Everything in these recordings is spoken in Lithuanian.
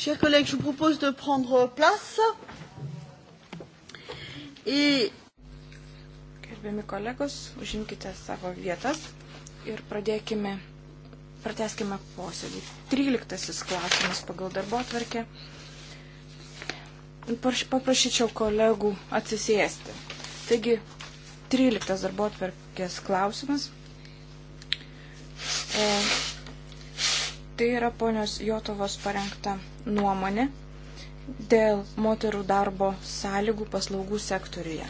Chers collègues, je vous propose de prendre place. Et... Gerbiami kolegos, užimkite savo vietas ir pradėkime, prateskime posėdį. 13 klausimas pagal darbo atvarkę. Paprašyčiau kolegų atsisėsti. Taigi, 13 darbo atvarkės klausimas. E, Tai yra ponios Jotovos parengta nuomonė dėl moterų darbo sąlygų paslaugų sektoriuje.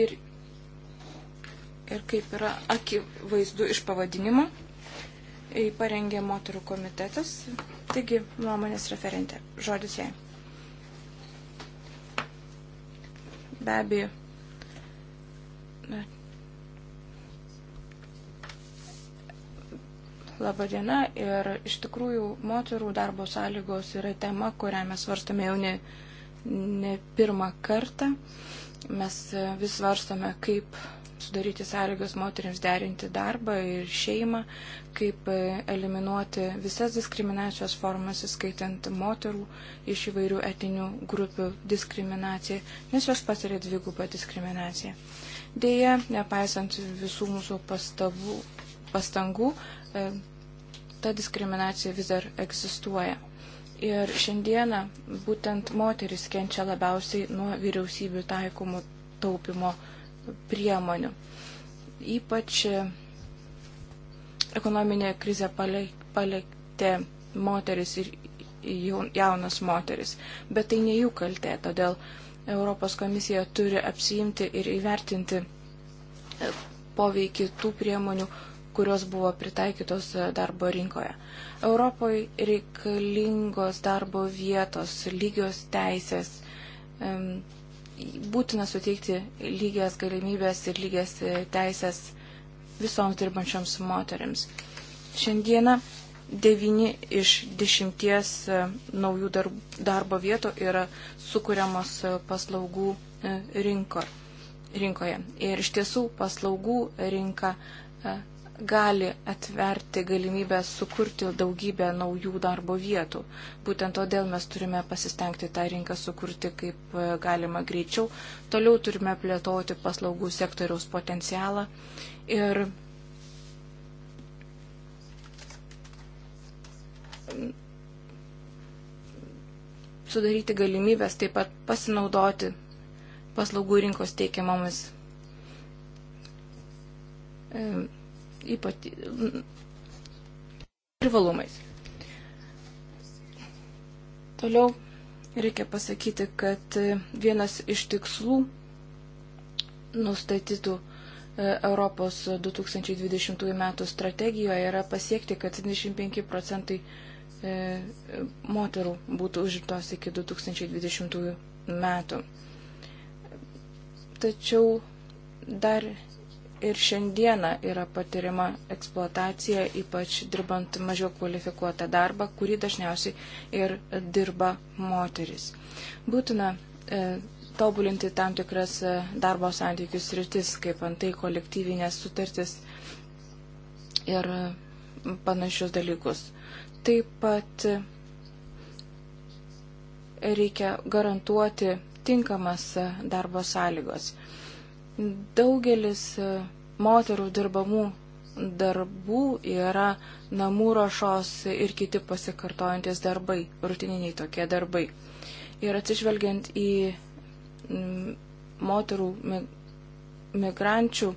Ir, ir kaip yra akivaizdu iš pavadinimo, parengė moterų komitetas, taigi nuomonės referentė. Žodis jai. Be abejo. Labą dieną ir iš tikrųjų moterų darbo sąlygos yra tema, kurią mes svarstame jau ne, ne pirmą kartą. Mes vis svarstame, kaip sudaryti sąlygas moteriams derinti darbą ir šeimą, kaip e, eliminuoti visas diskriminacijos formas, įskaitant moterų iš įvairių etinių grupių diskriminaciją, nes jos patiria dvigubą diskriminaciją. Deja, nepaisant visų mūsų pastavų, pastangų, e, ta diskriminacija vis dar egzistuoja. Ir šiandieną būtent moteris kenčia labiausiai nuo vyriausybių taikomų taupimo priemonių. Ypač e, ekonominė krizė palėtė moteris ir jaunas moteris, bet tai ne jų kaltė, todėl Europos komisija turi apsiimti ir įvertinti e, poveikį tų priemonių, kurios buvo pritaikytos e, darbo rinkoje. Europoje reikalingos darbo vietos, lygios teisės, būtina suteikti lygias galimybės ir lygias e, teisės visoms dirbančioms moteriams. Šiandieną 9 iš 10 e, naujų darbo vietų yra sukūriamos e, paslaugų rinko, rinkoje. Ir iš tiesų paslaugų rinka gali atverti galimybę sukurti daugybę naujų darbo vietų. Būtent todėl mes turime pasistengti tą rinką sukurti kaip e, galima greičiau. Toliau turime plėtoti paslaugų sektoriaus potencialą. Ir mm, sudaryti galimybės taip pat pasinaudoti paslaugų rinkos teikiamomis e, ypati, privalumais. Toliau reikia pasakyti, kad vienas iš tikslų nustatytų e, Europos 2020 m. strategijoje yra pasiekti, kad 75 procentai e, moterų būtų užimtos iki 2020 metų. Tačiau dar ir šiandieną yra patirima eksploatacija, ypač dirbant mažiau kvalifikuotą darbą, kurį dažniausiai ir dirba moteris. Būtina e, tobulinti tam tikras e, darbo santykius rytis, kaip antai kolektyvinės sutartis ir e, panašius dalykus. Taip pat e, reikia garantuoti tinkamas darbo sąlygos. Daugelis e, moterų dirbamų darbų yra namų ruošos ir kiti pasikartojantis darbai, rutininiai tokie darbai. Ir atsižvelgiant į moterų migrančių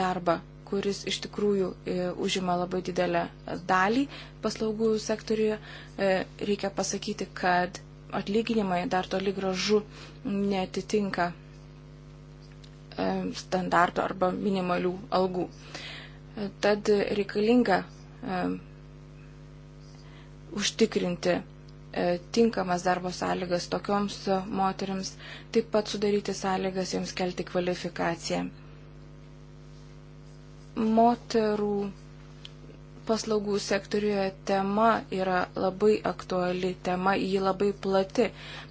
darbą, kuris iš tikrųjų e, užima labai didelę dalį paslaugų sektoriuje, e, reikia pasakyti, kad atlyginimai dar toli gražu netitinka E, standartų arba minimalių algų. E, tad reikalinga e, užtikrinti tinkamas darbo sąlygas tokioms moteriams, taip pat sudaryti sąlygas joms kelti kvalifikaciją. Moterų paslaugų sektoriuje tema yra labai aktuali, tema ji labai plati,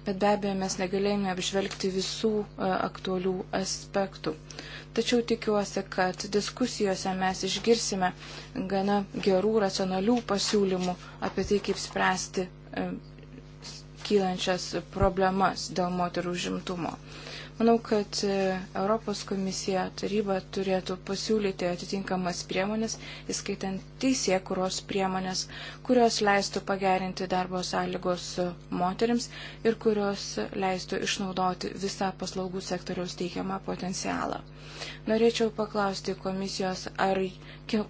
bet be abejo mes negalėjome apžvelgti visų e, aktualių aspektų. Tačiau tikiuosi, kad diskusijose mes išgirsime gana gerų, racionalių pasiūlymų apie tai, kaip spręsti e, kylančias problemas dėl moterų žimtumo. Manau, kad e, Europos komisija taryba turėtų pasiūlyti atitinkamas priemonės, įskaitant teisė kuros priemonės, kurios leistų pagerinti darbo sąlygos e, moteriams ir kurios leistų išnaudoti visą paslaugų sektoriaus teikiamą potencialą. Norėčiau paklausti komisijos, ar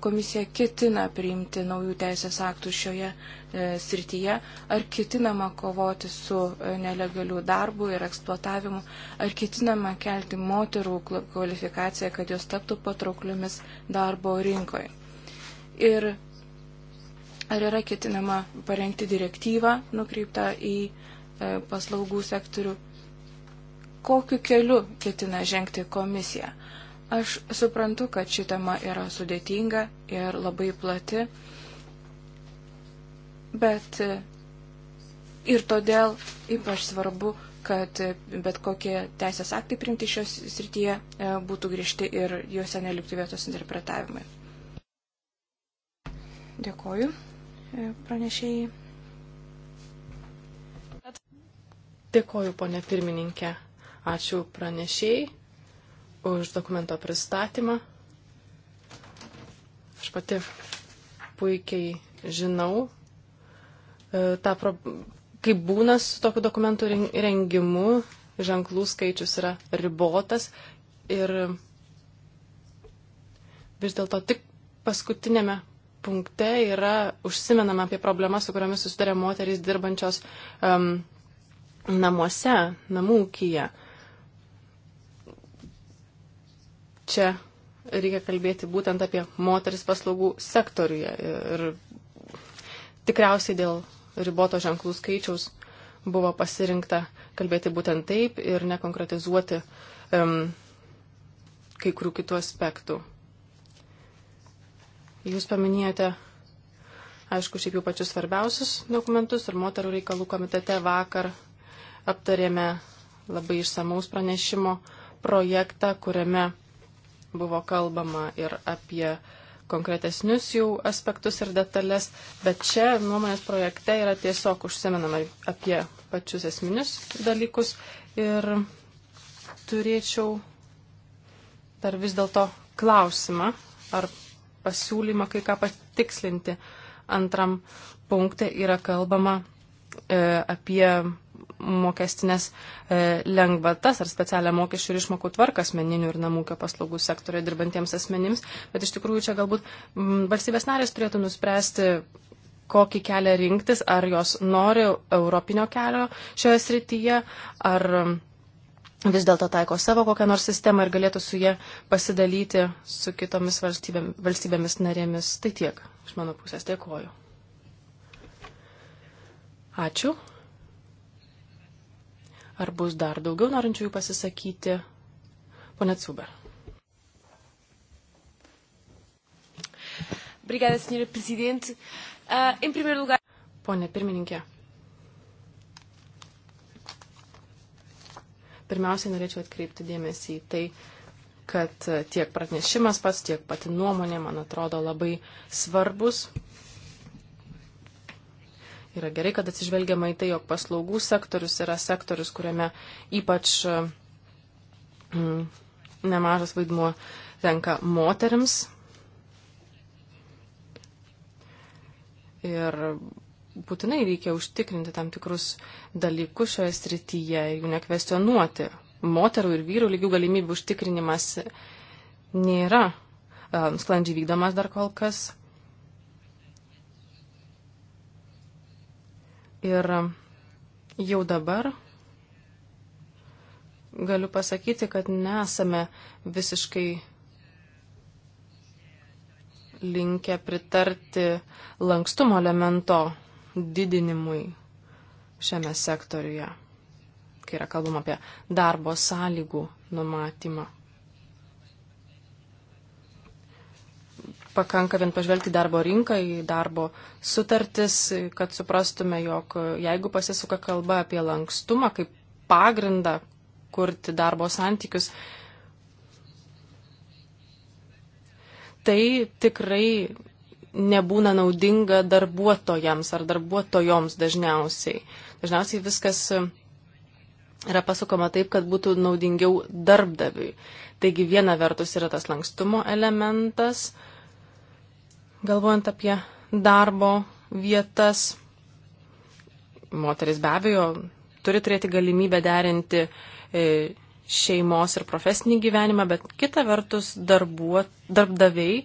komisija ketina priimti naujų teisės aktų šioje e, srityje, ar ketinama kovoti su e, nelegaliu darbu ir eksploatavimu, ar ketinama kelti moterų kvalifikaciją, kad jos taptų patraukliomis darbo rinkoje. Ir ar yra ketinama parengti direktyvą nukreiptą į e, paslaugų sektorių, kokiu keliu ketina žengti komisija Aš suprantu, kad ši tema yra sudėtinga ir labai plati, bet e, ir todėl ypač svarbu, kad e, bet kokie teisės aktai priimti šios srityje e, būtų grįžti ir juose neliktų vietos interpretavimai. Dėkoju pranešėjai. Dėkoju, ponė pirmininkė. Ačiū pranešėjai už dokumento pristatymą. Aš pati puikiai žinau, e, ta, kaip būna su tokiu dokumentų rengimu, ženklų skaičius yra ribotas ir vis dėlto tik paskutinėme punkte yra užsimenama apie problemas, su kuriomis susiduria moterys dirbančios um, namuose, namų kyje. Uh, čia reikia kalbėti būtent apie moteris paslaugų sektoriuje. Ir tikriausiai dėl riboto ženklų skaičiaus buvo pasirinkta kalbėti būtent taip ir nekonkretizuoti um, kai kurių kitų aspektų. Jūs paminėjote, aišku, šiaip jau pačius svarbiausius dokumentus ir moterų reikalų komitete vakar aptarėme labai išsamaus pranešimo projektą, kuriame buvo kalbama ir apie konkretesnius jau aspektus ir detalės, bet čia nuomonės projekte yra tiesiog užsiminama apie pačius esminius dalykus ir turėčiau dar vis dėlto klausimą ar pasiūlymą kai ką patikslinti. Antram punkte yra kalbama e, apie mokestinės e, lengvatas ar specialią mokesčių ir išmokų tvarką asmeninių ir namūkio paslaugų sektorio dirbantiems asmenims, bet iš tikrųjų čia galbūt mm, valstybės narės turėtų nuspręsti, kokį kelią rinktis, ar jos nori europinio kelio šioje srityje, ar mm, vis dėlto taiko savo kokią nors sistemą ir galėtų su jie pasidalyti su kitomis valstybėmis, valstybėmis narėmis. Tai tiek iš mano pusės. Dėkuoju. Ačiū. Ar bus dar daugiau norinčiųjų pasisakyti? Pone Cuber. Obrigada, senhora Presidente. Uh, em primeiro lugar. Pone pirmininkė. Pirmiausiai norėčiau atkreipti dėmesį į tai, kad tiek pranešimas pats, tiek pati nuomonė, man atrodo, labai svarbus Yra gerai, kad atsižvelgiama į tai, jog paslaugų sektorius yra sektorius, kuriame ypač mm, nemažas vaidmuo tenka moteriams. Ir būtinai reikia užtikrinti tam tikrus dalykus šioje srityje ir jų nekvestionuoti. Moterų ir vyrų lygių galimybių užtikrinimas nėra um, sklandžiai vykdomas dar kol kas. Ir jau dabar galiu pasakyti, kad nesame visiškai linkę pritarti lankstumo elemento didinimui šiame sektoriuje, kai yra kalbama apie darbo sąlygų numatymą. pakanka vien pažvelgti darbo rinką, į darbo sutartis, kad suprastume, jog jeigu pasisuka kalba apie lankstumą kaip pagrindą kurti darbo santykius, tai tikrai nebūna naudinga darbuotojams ar darbuotojoms dažniausiai. Dažniausiai viskas yra pasukama taip, kad būtų naudingiau darbdaviui. Taigi viena vertus yra tas lankstumo elementas, uh, Galvojant apie darbo vietas, moteris be abejo turi turėti galimybę derinti e, šeimos ir profesinį gyvenimą, bet kita vertus darbuo, darbdaviai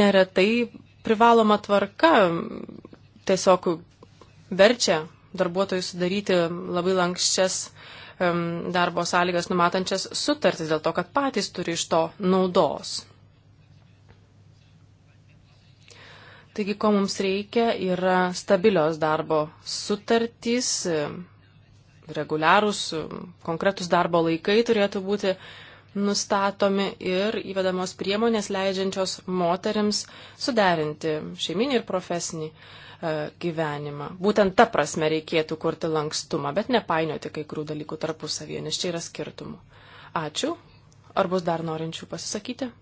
neretai privaloma tvarka tiesiog verčia darbuotojus sudaryti labai lankščias um, darbo sąlygas numatančias sutartis dėl to, kad patys turi iš to naudos. Taigi, ko mums reikia, yra stabilios darbo sutartys, reguliarūs, konkretus darbo laikai turėtų būti nustatomi ir įvedamos priemonės leidžiančios moteriams suderinti šeiminį ir profesinį e, gyvenimą. Būtent ta prasme reikėtų kurti lankstumą, bet nepainioti kai kurių dalykų tarpusavyje, nes čia yra skirtumų. Ačiū. Ar bus dar norinčių pasisakyti?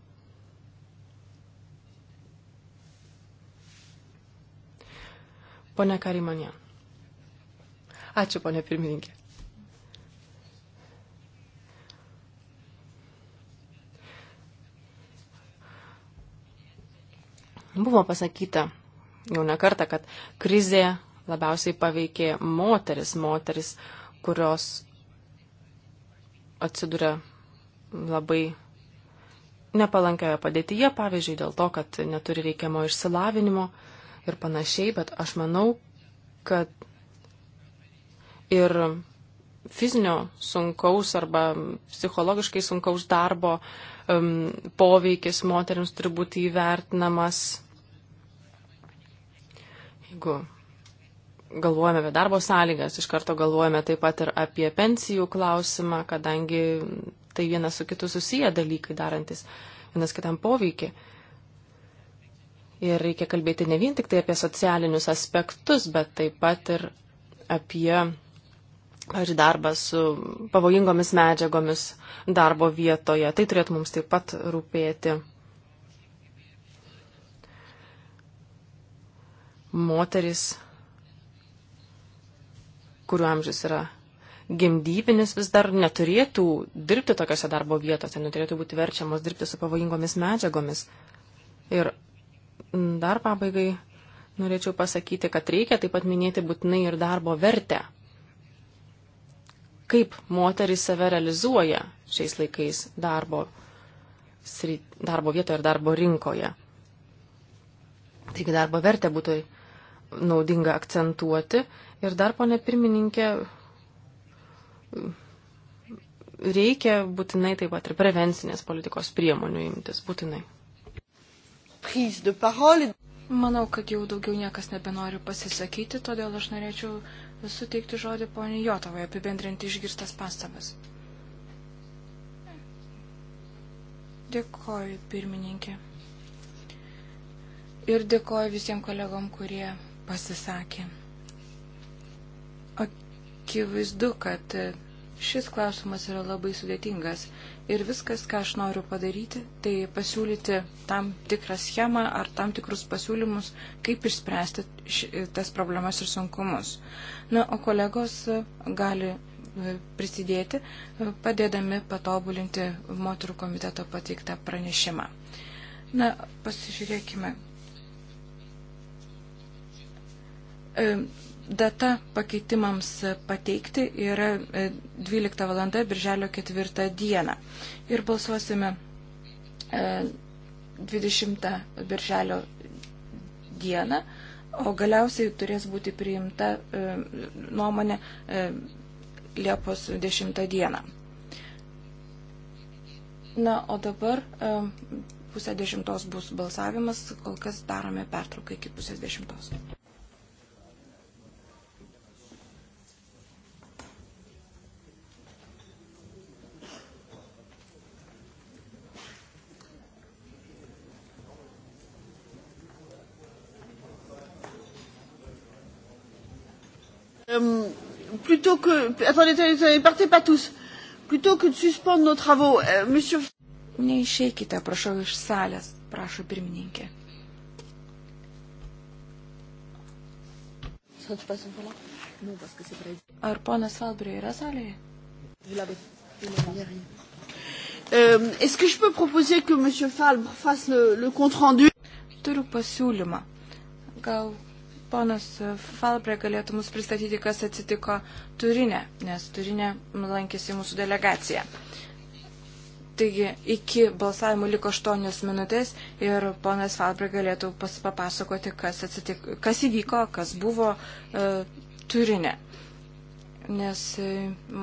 Pone Karimanė. Ačiū, ponė pirmininkė. Buvo pasakyta jau ne kartą, kad krizė labiausiai paveikė moteris, moteris, kurios atsiduria labai nepalankioje padėtyje, pavyzdžiui, dėl to, kad neturi reikiamo išsilavinimo. Uh, ir panašiai, bet aš manau, kad ir fizinio sunkaus arba psichologiškai sunkaus darbo um, poveikis moteriams turi būti įvertinamas. Jeigu galvojame apie darbo sąlygas, iš karto galvojame taip pat ir apie pensijų klausimą, kadangi tai vienas su kitu susiję dalykai darantis vienas kitam poveikį. Uh, Ir reikia kalbėti ne vien tik tai apie socialinius aspektus, bet taip pat ir apie, pavyzdžiui, darbą su pavojingomis medžiagomis darbo vietoje. Tai turėtų mums taip pat rūpėti. Moteris, kurių amžius yra gimdybinis vis dar neturėtų dirbti tokiose darbo vietose, neturėtų būti verčiamos dirbti su pavojingomis medžiagomis. Ir Dar pabaigai norėčiau pasakyti, kad reikia taip pat minėti būtinai ir darbo vertę. Kaip moteris save realizuoja šiais laikais darbo, darbo vietoje ir darbo rinkoje. Taigi darbo vertę būtų naudinga akcentuoti. Ir dar, ponė pirmininkė, reikia būtinai taip pat ir prevencinės politikos priemonių imtis. Būtinai prise de parole. Manau, kad jau daugiau niekas nebenori pasisakyti, todėl aš norėčiau suteikti žodį poniai Jotovai apibendrinti išgirstas pastabas. Dėkoju, pirmininkė. Ir dėkoju visiems kolegom, kurie pasisakė. Akivaizdu, kad šis klausimas yra labai sudėtingas Ir viskas, ką aš noriu padaryti, tai pasiūlyti tam tikrą schemą ar tam tikrus pasiūlymus, kaip išspręsti ši, tas problemas ir sunkumus. Na, o kolegos e, gali e, prisidėti, e, padėdami patobulinti moterų komiteto pateiktą pranešimą. Na, pasižiūrėkime. Data pakeitimams pateikti yra 12 e, val. birželio 4 dieną. Ir balsuosime 20 e, birželio dieną, o galiausiai turės būti priimta e, nuomonė Liepos 10 dieną. Na, o dabar pusę dešimtos bus balsavimas, kol kas darome pertrauką iki pusės dešimtos. Um, plutôt que... Attendez, attendez, partez pas tous. Plutôt que de suspendre nos travaux, euh, monsieur... Neišeikite, prašau, iš salės, prašo pirmininkė. Ar ponas Falbrio yra salėje? Euh, Est-ce que je peux proposer que M. Falbre fasse le, le compte rendu Turiu pasiūlymą. Gal Ponas Falbre galėtų mus pristatyti, kas atsitiko Turinė, nes Turinė lankėsi mūsų delegacija. Taigi, iki balsavimo liko 8 minutės ir ponas Falbre galėtų papasakoti, kas, atsitiko, kas įvyko, kas buvo e, Turinė. Nes e,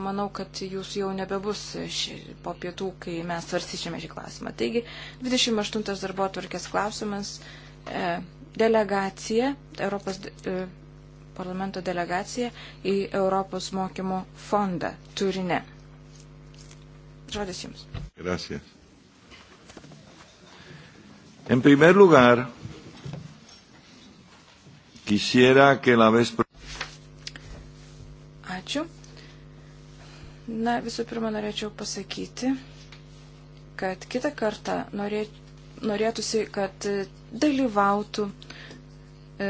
manau, kad jūs jau nebebus ši, po pietų, kai mes svarstyšime šį klausimą. Taigi, 28 darbo atvarkės klausimas. E, delegacija, Europos e, parlamento delegacija į Europos mokymo fondą Turine. Žodis Jums. Gracias. En primer lugar, quisiera que la vez. Ačiū. Na, visų pirma, norėčiau pasakyti, kad kitą kartą norėčiau norėtųsi, kad e, dalyvautų e,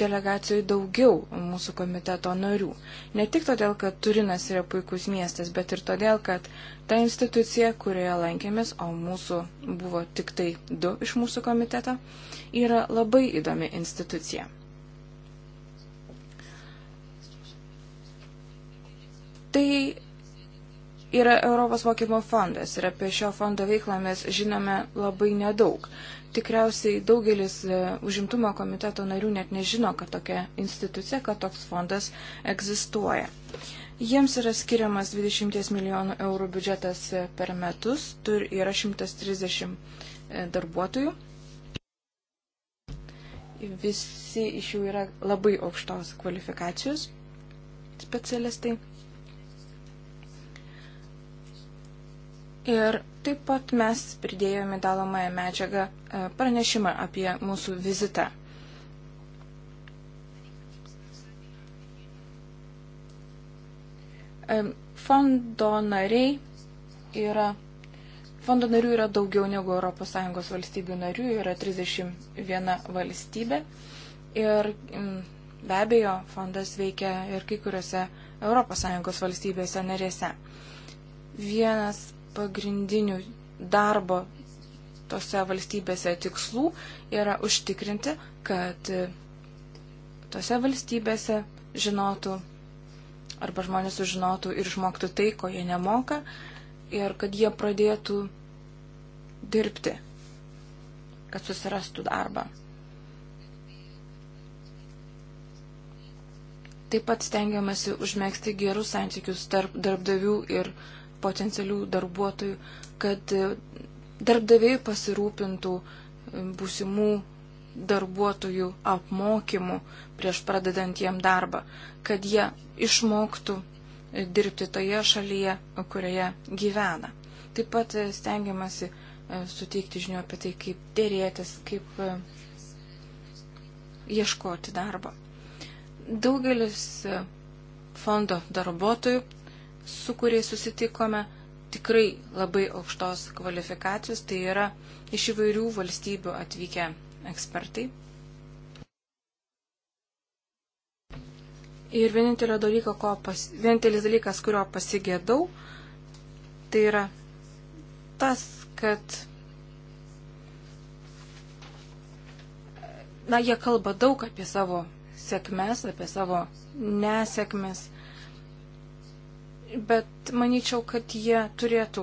delegacijoje daugiau mūsų komiteto narių. Ne tik todėl, kad Turinas yra puikus miestas, bet ir todėl, kad ta institucija, kurioje lankėmės, o mūsų buvo tik tai du iš mūsų komiteto, yra labai įdomi institucija. Tai yra Europos mokymo fondas ir apie šio fondo veiklą mes žinome labai nedaug. Tikriausiai daugelis e, užimtumo komiteto narių net nežino, kad tokia institucija, kad toks fondas egzistuoja. Jiems yra skiriamas 20 milijonų eurų biudžetas e, per metus, tur yra 130 e, darbuotojų. Visi iš jų yra labai aukštos kvalifikacijos specialistai. Ir taip pat mes pridėjome dalomąją medžiagą e, pranešimą apie mūsų vizitą. E, fondo nariai yra. Fondo narių yra daugiau negu ES valstybių narių, yra 31 valstybė. Ir be abejo, fondas veikia ir kai kuriuose ES valstybėse narėse. Vienas pagrindinių darbo tose valstybėse tikslų yra užtikrinti, kad tose valstybėse žinotų arba žmonės sužinotų ir išmoktų tai, ko jie nemoka ir kad jie pradėtų dirbti, kad susirastų darbą. Taip pat stengiamasi užmėgsti gerus santykius tarp darbdavių ir darbuotojų potencialių darbuotojų, kad e, darbdaviai pasirūpintų e, būsimų darbuotojų apmokymų prieš pradedant jiem darbą, kad jie išmoktų e, dirbti toje šalyje, kurioje gyvena. Taip pat stengiamasi suteikti žinių apie tai, kaip dėrėtis, kaip ieškoti darbo. Daugelis fondo darbuotojų su kuriais susitikome, tikrai labai aukštos kvalifikacijos, tai yra iš įvairių valstybių atvykę ekspertai. Ir vienintelio dalyko, ko pas, vienintelis dalykas, kurio pasigėdau, tai yra tas, kad na, jie kalba daug apie savo sėkmes, apie savo nesėkmes, bet manyčiau, kad jie turėtų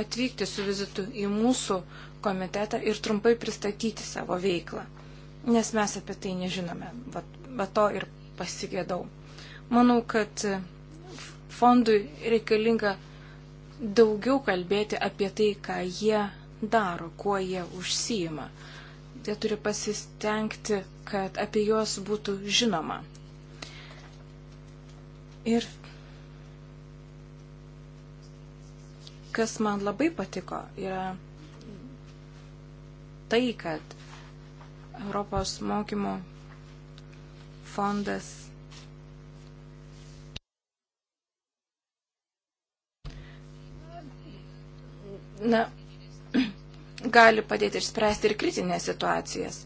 atvykti su vizitu į mūsų komitetą ir trumpai pristatyti savo veiklą, nes mes apie tai nežinome, bet to ir pasigėdau. Manau, kad e, fondui reikalinga daugiau kalbėti apie tai, ką jie daro, kuo jie užsijima. Jie turi pasistengti, kad apie juos būtų žinoma. Ir Kas man labai patiko yra tai, kad Europos mokymo fondas na, gali padėti išspręsti ir kritinės situacijas.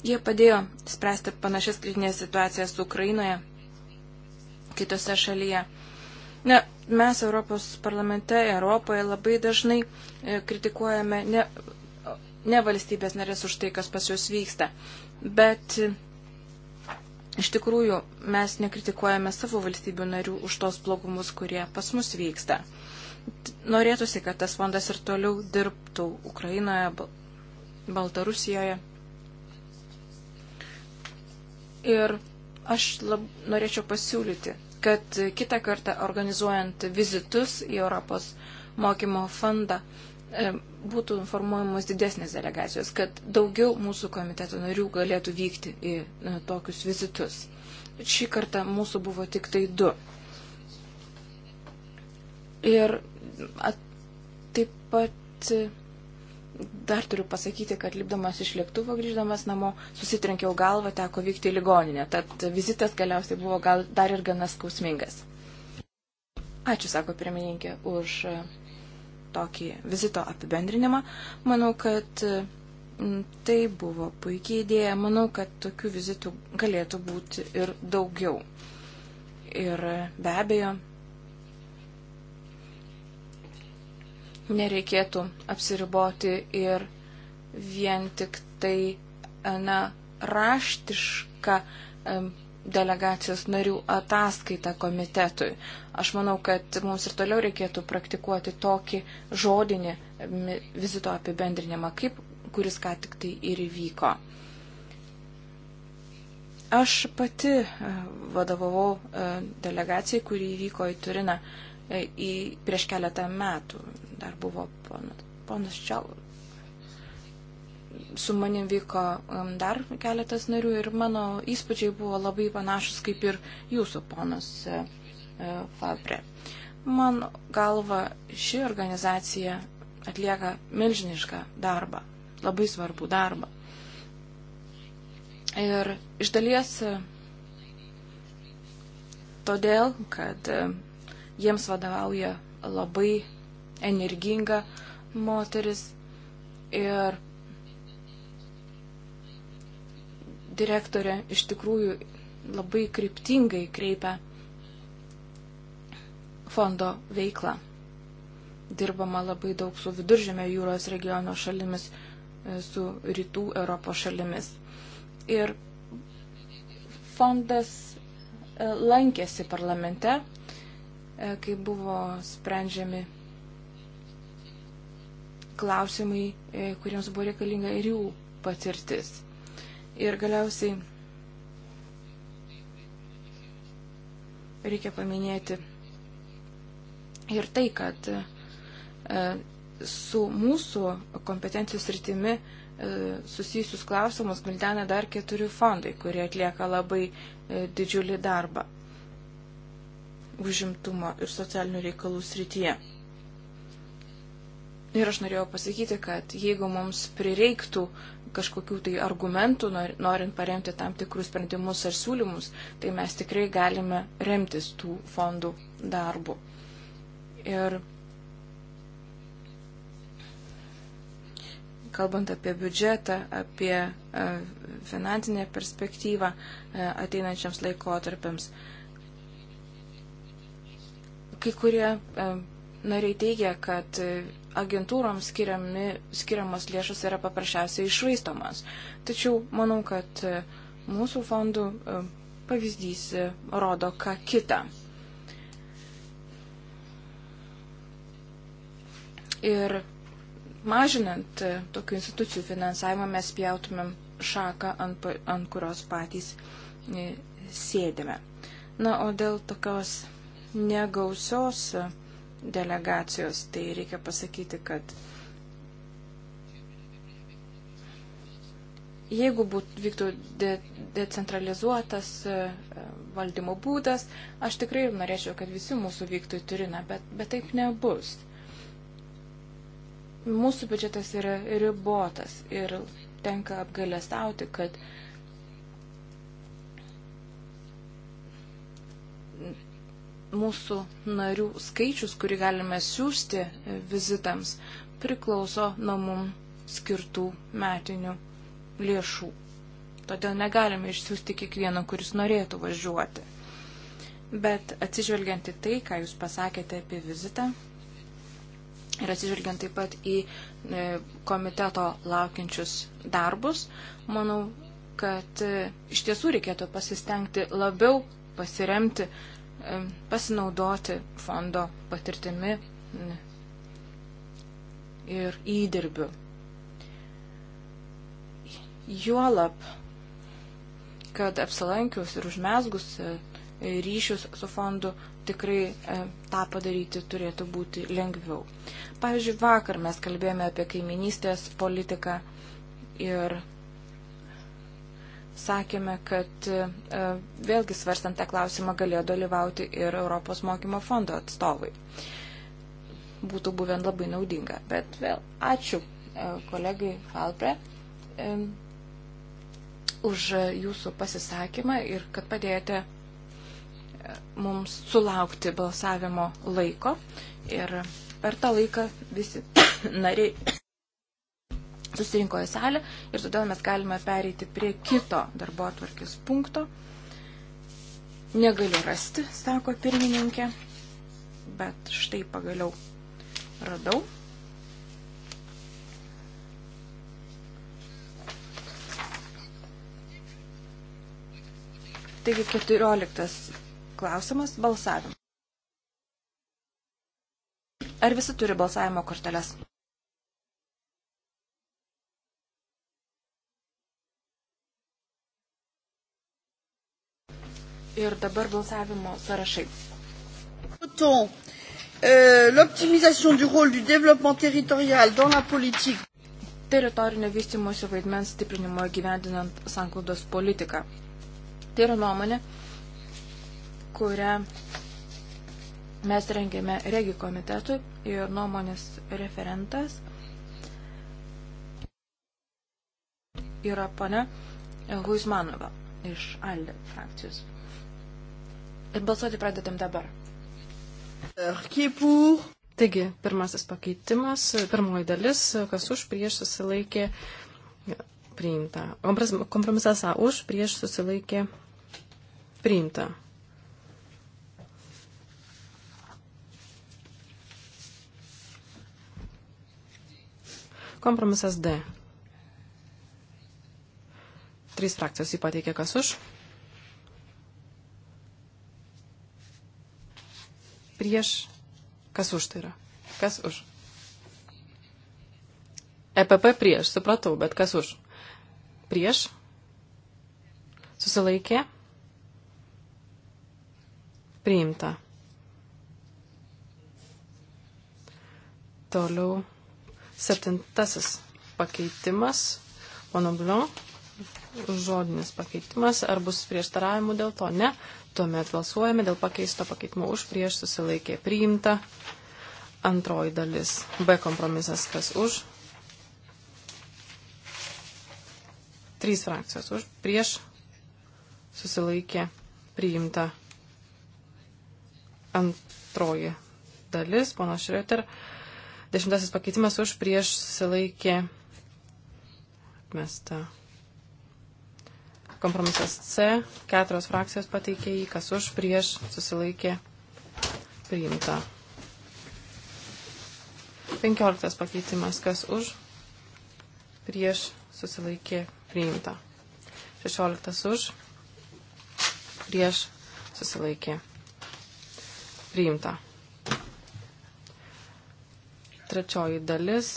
Jie padėjo spręsti panašias kritinės situacijas Ukrainoje, kitose šalyje. Ne, mes Europos parlamente, Europoje labai dažnai e, kritikuojame ne, ne valstybės narės už tai, kas pas juos vyksta. Bet e, iš tikrųjų mes nekritikuojame savo valstybių narių už tos blogumus, kurie pas mus vyksta. Norėtųsi, kad tas fondas ir toliau dirbtų Ukrainoje, Baltarusijoje. Ir aš lab, norėčiau pasiūlyti, kad kitą kartą organizuojant vizitus į Europos mokymo fondą e, būtų informuojamos didesnės delegacijos, kad daugiau mūsų komiteto narių galėtų vykti į e, tokius vizitus. Šį kartą mūsų buvo tik tai du. Ir at, taip pat dar turiu pasakyti, kad lipdamas iš lėktuvo grįždamas namo susitrenkiau galvą, teko vykti į ligoninę. Tad vizitas galiausiai buvo gal dar ir gana skausmingas. Ačiū, sako pirmininkė, už e, tokį vizito apibendrinimą. Manau, kad e, tai buvo puikiai idėja. Manau, kad tokių vizitų galėtų būti ir daugiau. Ir e, be abejo, nereikėtų apsiriboti ir vien tik tai e, na, raštišką e, delegacijos narių ataskaitą komitetui. Aš manau, kad mums ir toliau reikėtų praktikuoti tokį žodinį e, vizito apibendrinimą, kaip kuris ką tik tai ir įvyko. Aš pati vadovavau delegacijai, kuri įvyko į Turiną į prieš keletą metų dar buvo ponas Čiau. Su manim vyko um, dar keletas narių ir mano įspūdžiai buvo labai panašus kaip ir jūsų ponas e, e, Fabre. Man galva, ši organizacija atlieka milžinišką darbą, labai svarbų darbą. Ir iš dalies e, todėl, kad jiems vadovauja labai energinga moteris ir direktorė iš tikrųjų labai kryptingai kreipia fondo veiklą. Dirbama labai daug su viduržėmio jūros regiono šalimis, e, su rytų Europos šalimis. Ir fondas e, lankėsi parlamente, e, kai buvo sprendžiami klausimai, e, kuriems buvo reikalinga ir jų patirtis. Ir galiausiai reikia paminėti ir tai, kad e, su mūsų kompetencijų sritimi e, susijusius klausimus gvildena dar keturi fondai, kurie atlieka labai didžiulį darbą užimtumo ir socialinių reikalų srityje. Ir aš norėjau pasakyti, kad jeigu mums prireiktų kažkokių tai argumentų, norint paremti tam tikrus sprendimus ar siūlymus, tai mes tikrai galime remtis tų fondų darbu. Ir kalbant apie biudžetą, apie e, finansinę perspektyvą e, ateinančiams laikotarpiams, kai kurie e, Nariai teigia, kad agentūroms skiriami, skiriamos lėšos yra paprasčiausiai išvaistomos. Tačiau manau, kad e, mūsų fondų e, pavyzdys e, rodo ką kitą. Ir mažinant tokių institucijų finansavimą mes pjautumėm šaką, ant, ant kurios patys sėdime. Na, o dėl tokios negausios delegacijos, tai reikia pasakyti, kad jeigu būtų, vyktų de, decentralizuotas e, valdymo būdas, aš tikrai norėčiau, kad visi mūsų vyktų į Turiną, bet, bet taip nebus. Mūsų biudžetas yra ribotas ir tenka apgalėstauti, kad uh, mūsų narių skaičius, kurį galime siūsti e, vizitams, priklauso nuo mum skirtų metinių lėšų. Todėl negalime išsiųsti kiekvieno, kuris norėtų važiuoti. Bet atsižvelgiant į tai, ką jūs pasakėte apie vizitą, ir atsižvelgiant taip pat į e, komiteto laukiančius darbus, manau, kad e, iš tiesų reikėtų pasistengti labiau pasiremti pasinaudoti fondo patirtimi ir įdirbiu. Juolab, kad apsilankius ir užmesgus e, ryšius su fondu tikrai e, tą padaryti turėtų būti lengviau. Pavyzdžiui, vakar mes kalbėjome apie kaiminystės politiką ir sakėme, kad e, vėlgi svarstant tą klausimą galėjo dalyvauti ir Europos mokymo fondo atstovai. Būtų buvę labai naudinga. Bet vėl ačiū e, kolegai Falpre e, už jūsų pasisakymą ir kad padėjote mums sulaukti balsavimo laiko. Ir per tą laiką visi nariai susirinko į salę ir todėl mes galime pereiti prie kito darbo atvarkės punkto. Negaliu rasti, sako pirmininkė, bet štai pagaliau radau. Taigi 14 klausimas - balsavimas. Ar visi turi balsavimo korteles? Ir dabar balsavimo sąrašai. Euh, l'optimisation du rôle du développement territorial dans la politique. Teritorinio vystimosi vaidmens stiprinimo gyvendinant sanklaudos politiką. Tai yra nuomonė, kurią mes rengėme regi komitetui ir nuomonės referentas yra pane Huismanova iš ALDE frakcijos. Ir balsuoti pradedam dabar. Euh, Taigi, pirmasis pakeitimas, pirmoji dalis, kas už prieš susilaikė priimta. Kompromisas A už prieš susilaikė priimta. Kompromisas D. Trys frakcijos jį pateikė kas už. prieš, kas už tai yra? Kas už? EPP prieš, supratau, bet kas už? Prieš? Susilaikė? Priimta. Toliau septintasis pakeitimas. Pono Bliu, žodinis pakeitimas. Ar bus prieštaravimų dėl to? Ne. Tuomet balsuojame dėl pakeisto pakeitimo už, prieš susilaikė priimta. Antroji dalis B kompromisas, kas už. Trys frakcijos už, prieš susilaikė priimta. Antroji dalis, pono Šrioter. Dešimtasis pakeitimas už, prieš susilaikė priimta atmesta. Kompromisas C. Keturios frakcijos pateikė jį, kas už, prieš, susilaikė, priimta. Penkioliktas pakeitimas, kas už, prieš, susilaikė, priimta. Šešioliktas už, prieš, susilaikė, priimta. Trečioji dalis.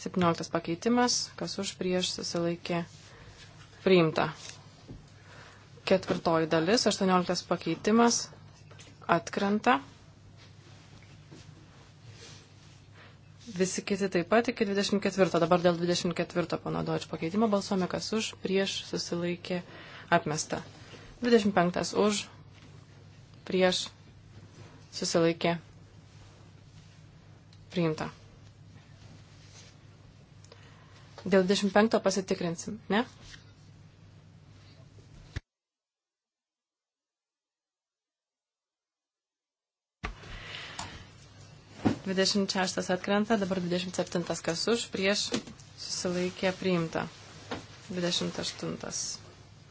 Septynioliktas pakeitimas, kas už, prieš, susilaikė, priimta. Priimta. Ketvirtoji dalis, 18 pakeitimas, atkrenta. Visi kiti taip pat iki 24. Dabar dėl 24 panaudojuč pakeitimo balsuome, kas už, prieš, susilaikė, atmesta. 25 už, prieš, susilaikė, priimta. Dėl 25 pasitikrinsim, ne? 26 atkrenta, dabar 27 kas už, prieš susilaikė priimta. 28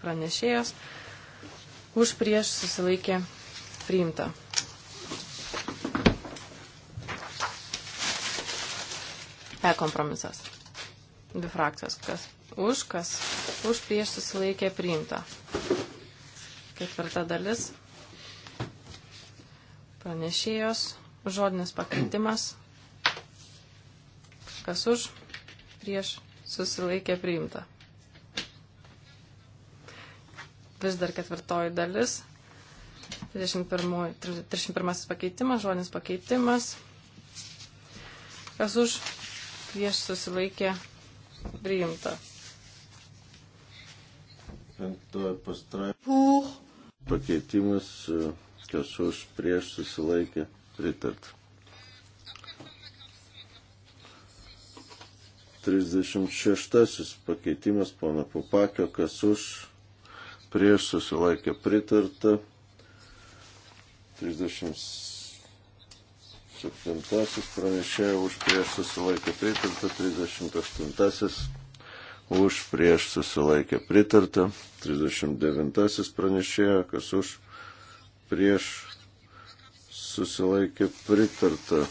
pranešėjos, už prieš susilaikė priimta. E kompromisas. Dvi frakcijos, kas už, kas už prieš susilaikė priimta. Ketvirta dalis. Pranešėjos Žodinis pakeitimas. Kas už, prieš, susilaikė priimta. Vis dar ketvirtoji dalis. 31, 31 pakeitimas, žodinis pakeitimas. Kas už, prieš, susilaikė priimta. Penktoji pastraipa. Pakeitimas, e, kas už, prieš, susilaikė priimta pritart. 36 pakeitimas pono Pupakio, kas už, prieš susilaikė pritarta. 37 pranešėjo už prieš susilaikė pritarta. 38 už prieš susilaikė pritarta. 39 pranešėjo, kas už, prieš susilaikė pritarta.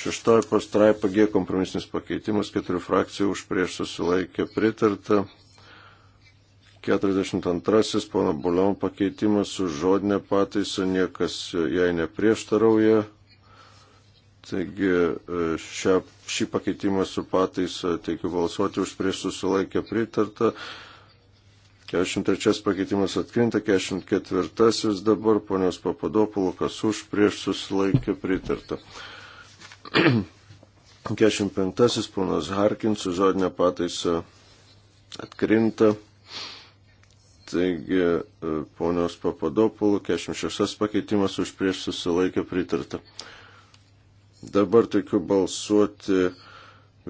Šeštoji pastraipa G kompromisinis pakeitimas, keturių frakcijų už prieš susilaikė pritarta. 42 pono Buliom pakeitimas su žodinė pataisa, niekas jai neprieštarauja. Taigi e, šią, šį pakeitimą su pataisa teikiu balsuoti už prieš susilaikę pritartą. 43 pakeitimas atkrinta, 44 dabar ponios Papadopulų, kas už prieš susilaikė pritarta. 45 ponas Harkins su žodinė pataisa atkrinta. Taigi e, ponios Papadopulų 46 pakeitimas už prieš susilaikė pritarta. Dabar tikiu balsuoti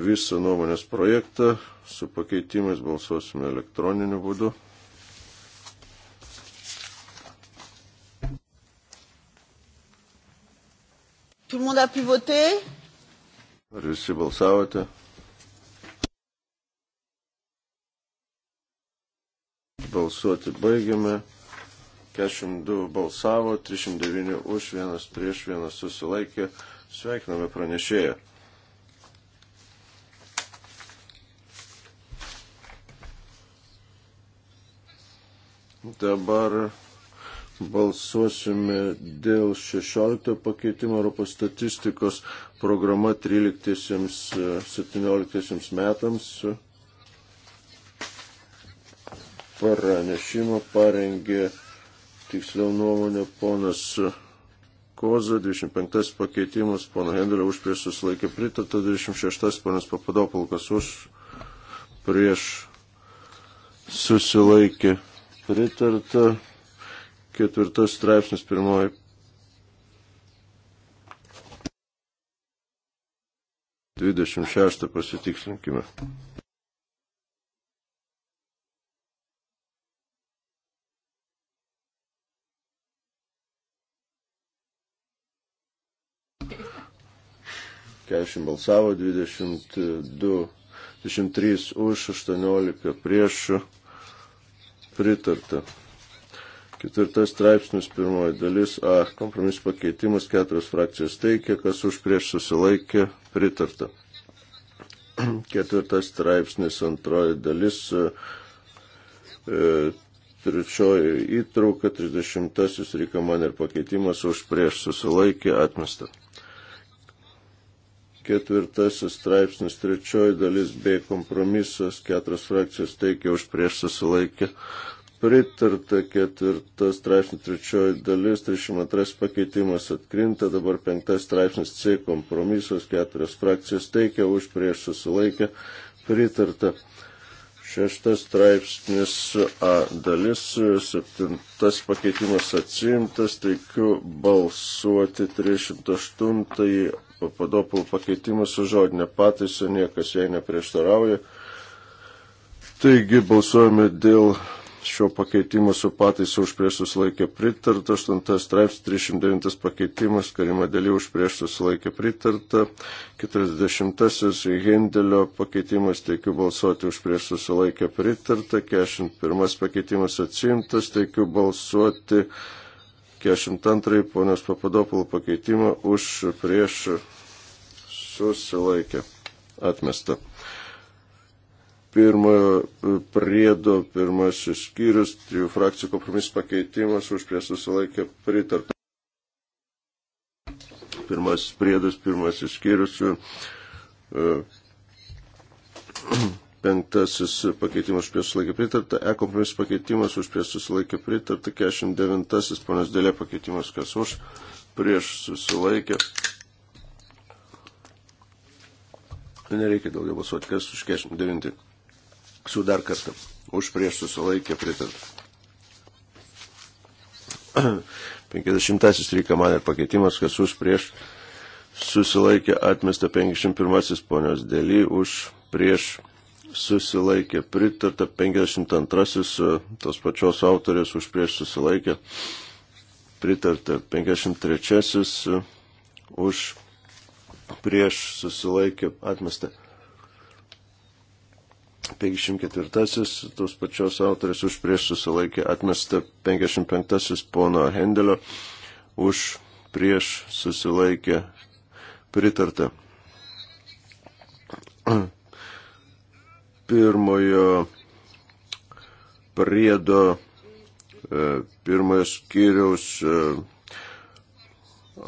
visą nuomonės projektą. Su pakeitimais balsuosime elektroniniu būdu. a pu voter? Ar visi balsavote? Balsuoti baigiame. 42 balsavo, 309 už, vienas prieš, vienas susilaikė. Sveikiname pranešėją. Dabar balsuosime dėl 16 pakeitimo Europos statistikos programa 13-17 e, metams. Paranešimą parengė tiksliau nuomonė ponas Koza, 25 pakeitimas, pono Hendelio už prieš susilaikė pritarta, 26 ponas Papadopulkas už prieš susilaikė pritarta ketvirtas straipsnis pirmoji. Dvidešimt šeštą pasitikslinkime. Kešim balsavo, 22, 23 už, 18 prieš, pritarta. Ketvirtas straipsnis, pirmoji dalis A. Kompromis pakeitimas, keturios frakcijos teikia, kas už prieš susilaikė, pritarta. Ketvirtas straipsnis, antroji dalis, e, trečioji įtrauka, trisdešimtasis reikaman ir pakeitimas už prieš susilaikė, atmesta. Ketvirtasis straipsnis, trečioji dalis B kompromisas, keturios frakcijos teikia už prieš susilaikė, pritarta ketvirtas straipsnis trečioji dalis, 32 pakeitimas atkrinta, dabar penktas straipsnis C kompromisas, keturias frakcijas teikia, už prieš susilaikę, pritarta. Šeštas straipsnis A dalis, septintas pakeitimas atsimtas, teikiu balsuoti 308 papadopų pakeitimą su žodinė pataisa, niekas jai neprieštarauja. Taigi balsuojame dėl šio pakeitimo su pataisu už prieš susilaikė pritarta, 8 straipsnis 309 pakeitimas, karima dėlį už prieš susilaikė pritarta, 40 Hendelio pakeitimas teikiu balsuoti už prieš susilaikė pritarta, 41 pakeitimas atsimtas, teikiu balsuoti 42 ponios Papadopulų pakeitimą už prieš susilaikė atmestą pirmojo e, priedo, pirmasis skyrius, trijų frakcijų kompromisų pakeitimas už prie susilaikę pritartą. Pirmasis priedas, pirmasis skyrius, e, penktasis pakeitimas už prie susilaikę pritartą, E kompromisų pakeitimas už prie susilaikę pritartą, 49-asis panas dėlė pakeitimas kas už prieš susilaikę. Nereikia daugiau balsuoti, kas už 49. Su dar kartą. Už prieš susilaikę pritarta. 50 ryka man ir pakeitimas, kas už prieš susilaikė atmesta 51 ponios dėly, už prieš susilaikė pritarta 52 e, tos pačios autorės už prieš susilaikė pritarta 53 e, už prieš susilaikė atmesta 54 tos pačios autorės už prieš susilaikė atmesta 55 pono Hendelio už prieš susilaikė pritarta. Pirmojo priedo, e, pirmojo skyriaus e,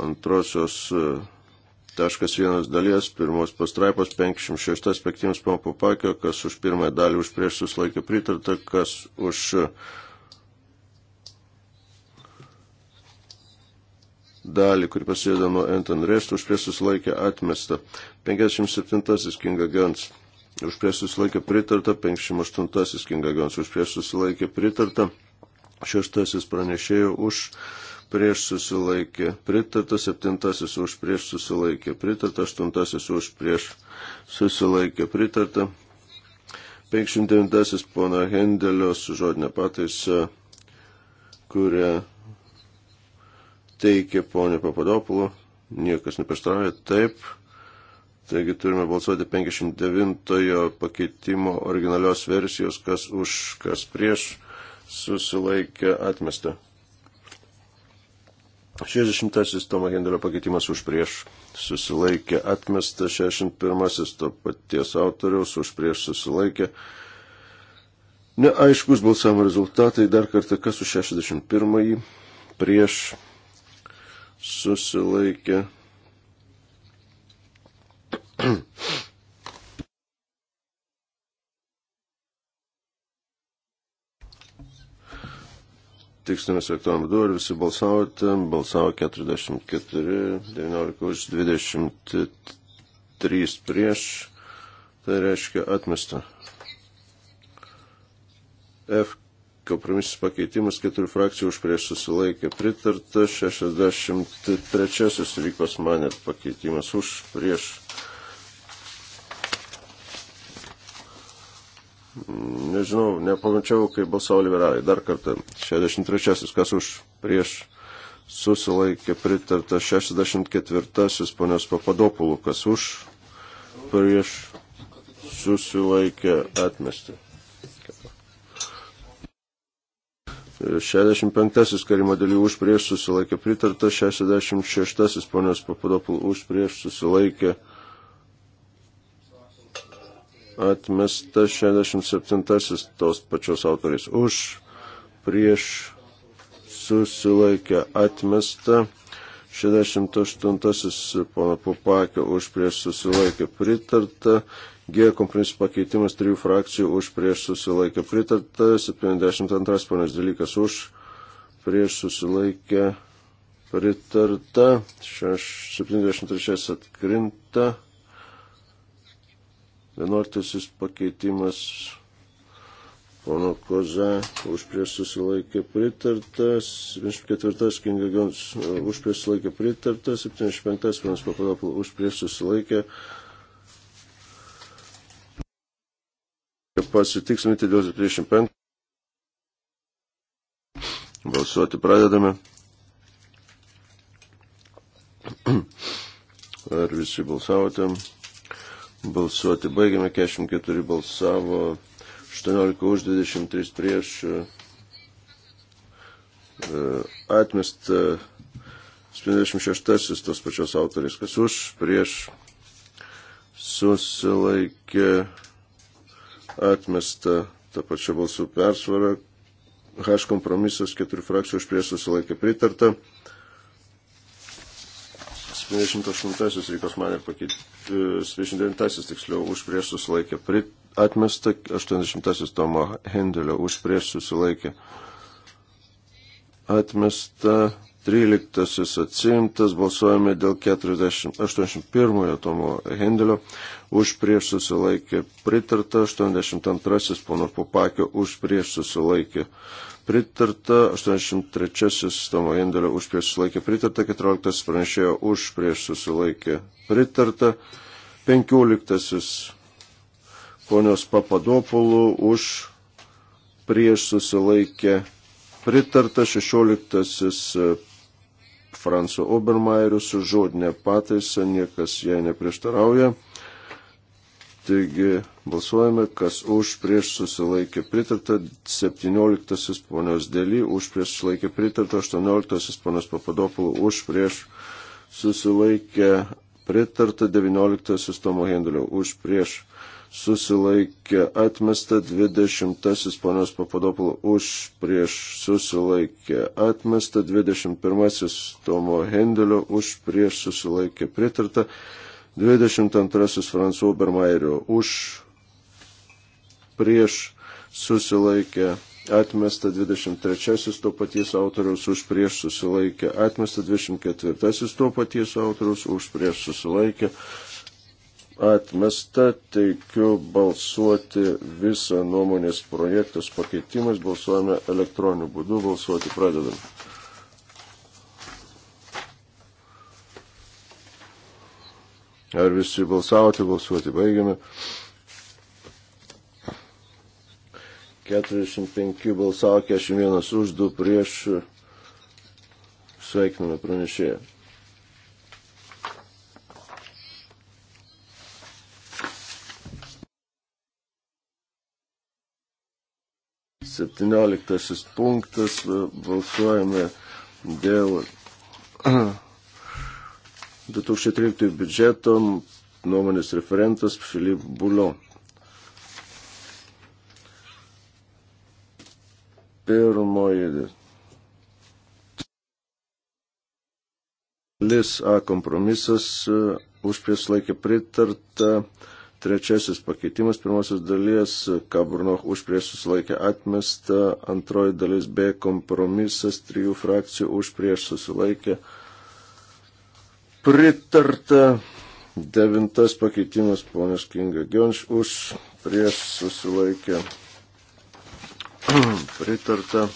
antrosios e, Taškas vienas dalies, pirmos pastraipos, 56 aspektims pampupakio, kas už pirmąją dalį už prieš susilaikė pritarta, kas už dalį, kuri pasėda nuo Anton Rest, už prieš susilaikė atmesta. 57 Kinga Gans. Už prieš susilaikė pritarta, 58 Kinga Gans. Už prieš susilaikė pritarta, 6 pranešėjo už prieš susilaikė, pritarta septintasis už prieš susilaikė, pritarta aštuntasis už prieš susilaikė, pritarta 59 pono Hendelio su žodinė pataisa, kurią teikė ponė Papadopulo, niekas neprieštarauja, taip. Taigi turime balsuoti 59 pakeitimo originalios versijos, kas už, kas prieš, susilaikė atmestą. 60 Tomo Hendelio pakeitimas už prieš susilaikė, atmestas 61 to paties autoriaus už prieš susilaikė. Neaiškus balsavimo rezultatai, dar kartą kas už 61 prieš susilaikė. tikslinės elektroniniu būdu, ar visi balsavote, balsavo 44, 19 už 23 prieš, tai reiškia atmesta. F kompromisas pakeitimas, keturių frakcijų už prieš susilaikė pritarta, 63 rykos manė pakeitimas už prieš nežinau, nepamačiau, kaip balsavo liberalai. Dar kartą, 63-asis, kas už prieš susilaikė pritarta, 64-asis ponios Papadopulų, kas už prieš susilaikė atmesti. 65-asis karimo daly už prieš susilaikė pritarta, 66-asis ponios Papadopulų už prieš susilaikė atmesti atmesta 67 tos pačios autoriais. Už prieš susilaikę atmesta 68 pono Pupakio už prieš susilaikę pritarta. G kompromisų pakeitimas trijų frakcijų už prieš susilaikę pritarta. 72 ponas dalykas už prieš susilaikę pritarta. 73 atkrinta. Vienuortasis pakeitimas pono Koza už prieš susilaikė pritartas, 74 Kinga Gons e, už prieš susilaikė pritartas, 75 Vienas Papadopoulos už prieš susilaikė. Pasitiksminti 25. Balsuoti pradedame. Ar visi balsavote? balsuoti. Baigėme 44 balsavo, 18 už 23 prieš e, atmesta 76 tos pačios autorės, kas už prieš susilaikė atmesta tą pačią balsų persvarą. H kompromisas keturių frakcijų už prieš susilaikė pritarta. 78 Rikos Manė pakeitė, 79 tiksliau už prieš susilaikė, atmesta 80 Tomo Hendelio už prieš susilaikė, atmesta 13 atsimtas, balsuojame dėl 40, 81 Tomo Hendelio, už prieš susilaikė, pritarta 82 Pono Popakio už prieš susilaikė. Pritarta, pritarta, 83-asis Tomo Jendelio už prieš susilaikė pritarta, 14-asis pranešėjo už prieš susilaikė pritarta, 15-asis ponios Papadopulų už prieš susilaikė pritarta, 16-asis e, Franco Obermairius žodinė pataisa, niekas jai neprieštarauja. Taigi balsuojame, kas už prieš susilaikė pritarta, 17 ponios dėly, už prieš susilaikė pritarta, 18 ponios papadopulų, už prieš susilaikė pritarta, 19 tomo hendulio, už prieš susilaikė atmesta, 20 ponios papadopulų, už prieš susilaikė atmesta, 21 tomo hendelio, už prieš susilaikė pritarta. 22 Fransu Obermairio už prieš susilaikę atmesta 23 to paties autoriaus už prieš susilaikę atmesta 24 to paties autoriaus už prieš susilaikę atmesta teikiu balsuoti visą nuomonės projektus pakeitimas balsuojame elektroniniu būdu balsuoti pradedame. Ar visi balsavote, balsuoti baigiame. 45 balsavo, 41 už, 2 prieš. Sveikiname pranešėją. Septynioliktasis punktas balsuojame dėl 2013 biudžeto nuomonės referentas Filip Bulio. Pirmoji dalis A kompromisas e, už prieš laikę pritarta. Trečiasis pakeitimas, pirmosios dalies, e, Kaburnoch už prieš susilaikę atmestą, antroji dalis B kompromisas, trijų frakcijų už prieš susilaikę atmestą pritarta. Devintas pakeitimas, ponas Kinga Gionš, už prieš susilaikę pritarta.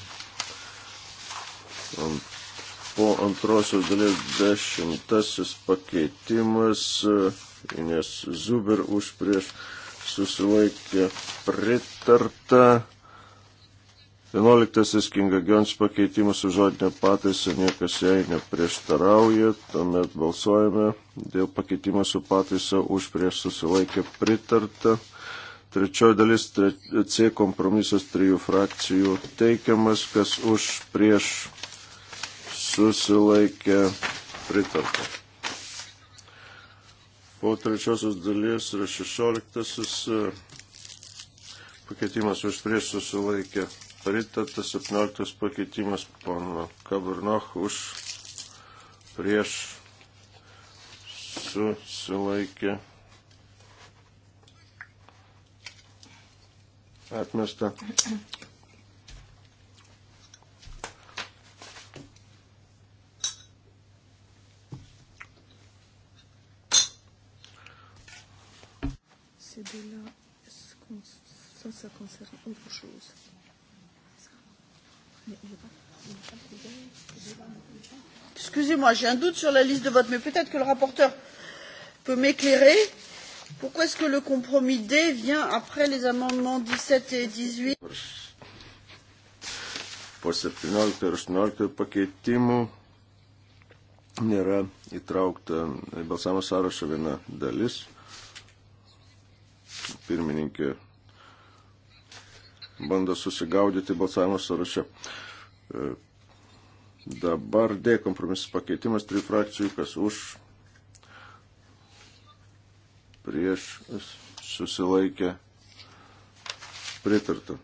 Po antrosios dalies dešimtasis pakeitimas, nes Zuber už prieš susilaikė pritarta. 11. Kinga Gions pakeitimas su žodinė pataisa, niekas jai neprieštarauja, tuomet balsuojame dėl pakeitimo su pataisa už prieš susilaikę pritarta. Trečioji dalis tre, C kompromisas trijų frakcijų teikiamas, kas už prieš susilaikę pritarta. Po trečiosios dalies yra šešioliktasis e, pakeitimas už prieš susilaikę pritarta pritartas 17 pakeitimas pono Kabarnoch už prieš susilaikė atmesta. C'est de là ce qu'on ça, ça concerne autre chose. Excusez-moi, j'ai un doute sur la liste de vote, mais peut-être que le rapporteur peut m'éclairer. Pourquoi est-ce que le compromis D vient après les amendements 17 et 18 Po 17 ir 18 pakeitimų nėra įtraukta į balsavimo sąrašą viena dalis. Pirmininkė bando susigaudyti balsavimo sąraše. E, dabar D kompromisas pakeitimas, trijų frakcijų, kas už, prieš, susilaikė, pritarta.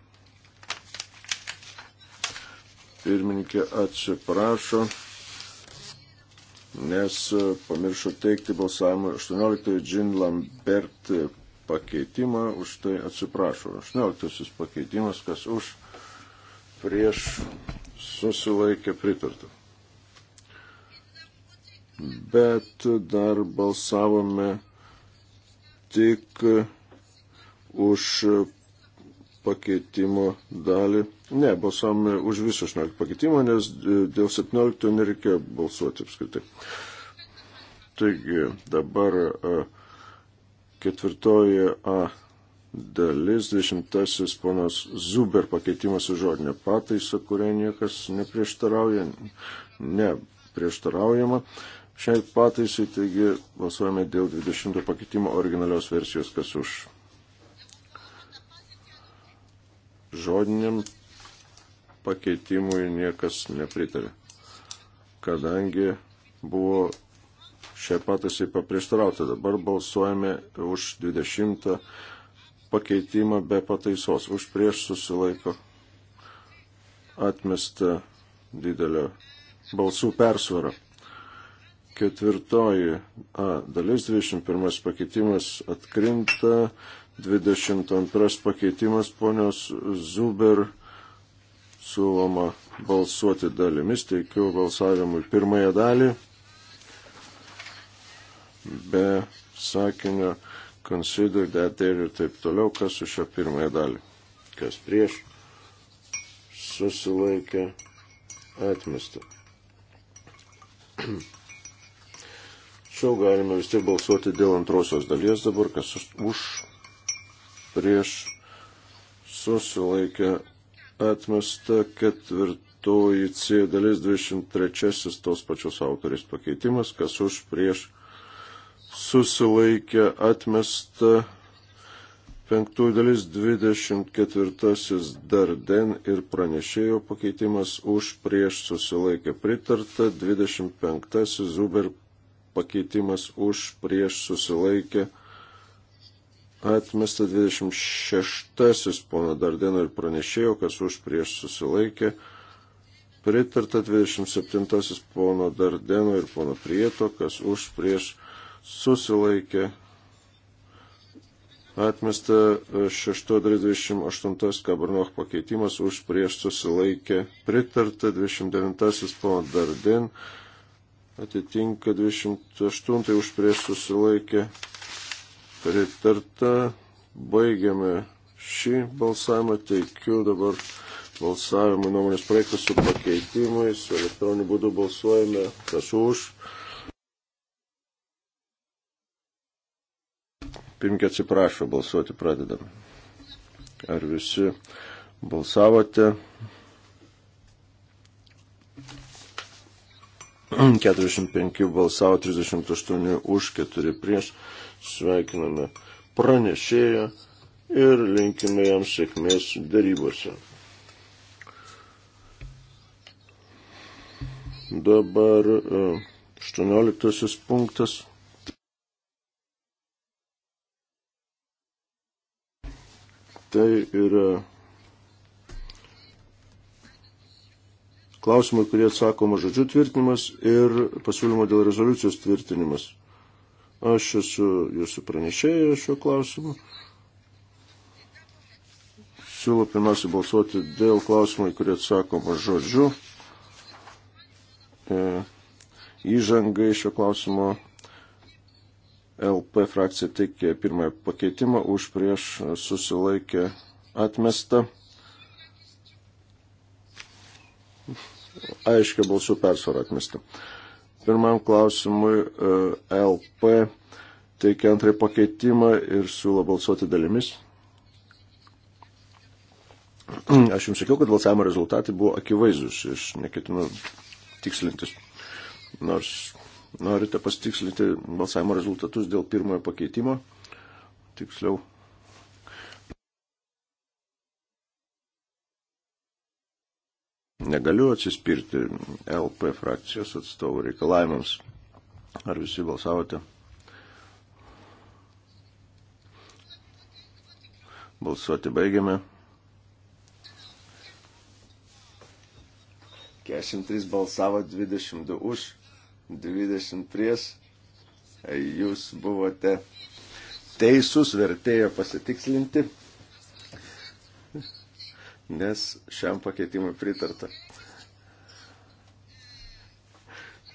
Pirmininkė atsiprašo, nes pamiršo teikti balsavimą 18 Jean Lambert pakeitimą, už tai atsiprašau. 18 pakeitimas, kas už, prieš, susilaikė pritartą. Bet dar balsavome tik už pakeitimo dalį. Ne, balsavome už visą 18 pakeitimą, nes dėl 17 nereikėjo balsuoti apskritai. Taigi dabar uh, Ketvirtoji A dalis, dešimtasis ponas Zuber pakeitimas su žodinė pataisa, kuriai niekas neprieštarauja, neprieštaraujama. Šiai pataisai, taigi, balsuojame dėl 20 pakeitimo originalios versijos, kas už žodiniam pakeitimui niekas nepritarė, kadangi buvo šią pataisai paprieštarauti. Dabar balsuojame už 20 pakeitimą be pataisos. Už prieš susilaiko atmesta didelio balsų persvara. Ketvirtoji A dalis 21 pakeitimas atkrinta. 22 pakeitimas ponios Zuber siūloma balsuoti dalimis. Teikiu balsavimui pirmąją dalį be sakinio consider that ir taip toliau, kas už šią pirmąją dalį, kas prieš, susilaikė, atmesta. Tačiau galime vis tiek balsuoti dėl antrosios dalies dabar, kas už, prieš, susilaikė, atmesta ketvirtoji C dalis 23 tos pačios autorės pakeitimas, kas už, prieš, susilaikė susilaikė atmesta penktųjų dalis 24 Darden ir pranešėjo pakeitimas už prieš susilaikė pritarta, 25 Zuber pakeitimas už prieš susilaikė atmesta, 26 pono Dardeno ir pranešėjo, kas už prieš susilaikė pritarta, 27 pono Dardeno ir pono Prieto, kas už prieš susilaikė susilaikė atmesta 6.38 Kabarnoch pakeitimas už prieš susilaikė pritarta 29 pono Dardin atitinka 28 už prieš susilaikė pritarta baigiame šį balsavimą teikiu dabar balsavimo nuomonės projektas su pakeitimais elektroniniu būdu balsuojame kas už Pirmkė atsiprašo, balsuoti pradedam. Ar visi balsavote? 45 balsavo, 38 už, 4 prieš. Sveikiname pranešėją ir linkime jam sėkmės darybose. Dabar 18 e, punktas. Tai yra klausimai, kurie atsakoma žodžių tvirtinimas ir pasiūlymo dėl rezoliucijos tvirtinimas. Aš esu jūsų pranešėjęs šiuo klausimu. Siūlau pirmiausia balsuoti dėl klausimų, kurie atsakoma žodžiu. E, įžangai šio klausimo LP frakcija teikė pirmąją pakeitimą, už prieš susilaikė atmestą. Aiškia balsų persvarą atmestą. Pirmam klausimui e, LP teikia antrąjį pakeitimą ir siūlo balsuoti dalimis. Aš jums sakiau, kad balsavimo rezultatai buvo akivaizdus, aš neketinu tikslintis, nors norite pastikslinti balsavimo rezultatus dėl pirmojo pakeitimo. Tiksliau. Negaliu atsispirti LP frakcijos atstovų reikalavimams. Ar visi balsavote? Balsuoti baigiame. 43 balsavo 22 už, 20 prieš. Jūs buvote teisus, vertėjo pasitikslinti, nes šiam pakeitimui pritarta.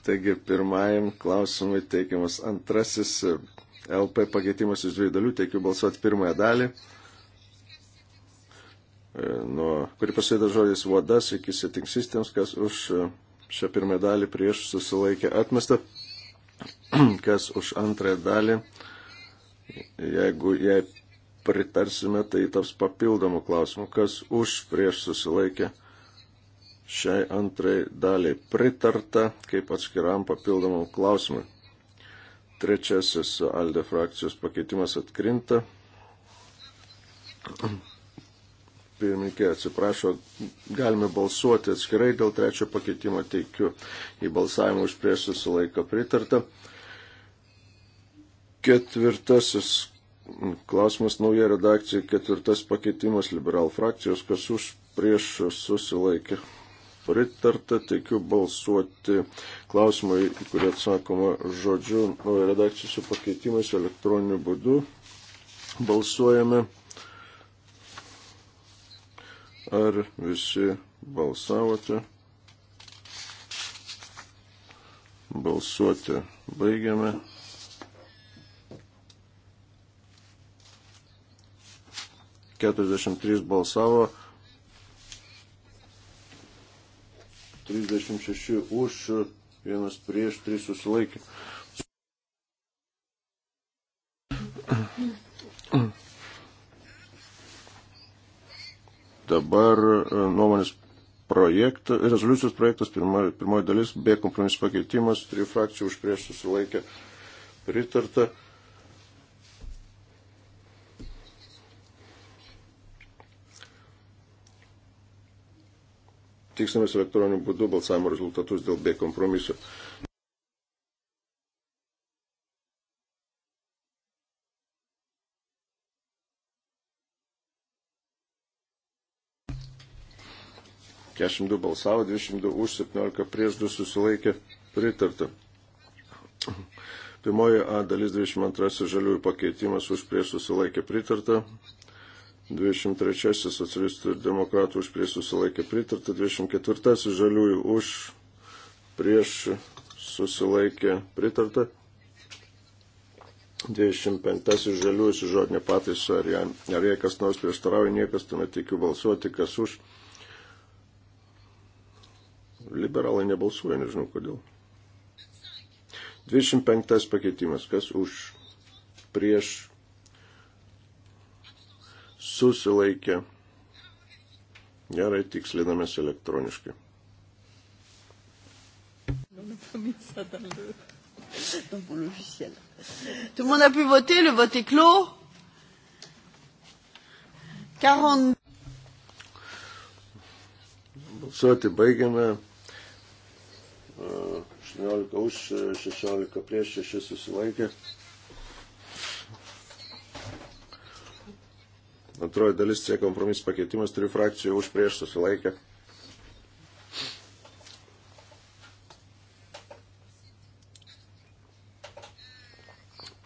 Taigi pirmajam klausimui teikiamas antrasis LP pakeitimas iš dviejų dalių, teikiu balsuoti pirmąją dalį e, nuo, kuri prasideda žodis vadas iki setting systems, kas už šią pirmą dalį prieš susilaikė atmesta, kas už antrąją dalį, jeigu jai pritarsime, tai taps papildomų klausimų, kas už prieš susilaikė šiai antrai daliai pritarta kaip atskiram papildomam klausimui. Trečiasis Alde frakcijos pakeitimas atkrinta. pirmininkė atsiprašo, galime balsuoti atskirai dėl trečio pakeitimo teikiu į balsavimą už prieš susilaiką pritarta. Ketvirtasis klausimas nauja redakcija, ketvirtas pakeitimas liberal frakcijos, kas už prieš susilaikė pritarta, teikiu balsuoti klausimai, į kurį atsakoma žodžiu, nauja redakcija su pakeitimais elektroniniu būdu. Balsuojame. Ar visi balsavote? Balsuoti baigiame. Keturiasdešimt trys balsavo. 36 už, vienas prieš, trys susilaikė. Dabar e, nuomonės projektas, rezoliucijos projektas, pirmoji, pirmoji dalis, B kompromisų pakeitimas, trijų frakcijų už prieš susilaikė pritarta. Tiksliamės elektroniniu būdu balsavimo rezultatus dėl B kompromisų. 42 balsavo, 22 už, 17 prieš 2 susilaikė pritarta. Pirmoji A dalis 22 žaliųjų pakeitimas už prieš susilaikė pritarta. 23 socialistų ir demokratų už prieš susilaikė pritarta. 24 žaliųjų už prieš susilaikė pritarta. 25 žaliųjų su žodinė pataisa. Ar, ar jie kas nors prieštarauja, niekas tuomet tikiu balsuoti, kas už Liberalai nebalsuoja, nežinau kodėl. 25 pakeitimas. Kas už prieš susilaikė. Gerai, tikslinamės elektroniškai. Dans mon logiciel. Tout le monde a pu voter, le vote est clos. 40. Balsuoti baigiame. 18 už, 16 e, prieš, 6 susilaikė. Antroji dalis C kompromis pakeitimas, turiu frakcijų už prieš susilaikę.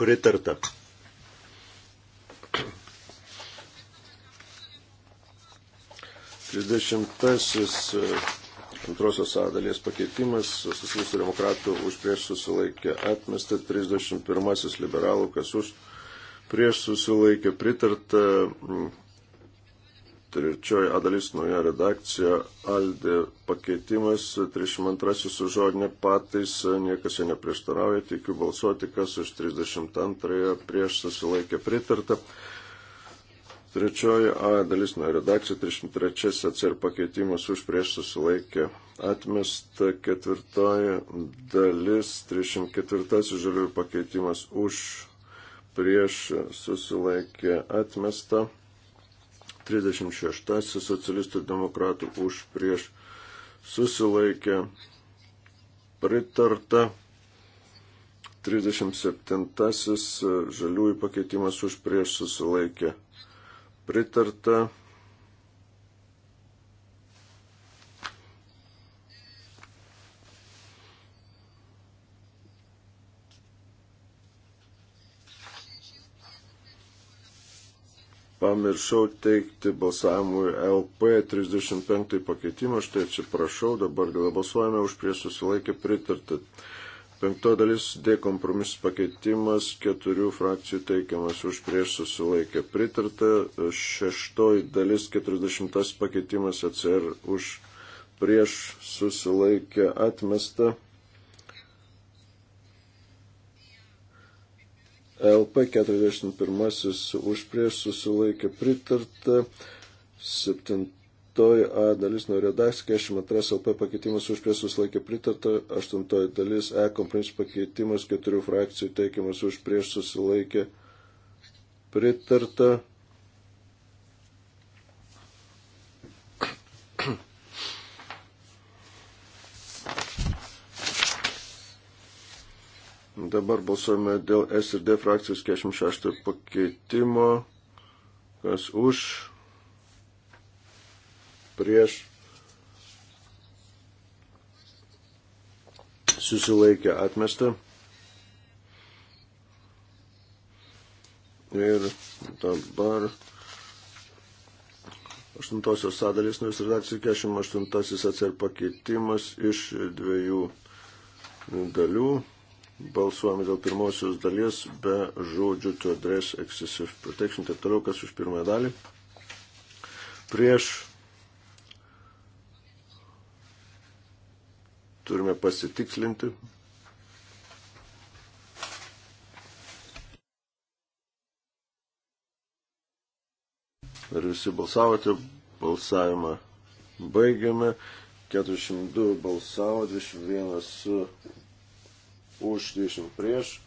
Pritarta. Trisdešimtasis. 30 e, antrosios A dalies pakeitimas, socialistų demokratų už prieš susilaikė atmesta, 31 liberalų, kas už prieš susilaikė pritarta, trečioji A dalis nauja redakcija, Aldė pakeitimas, 32 su žodinė pataisa, niekas jie neprieštarauja, tikiu balsuoti, kas už 32 prieš susilaikė pritarta. Trečioji A dalis nuo redakcijų, 33 atsir pakeitimas už prieš susilaikę atmesta, ketvirtoji dalis, 34 žaliųjų pakeitimas už prieš susilaikė atmesta, 36 socialistų demokratų už prieš susilaikė pritarta. 37 žaliųjų pakeitimas už prieš susilaikė pritarta. Pamiršau teikti balsavimui LP 35 pakeitimą, štai atsiprašau, dabar galvosuojame už prie susilaikę pritartą. Penkto dalis D kompromis pakeitimas keturių frakcijų teikiamas už prieš susilaikė pritarta. Šeštoji dalis keturisdešimtas pakeitimas ACR už prieš susilaikė atmesta. LP 41 už prieš susilaikė pritarta. Septinta Toj A dalis nuo redakcijos 42 LP pakeitimas už prieš susilaikė pritarta, 8 dalis E kompromisų pakeitimas keturių frakcijų teikiamas už prieš susilaikė pritarta. Dabar balsuojame dėl S ir D frakcijos 46 pakeitimo. Kas už? prieš susilaikė atmestą. Ir dabar aštuntosios sadalis nuo redakcijos 48 atsir pakeitimas iš dviejų dalių. Balsuojame dėl pirmosios dalies be žodžių to address excessive protection, taip toliau, kas už pirmąją dalį. Prieš turime pasitikslinti. Ar visi balsavote? Balsavimą baigiame. 42 balsavo, 21 už, 20 prieš.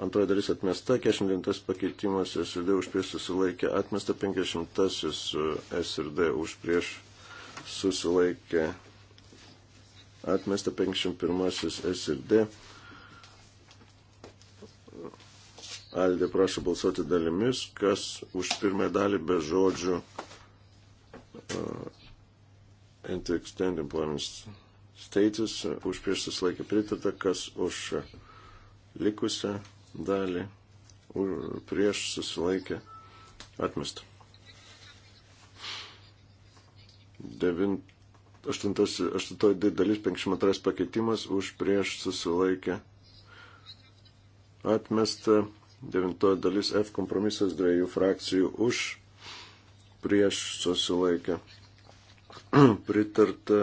Antroji dalis atmesta, 49 pakeitimas S ir D už prieš susilaikė, atmesta 50 e, S ir D už prieš susilaikė, atmesta 51 S ir D. Aldė prašo balsuoti dalimis, kas už pirmąją dalį be žodžių uh, e, into extended employment status, už prieš susilaikė pritarta, kas už uh, likusią dalį už, prieš susilaikę atmestą. 8 dalis 52 pakeitimas už prieš susilaikę atmestą. 9 dalis F kompromisas dviejų frakcijų už prieš susilaikę. Pritarta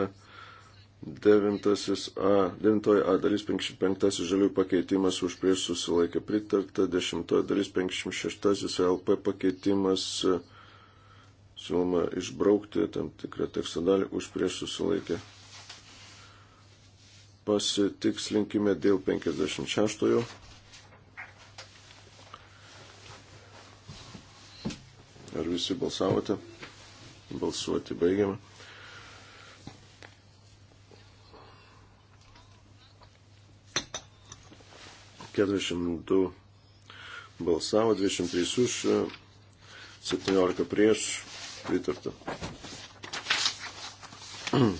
Devintasis A, devintoji A dalis 55 žalių pakeitimas už prieš susilaikė pritarta, dešimtoji dalis 56 LP pakeitimas e, siūloma išbraukti tam tikrą teksto dalį už prieš susilaikė. Pasitikslinkime dėl 56. Ar visi balsavote? Balsuoti baigiame. 42 balsavo, 23 už, 17 prieš, pritarta. 10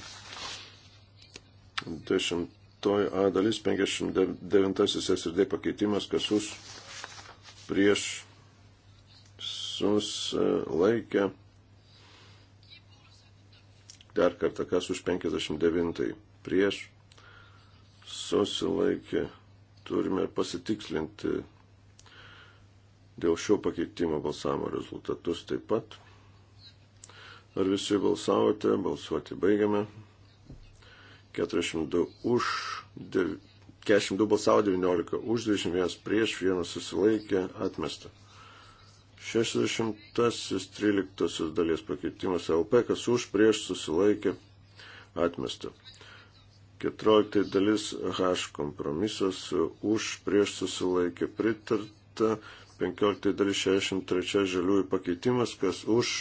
A dalis 59 SSD pakeitimas, kas už prieš susilaikę. Dar kartą, kas už 59 prieš susilaikė turime pasitikslinti dėl šio pakeitimo balsavimo rezultatus taip pat. Ar visi balsavote? Balsuoti baigiame. 42 už, 42 balsavo 19 už, 21 prieš, 1 susilaikė, atmesta. 60-13 dalies pakeitimas LP, kas už, prieš, susilaikė, atmesta. 14 dalis H kompromisas už prieš susilaikė pritarta, 15 dalis 63 žaliųjų pakeitimas, kas už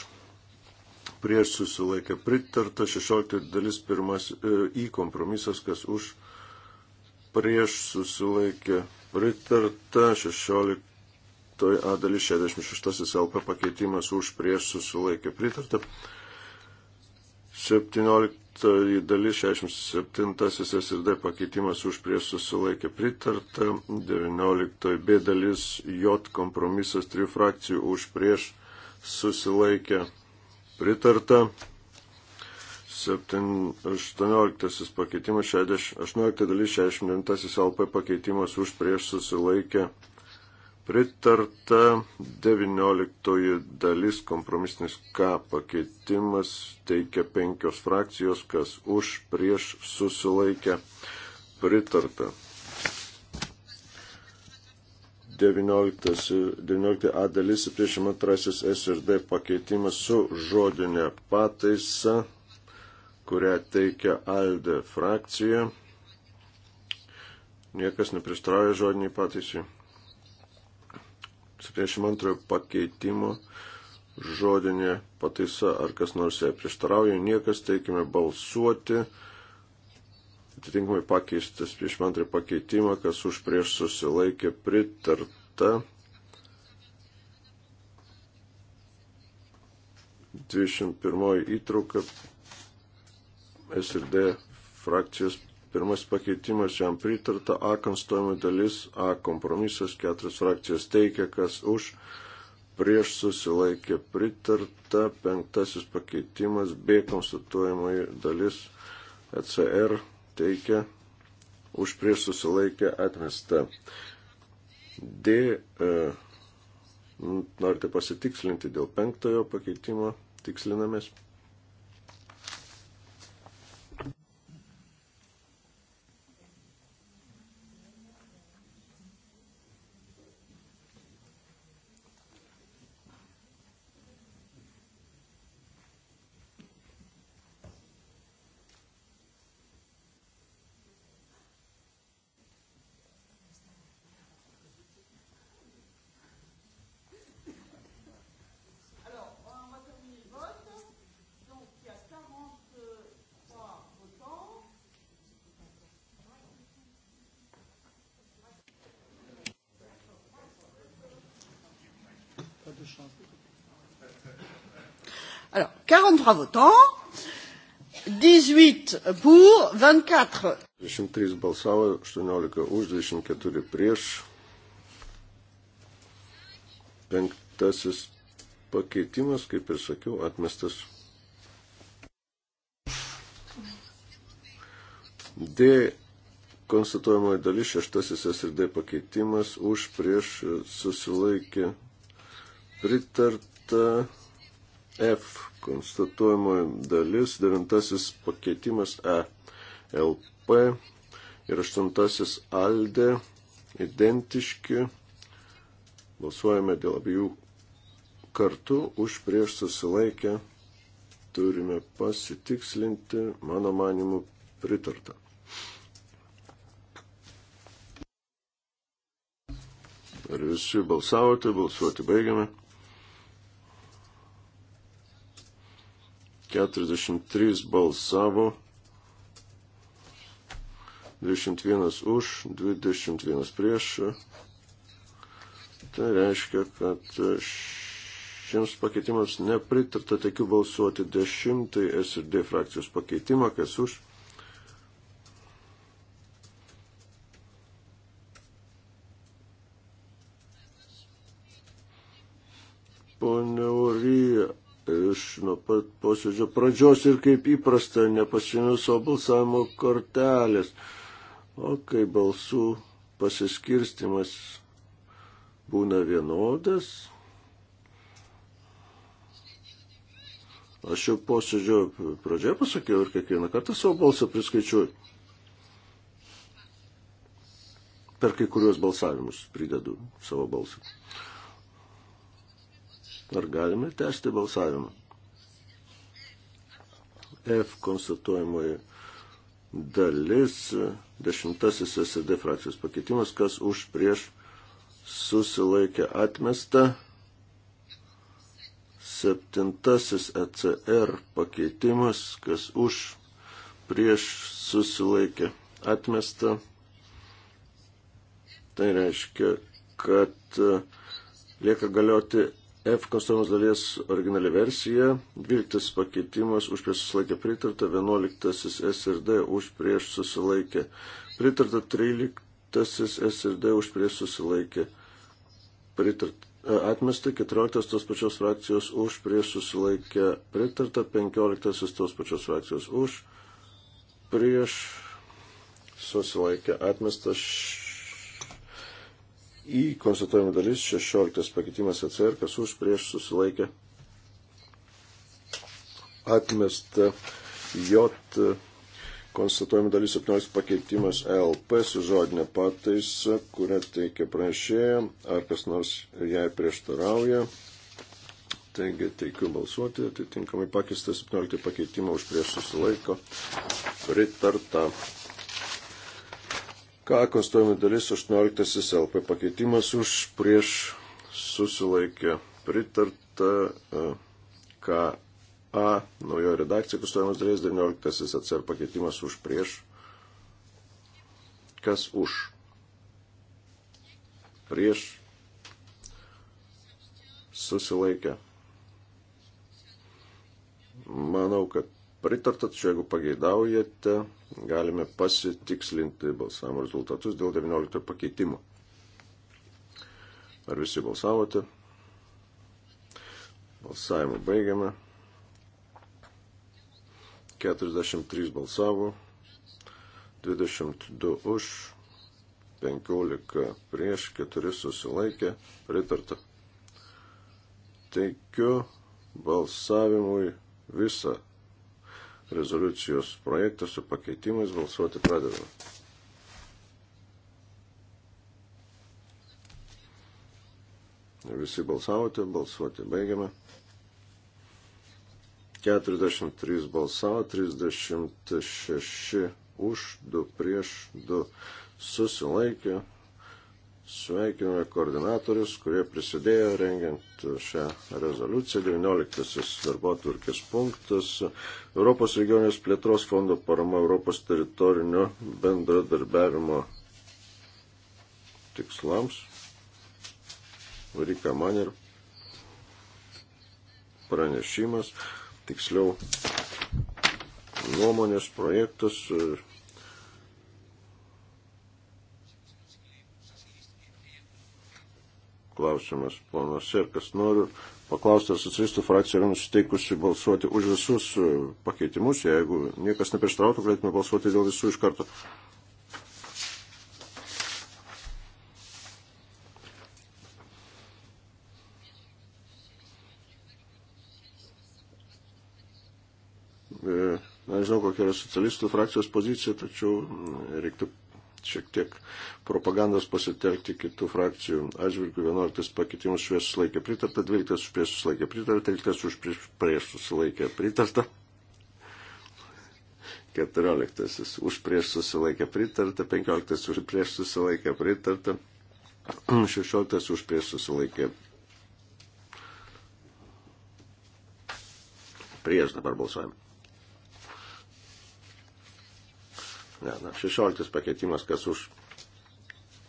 prieš susilaikė pritarta, 16 dalis pirmas į e, kompromisas, kas už prieš susilaikė pritarta, 16 A dalis 66 LP pakeitimas už prieš susilaikė pritarta. 17 dalis 67 SSD pakeitimas už prieš susilaikė pritarta, 19 B dalis J kompromisas 3 frakcijų už prieš susilaikė pritarta. 7, 18 pakeitimas, 60, 18 dalis 69 LP pakeitimas už prieš susilaikė pritarta. Pritarta 19 dalis kompromisinis K pakeitimas teikia penkios frakcijos, kas už prieš susilaikę pritarta. 19, 19 A dalis 72 S ir D pakeitimas su žodinė pataisa, kurią teikia ALDE frakcija. Niekas nepristrauja žodiniai pataisai. 72 pakeitimo žodinė pataisa, ar kas nors ją prieštarauja, niekas teikime balsuoti. Atitinkamai pakeistas 52 pakeitimą, kas už prieš susilaikė pritarta. 21 įtrauka S ir D frakcijos Pirmas pakeitimas jam pritarta, A konstojimo dalis, A kompromisas, keturios frakcijos teikia, kas už, prieš susilaikė pritarta, penktasis pakeitimas, B konstatuojamoji dalis, ECR teikia, už prieš susilaikė atmesta. D. E, norite pasitikslinti dėl penktojo pakeitimo, tikslinamės. droit votant. 18 pour, 24. 23 balsavo, 18 už, 24 prieš. Penktasis pakeitimas, kaip ir sakiau, atmestas. D konstatuojamoji dalis, šeštasis SRD pakeitimas, už prieš susilaikė pritarta. F konstatuojamoji dalis, devintasis pakeitimas ELP ir aštuntasis ALDE identiški. Balsuojame dėl abiejų kartų už prieš susilaikę. Turime pasitikslinti, mano manimu, pritarta. Ar visi balsavote, balsuoti baigiame. 43 balsavo, 21 už, 21 prieš. Tai reiškia, kad šiems pakeitimams nepritarta, teikiu balsuoti 10 S ir D frakcijos pakeitimą, kas už nuo pat posėdžio pradžios ir kaip įprasta nepasimiu savo balsavimo kortelės. O kai balsų pasiskirstimas būna vienodas, aš jau posėdžio pradžioje pasakiau ir kiekvieną kartą savo balsą priskaičiuoju. Per kai kuriuos balsavimus pridedu savo balsą. Ar galime tęsti balsavimą? F konstatuojamoji dalis, dešimtasis SSD frakcijos pakeitimas, kas už prieš susilaikė atmesta, septintasis ECR pakeitimas, kas už prieš susilaikė atmesta. Tai reiškia, kad e, lieka galioti F konstatuojamos dalies originali versija, 12 pakeitimas už prieš susilaikę pritarta, 11 S ir D už prieš susilaikę pritarta, 13 S ir D už prieš susilaikę pritarta. E, atmesta 14 tos pačios frakcijos už, prieš susilaikę pritarta 15 tos pačios frakcijos už, prieš susilaikę atmestas į konstatuojamą dalis 16 pakeitimas atsir, kas už prieš susilaikė atmesta J konstatuojamą dalis 17 pakeitimas LP su žodinė pataisa, kurią teikia pranešėja, ar kas nors jai prieštarauja. Taigi teikiu balsuoti, atitinkamai pakeistas 17 pakeitimą už prieš susilaiko pritarta. Ką konstatuojame dalis 18 LP pakeitimas už prieš susilaikė pritarta. E, Ką A naujo redakcija konstatuojamas dalis 19 ACR pakeitimas už prieš. Kas už? Prieš susilaikė. Manau, kad pritartat, čia jeigu pageidaujate, galime pasitikslinti balsavimo rezultatus dėl 19 pakeitimų. Ar visi balsavote? Balsavimą baigiame. 43 balsavo, 22 už, 15 prieš, 4 susilaikė, pritarta. Teikiu balsavimui visą rezoliucijos projektą su pakeitimais. Balsuoti pradedame. Visi balsavote, balsuoti baigiame. 43 balsavo, 36 už, 2 prieš, 2 susilaikė. Sveikiname koordinatorius, kurie prisidėjo rengiant šią rezoliuciją. 19 darbo atvarkės punktas. Europos regionės plėtros fondo parama Europos teritorinio bendradarbiavimo tikslams. Varika man ir pranešimas, tiksliau nuomonės projektas. E, klausimas. Ponas Serkas, noriu paklausti, ar socialistų frakcija yra nusiteikusi balsuoti už visus e, pakeitimus. Jeigu niekas neprieštrautų, galėtume balsuoti dėl visų iš karto. E, Nežinau, kokia yra socialistų frakcijos pozicija, tačiau mm, reiktų šiek tiek propagandos pasitelkti kitų frakcijų atžvilgių. 11 pakeitimus už prieš susilaikė pritarta, 12 už prieš susilaikė pritarta, 13 už prieš, prieš susilaikė pritarta. 14 už prieš susilaikė pritarta, 15 už prieš susilaikė pritarta, 16 už prieš susilaikė prieš dabar balsuojame. Ne, na, 16 pakeitimas, kas už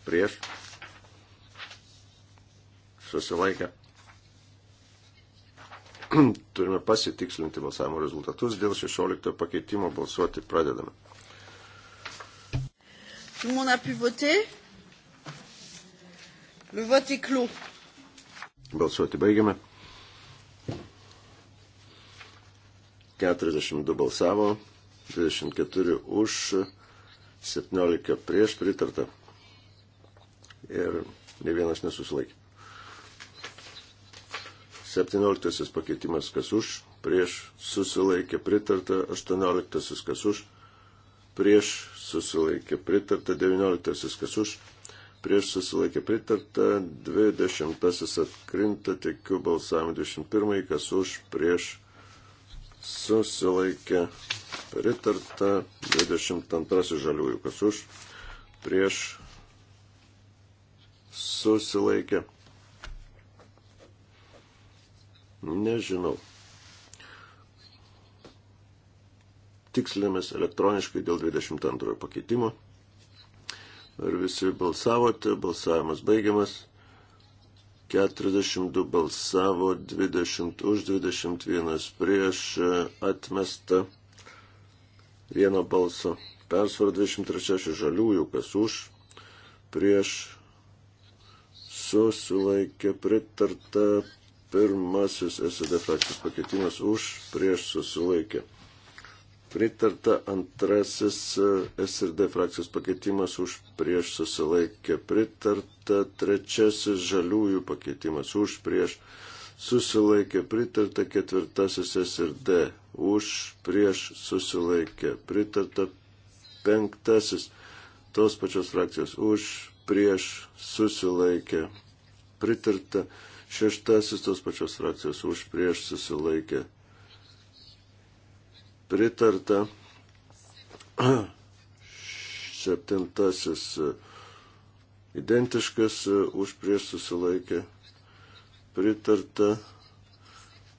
prieš susilaikę. Turime pasitikslinti balsavimo rezultatus. Dėl 16 pakeitimo balsuoti pradedame. Tout le monde a pu voter. Le vote est clos. Balsuoti baigiame. 42 balsavo, 24 už, 17 prieš pritarta ir ne vienas nesusilaikė. 17 pakeitimas kas už, prieš susilaikė pritarta, 18 kas už, prieš susilaikė pritarta, 19 kas už, prieš susilaikė pritarta, 20 atkrinta, tikiu balsavimą 21, kas už, prieš susilaikė pritarta pritarta. 22 žaliųjų, kas už, prieš susilaikė. Nežinau. Tikslėmės elektroniškai dėl 22 pakeitimo. Ar visi balsavote? Balsavimas baigiamas. 42 balsavo, 20 už, 21 prieš atmestą vieno balso. Persvara 23 žaliųjų, kas už, prieš susilaikė pritarta pirmasis SD frakcijos pakeitimas už, prieš susilaikė. Pritarta antrasis e, SRD frakcijos pakeitimas už prieš susilaikė. Pritarta trečiasis žaliųjų pakeitimas už prieš susilaikė susilaikė pritarta, ketvirtasis SRD už, prieš susilaikė pritarta, penktasis tos pačios frakcijos už, prieš susilaikė pritarta, šeštasis tos pačios frakcijos už, prieš susilaikė pritarta, septintasis identiškas už, prieš susilaikė pritarta pritarta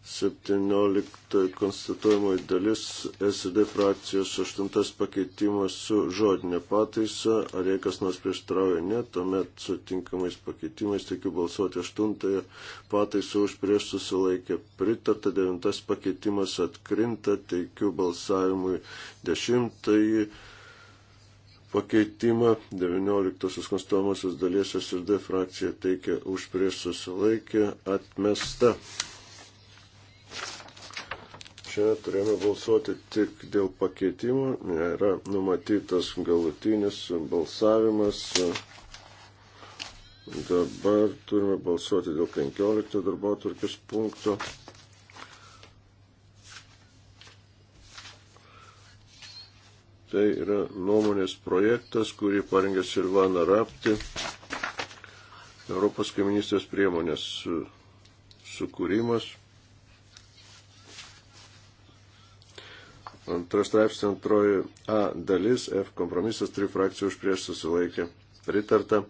17 konstatuojamoji dalis SD frakcijos 8 pakeitimas su žodinė pataisa. Ar jie kas nors prieštarauja? Ne. Tuomet su tinkamais pakeitimais tikiu balsuoti 8 pataisą už prieš susilaikę. Pritarta 9 pakeitimas atkrinta. Teikiu balsavimui 10 pakeitimą. 19 konstatuojamosios dalies SRD frakcija teikia už prieš susilaikę atmesta. Čia turėjome balsuoti tik dėl pakeitimų, nėra numatytas galutinis balsavimas. Dabar turime balsuoti dėl 15 darbo turkis punkto. Tai yra nuomonės projektas, kurį parengė Silvana Rapti, Europos kaiminystės priemonės sukūrimas. Antras straipsnė antroji A dalis, F kompromisas, tri frakcijų už prieš susilaikė. Pritarta.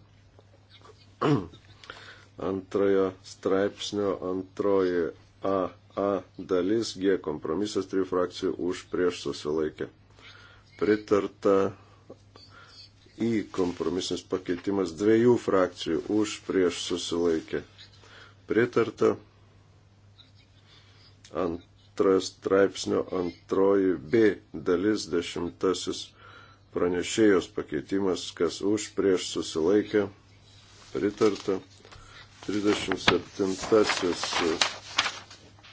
Antrojo straipsnio antroji A, A dalis, G kompromisas, tri frakcijų už prieš susilaikė pritarta į kompromisinis pakeitimas dviejų frakcijų už prieš susilaikė. Pritarta antras straipsnio antroji B dalis dešimtasis pranešėjos pakeitimas, kas už prieš susilaikė. Pritarta 37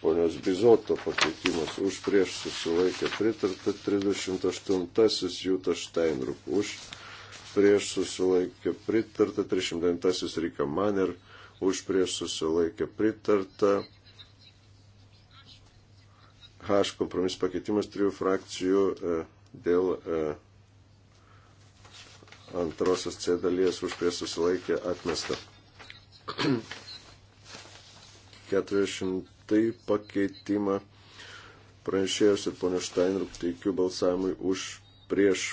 ponios Bizoto pakeitimas už prieš susilaikė pritarta 38-asis Jūta Steinrup už prieš susilaikė pritarta 309-asis Rika Maner už prieš susilaikė pritarta H kompromis pakeitimas trijų frakcijų e, dėl e, antrosios C dalies už prieš susilaikė atmesta. 40 tai pakeitimą pranešėjus ir ponio Štainruk teikiu balsavimui už prieš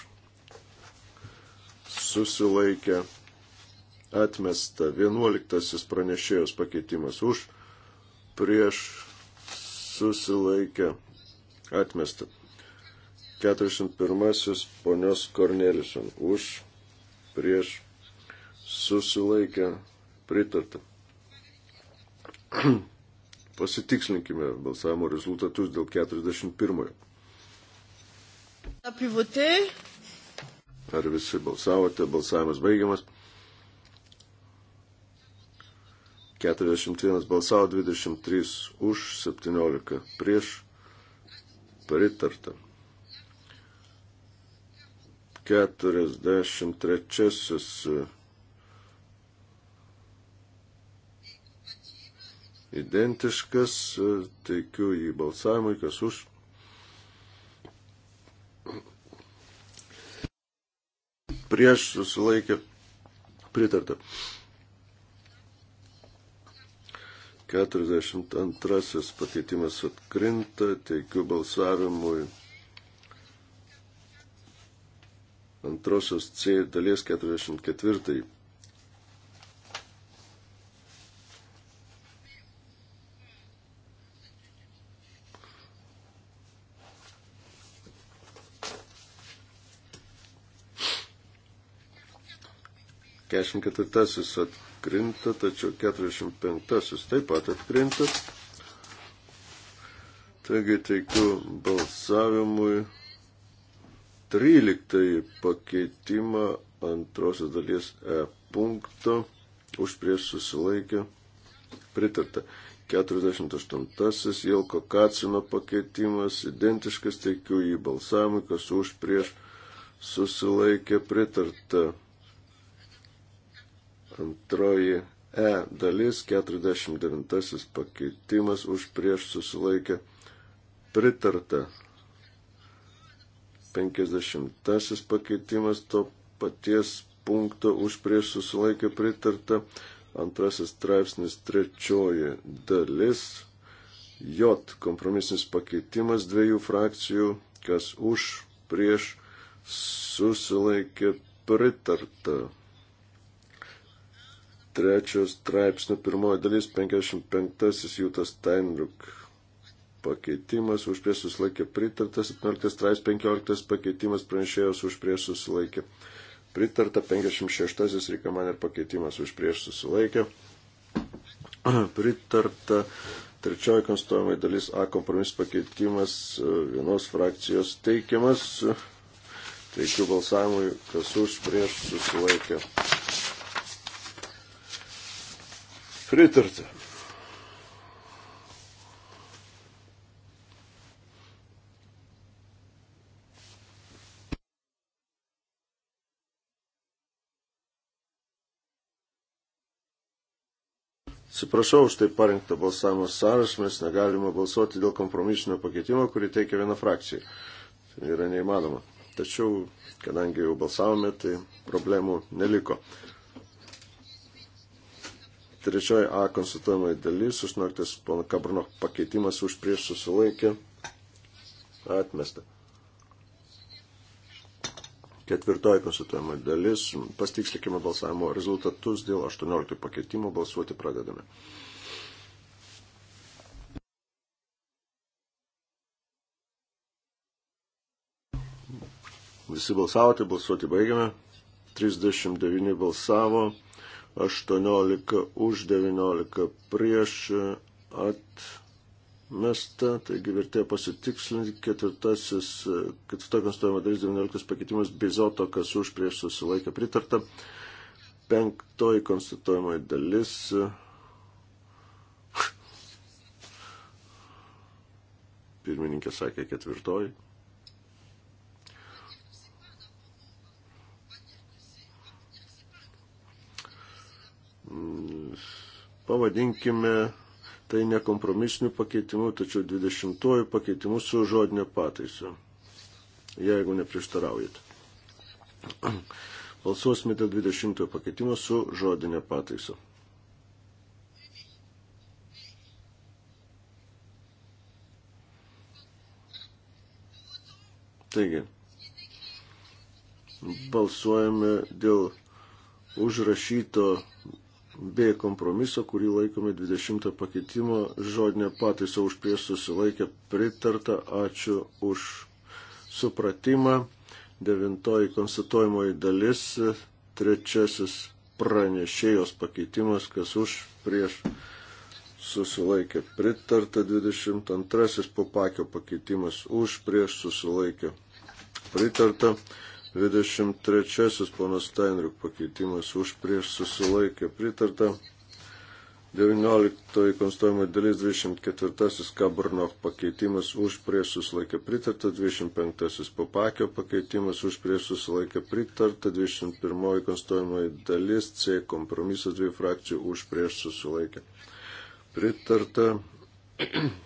susilaikę atmesta 11 pranešėjos pakeitimas už prieš susilaikę atmesta 41 ponios Kornelison už prieš susilaikę pritarta pasitikslinkime balsavimo rezultatus dėl 41. Ar visi balsavote? Balsavimas baigiamas. 41 balsavo, 23 už, 17 prieš. Pritarta. 43 identiškas, e, teikiu jį balsavimui, kas už. Prieš susilaikė pritarta. 42 pakeitimas atkrinta, teikiu balsavimui antrosios C dalies 44. 44 atkrinta, tačiau 45 taip pat atkrinta. Taigi teikiu balsavimui 13 pakeitimą antrosios dalies E punkto už prieš susilaikę pritarta. 48 Jelko Kacino pakeitimas identiškas teikiu į balsavimą, kas už prieš susilaikė pritarta. Antroji E dalis, 49 pakeitimas už prieš susilaikę pritarta. 50 pakeitimas to paties punkto už prieš susilaikę pritarta. Antrasis straipsnis, trečioji dalis. J kompromisinis pakeitimas dviejų frakcijų, kas už prieš susilaikė pritarta trečios straipsnio pirmoji dalis 55 Jūtas Steinbrück pakeitimas už prieš susilaikė pritartas, 17 straips 15 pakeitimas pranešėjos už prieš susilaikė pritarta, 56 reikamanė pakeitimas už prieš susilaikė pritarta, trečioji konstituojamai dalis A kompromis pakeitimas vienos frakcijos teikiamas, teikiu balsavimui, kas už prieš susilaikė Pritarta. Atsiprašau už tai parengtą balsavimo sąrašą, mes negalime balsuoti dėl kompromisinio pakeitimo, kurį teikia viena frakcija. Tai yra neįmanoma. Tačiau, kadangi jau balsavome, tai problemų neliko. Trečioji A konstatuojama dalis, užnartis pono Kabrno pakeitimas už prieš susilaikė, atmesta. Ketvirtoji konstatuojama dalis, pastikslikime balsavimo rezultatus dėl 18 pakeitimo, balsuoti pradedame. Visi balsavote, balsuoti baigiame. 39 balsavo, 18 už 19 prieš atmestą, taigi vertė pasitikslinti, ketvirtasis, ketvirta konstatuojama dalis 19 pakeitimas, bizoto, kas už prieš susilaikė pritarta, penktoji konstatuojama dalis pirmininkė sakė ketvirtoji. pavadinkime tai nekompromisiniu pakeitimu, tačiau 20 pakeitimu su žodinė pataisa, jeigu neprieštaraujate. Balsuosime dėl 20 pakeitimo su žodinė pataisa. Taigi, balsuojame dėl užrašyto B kompromiso, kurį laikome 20 pakeitimo žodinę pataisą už prieš susilaikę pritarta. Ačiū už supratimą. Devintoji konstatuojamoji dalis, trečiasis pranešėjos pakeitimas, kas už prieš susilaikė. Pritarta 22 popakio pakeitimas už prieš susilaikė. Pritarta 23 ponas Steinruk pakeitimas už prieš susilaikę pritarta. 19 konstatuojama dalis 24 Kabrnov pakeitimas už prieš susilaikę pritarta, 25 Popakio pakeitimas už prieš susilaikę pritarta, 21 konstatuojama dalis C kompromisas dviejų frakcijų už prieš susilaikę pritarta.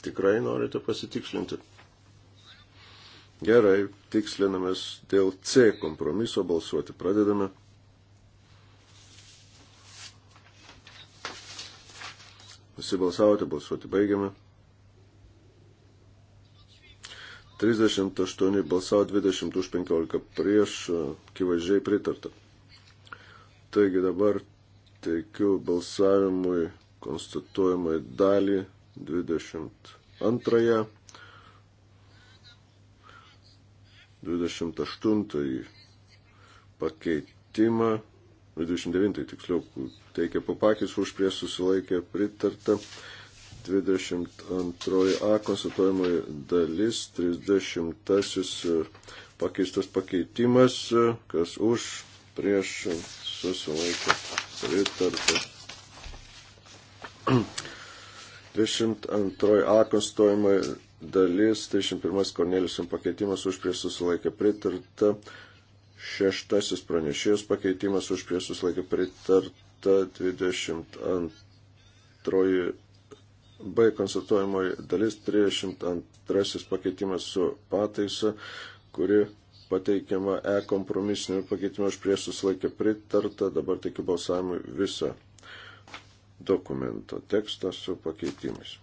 Tikrai norite pasitikslinti? Gerai, tikslinamės dėl C kompromiso balsuoti. Pradedame. Visi balsavote, balsuoti baigiame. 38 balsavo 20 už 15 prieš, kivaizdžiai pritarta. Taigi dabar teikiu balsavimui konstatuojamai dalį 22, 28 pakeitimą, 29 tiksliau, teikia papakis už prie susilaikę pritartą. 22 A konstatuojamoji dalis, 30 pakeistas pakeitimas, kas už, prieš, susilaiko, pritarta. 22 A konstituojama dalis, 31 Korneliusim pakeitimas už prie susilaikę pritarta, 6 pranešėjos pakeitimas už prie susilaikę pritarta, 22 B konstatuojamoji dalis, 32 pakeitimas su pataisa, kuri pateikiama E kompromisiniu pakeitimu už prie susilaikę pritarta, dabar tikiu balsavimui visą dokumento tekstą su pakeitimais.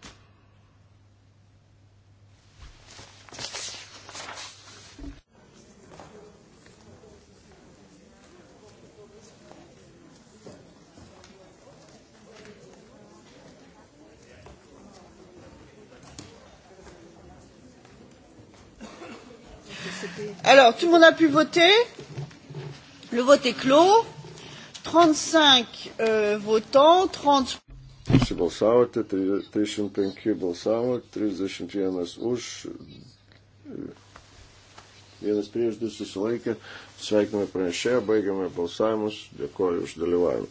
Alors, tout le monde a pu voter Le vote est clos. 35 euh, votants, 30. Visi balsavote, 35 balsavo, 31 už, vienas prieš du susilaikė. Sveikiname pranešėją, baigiame balsavimus, dėkoju už dalyvavimą.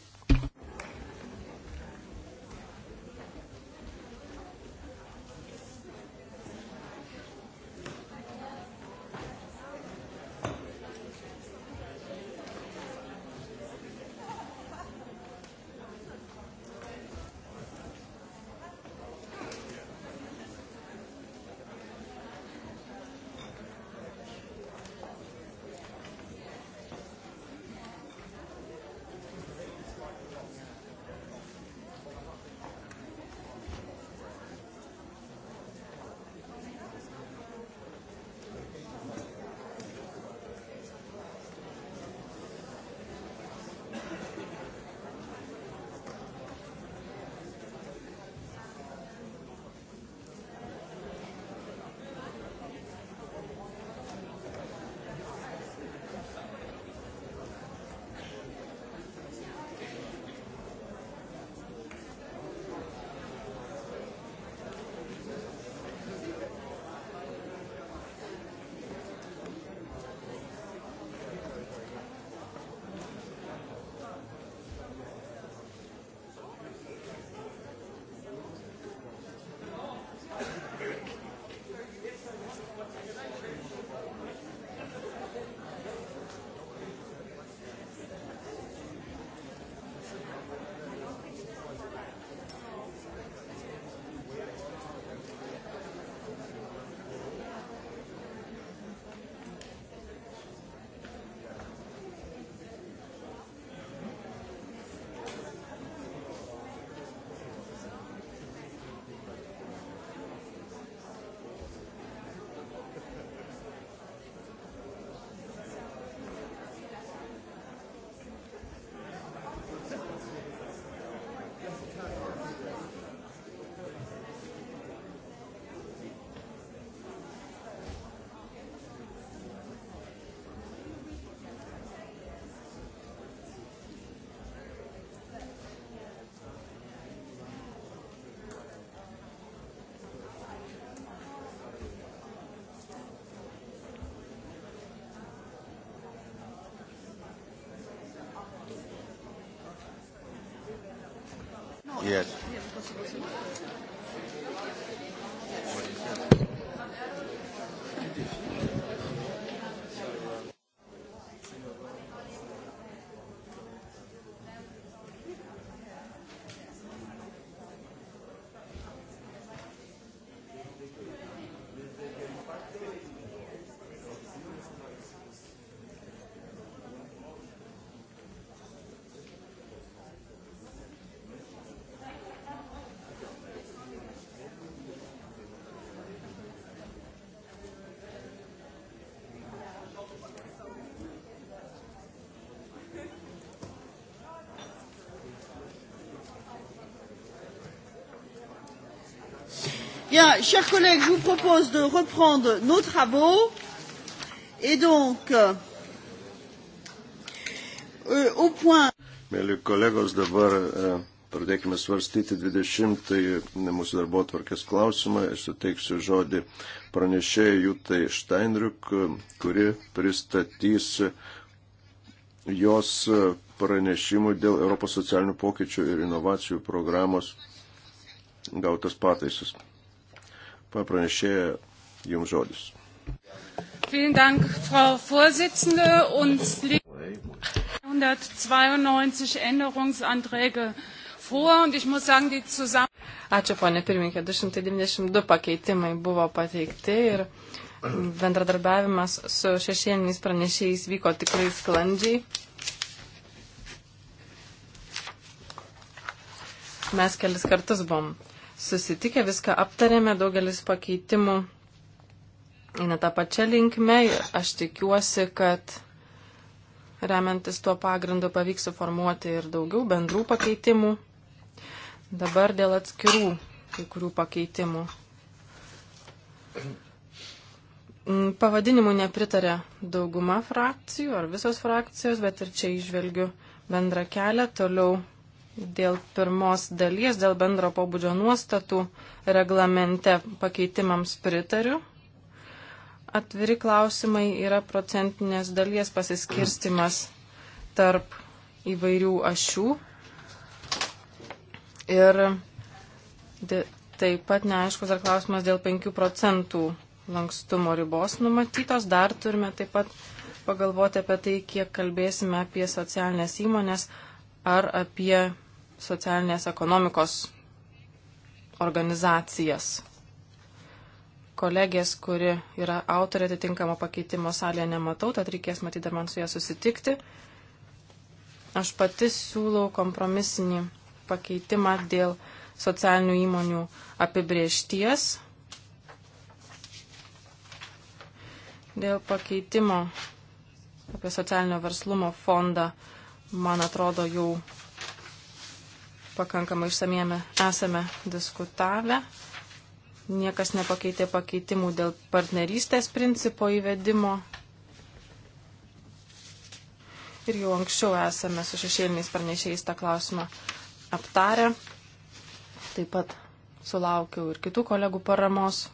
Yes. Bien, chers collègues, je vous propose de reprendre nos travaux. Et donc, euh, euh au point. Mėly kolegos, dabar e, pradėkime svarstyti 20-ąjį mūsų darbo tvarkės klausimą ir suteiksiu žodį pranešėjai Jutai Steinriuk, kuri pristatys jos pranešimų dėl Europos socialinių pokyčių ir inovacijų programos gautas pataisas. Papranešėja, jums žodis. Dank, Frau Vorsitzende. Uns liegen 192 Änderungsanträge vor und ich muss sagen, die zusammen. Ačiū, ponė pirmininkė. 292 pakeitimai buvo pateikti ir bendradarbiavimas su šešieniniais pranešėjais vyko tikrai sklandžiai. Mes kelis kartus buvom susitikę, viską aptarėme, daugelis pakeitimų eina tą pačią linkmę ir aš tikiuosi, kad remiantis tuo pagrindu pavyks suformuoti ir daugiau bendrų pakeitimų. Dabar dėl atskirų kai kurių pakeitimų. Mm, Pavadinimų nepritarė dauguma frakcijų ar visos frakcijos, bet ir čia išvelgiu bendrą kelią. Toliau dėl pirmos dalies, dėl bendro pobūdžio nuostatų reglamente pakeitimams pritariu. Atviri klausimai yra procentinės dalies pasiskirstimas tarp įvairių ašių. Ir taip pat neaiškus dar klausimas dėl 5 procentų lankstumo ribos numatytos. Dar turime taip pat pagalvoti apie tai, kiek kalbėsime apie socialinės įmonės ar apie socialinės ekonomikos organizacijas. Kolegės, kuri yra autorė atitinkamo pakeitimo salėje, nematau, tad reikės matyti dar man su ją susitikti. Aš pati siūlau kompromisinį pakeitimą dėl socialinių įmonių apibriešties. Dėl pakeitimo apie socialinio verslumo fondą, man atrodo, jau pakankamai išsamieme esame diskutavę. Niekas nepakeitė pakeitimų dėl partnerystės principo įvedimo. Ir jau anksčiau esame su šešėliniais pranešėjais tą klausimą aptarę. Taip pat sulaukiau ir kitų kolegų paramos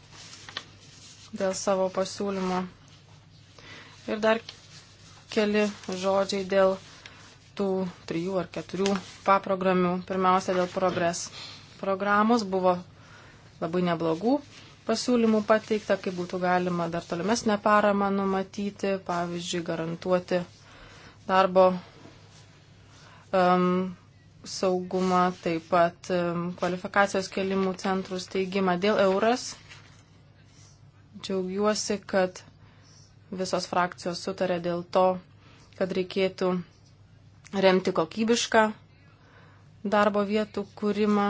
dėl savo pasiūlymo. Ir dar keli žodžiai dėl tų trijų ar keturių paprogramių. Pirmiausia, dėl progres programos buvo labai neblogų pasiūlymų pateikta, kaip būtų galima dar tolimesnę paramą numatyti, pavyzdžiui, garantuoti darbo um, saugumą, taip pat um, kvalifikacijos kelimų centrų steigimą dėl euras. Džiaugiuosi, kad visos frakcijos sutarė dėl to, kad reikėtų remti kokybišką darbo vietų kūrimą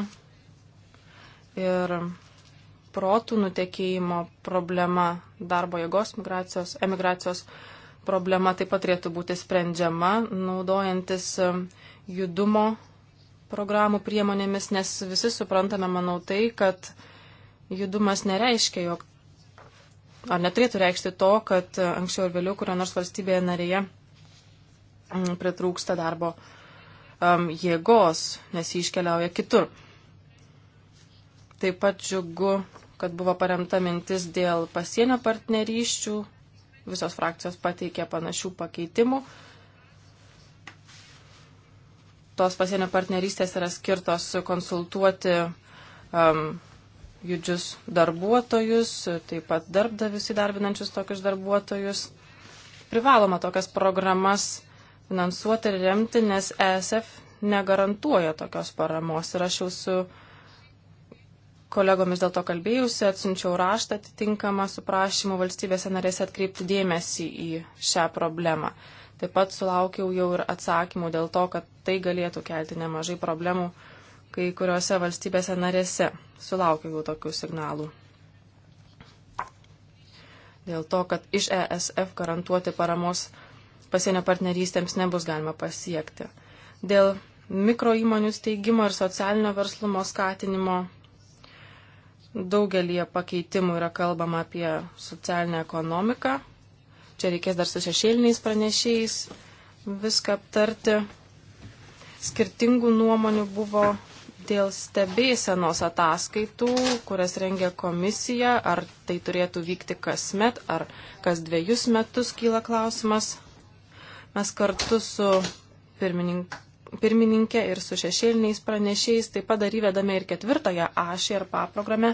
ir protų nutekėjimo problema, darbo jėgos migracijos, emigracijos problema taip pat turėtų būti sprendžiama, naudojantis um, judumo programų priemonėmis, nes visi suprantame, manau, tai, kad judumas nereiškia, jog ar neturėtų reikšti to, kad uh, anksčiau ir vėliau kurio nors valstybėje narėje Mm, pritrūksta darbo um, jėgos, nes jį iškeliauja kitur. Taip pat džiugu, kad buvo paremta mintis dėl pasienio partnerysčių. Visos frakcijos pateikė panašių pakeitimų. Tos pasienio partnerystės yra skirtos konsultuoti um, judžius darbuotojus, taip pat darbdavius įdarbinančius tokius darbuotojus. Privaloma tokias programas finansuoti ir remti, nes ESF negarantuoja tokios paramos. Ir aš jau su kolegomis dėl to kalbėjusi, atsiunčiau raštą atitinkamą su prašymu valstybėse narėse atkreipti dėmesį į šią problemą. Taip pat sulaukiau jau ir atsakymų dėl to, kad tai galėtų kelti nemažai problemų kai kuriuose valstybėse narėse. Sulaukiau jau tokių signalų. Dėl to, kad iš ESF garantuoti paramos pasienio partnerystėms nebus galima pasiekti. Dėl mikro įmonių steigimo ir socialinio verslumo skatinimo daugelį pakeitimų yra kalbama apie socialinę ekonomiką. Čia reikės dar su šešėliniais pranešėjais viską aptarti. Skirtingų nuomonių buvo dėl stebėsenos ataskaitų, kurias rengia komisija, ar tai turėtų vykti kasmet, ar kas dviejus metus kyla klausimas. Mes kartu su pirmininkė, pirmininkė ir su šešėliniais pranešėjais taip pat dar įvedame ir ketvirtąją ašį ir paprogramę,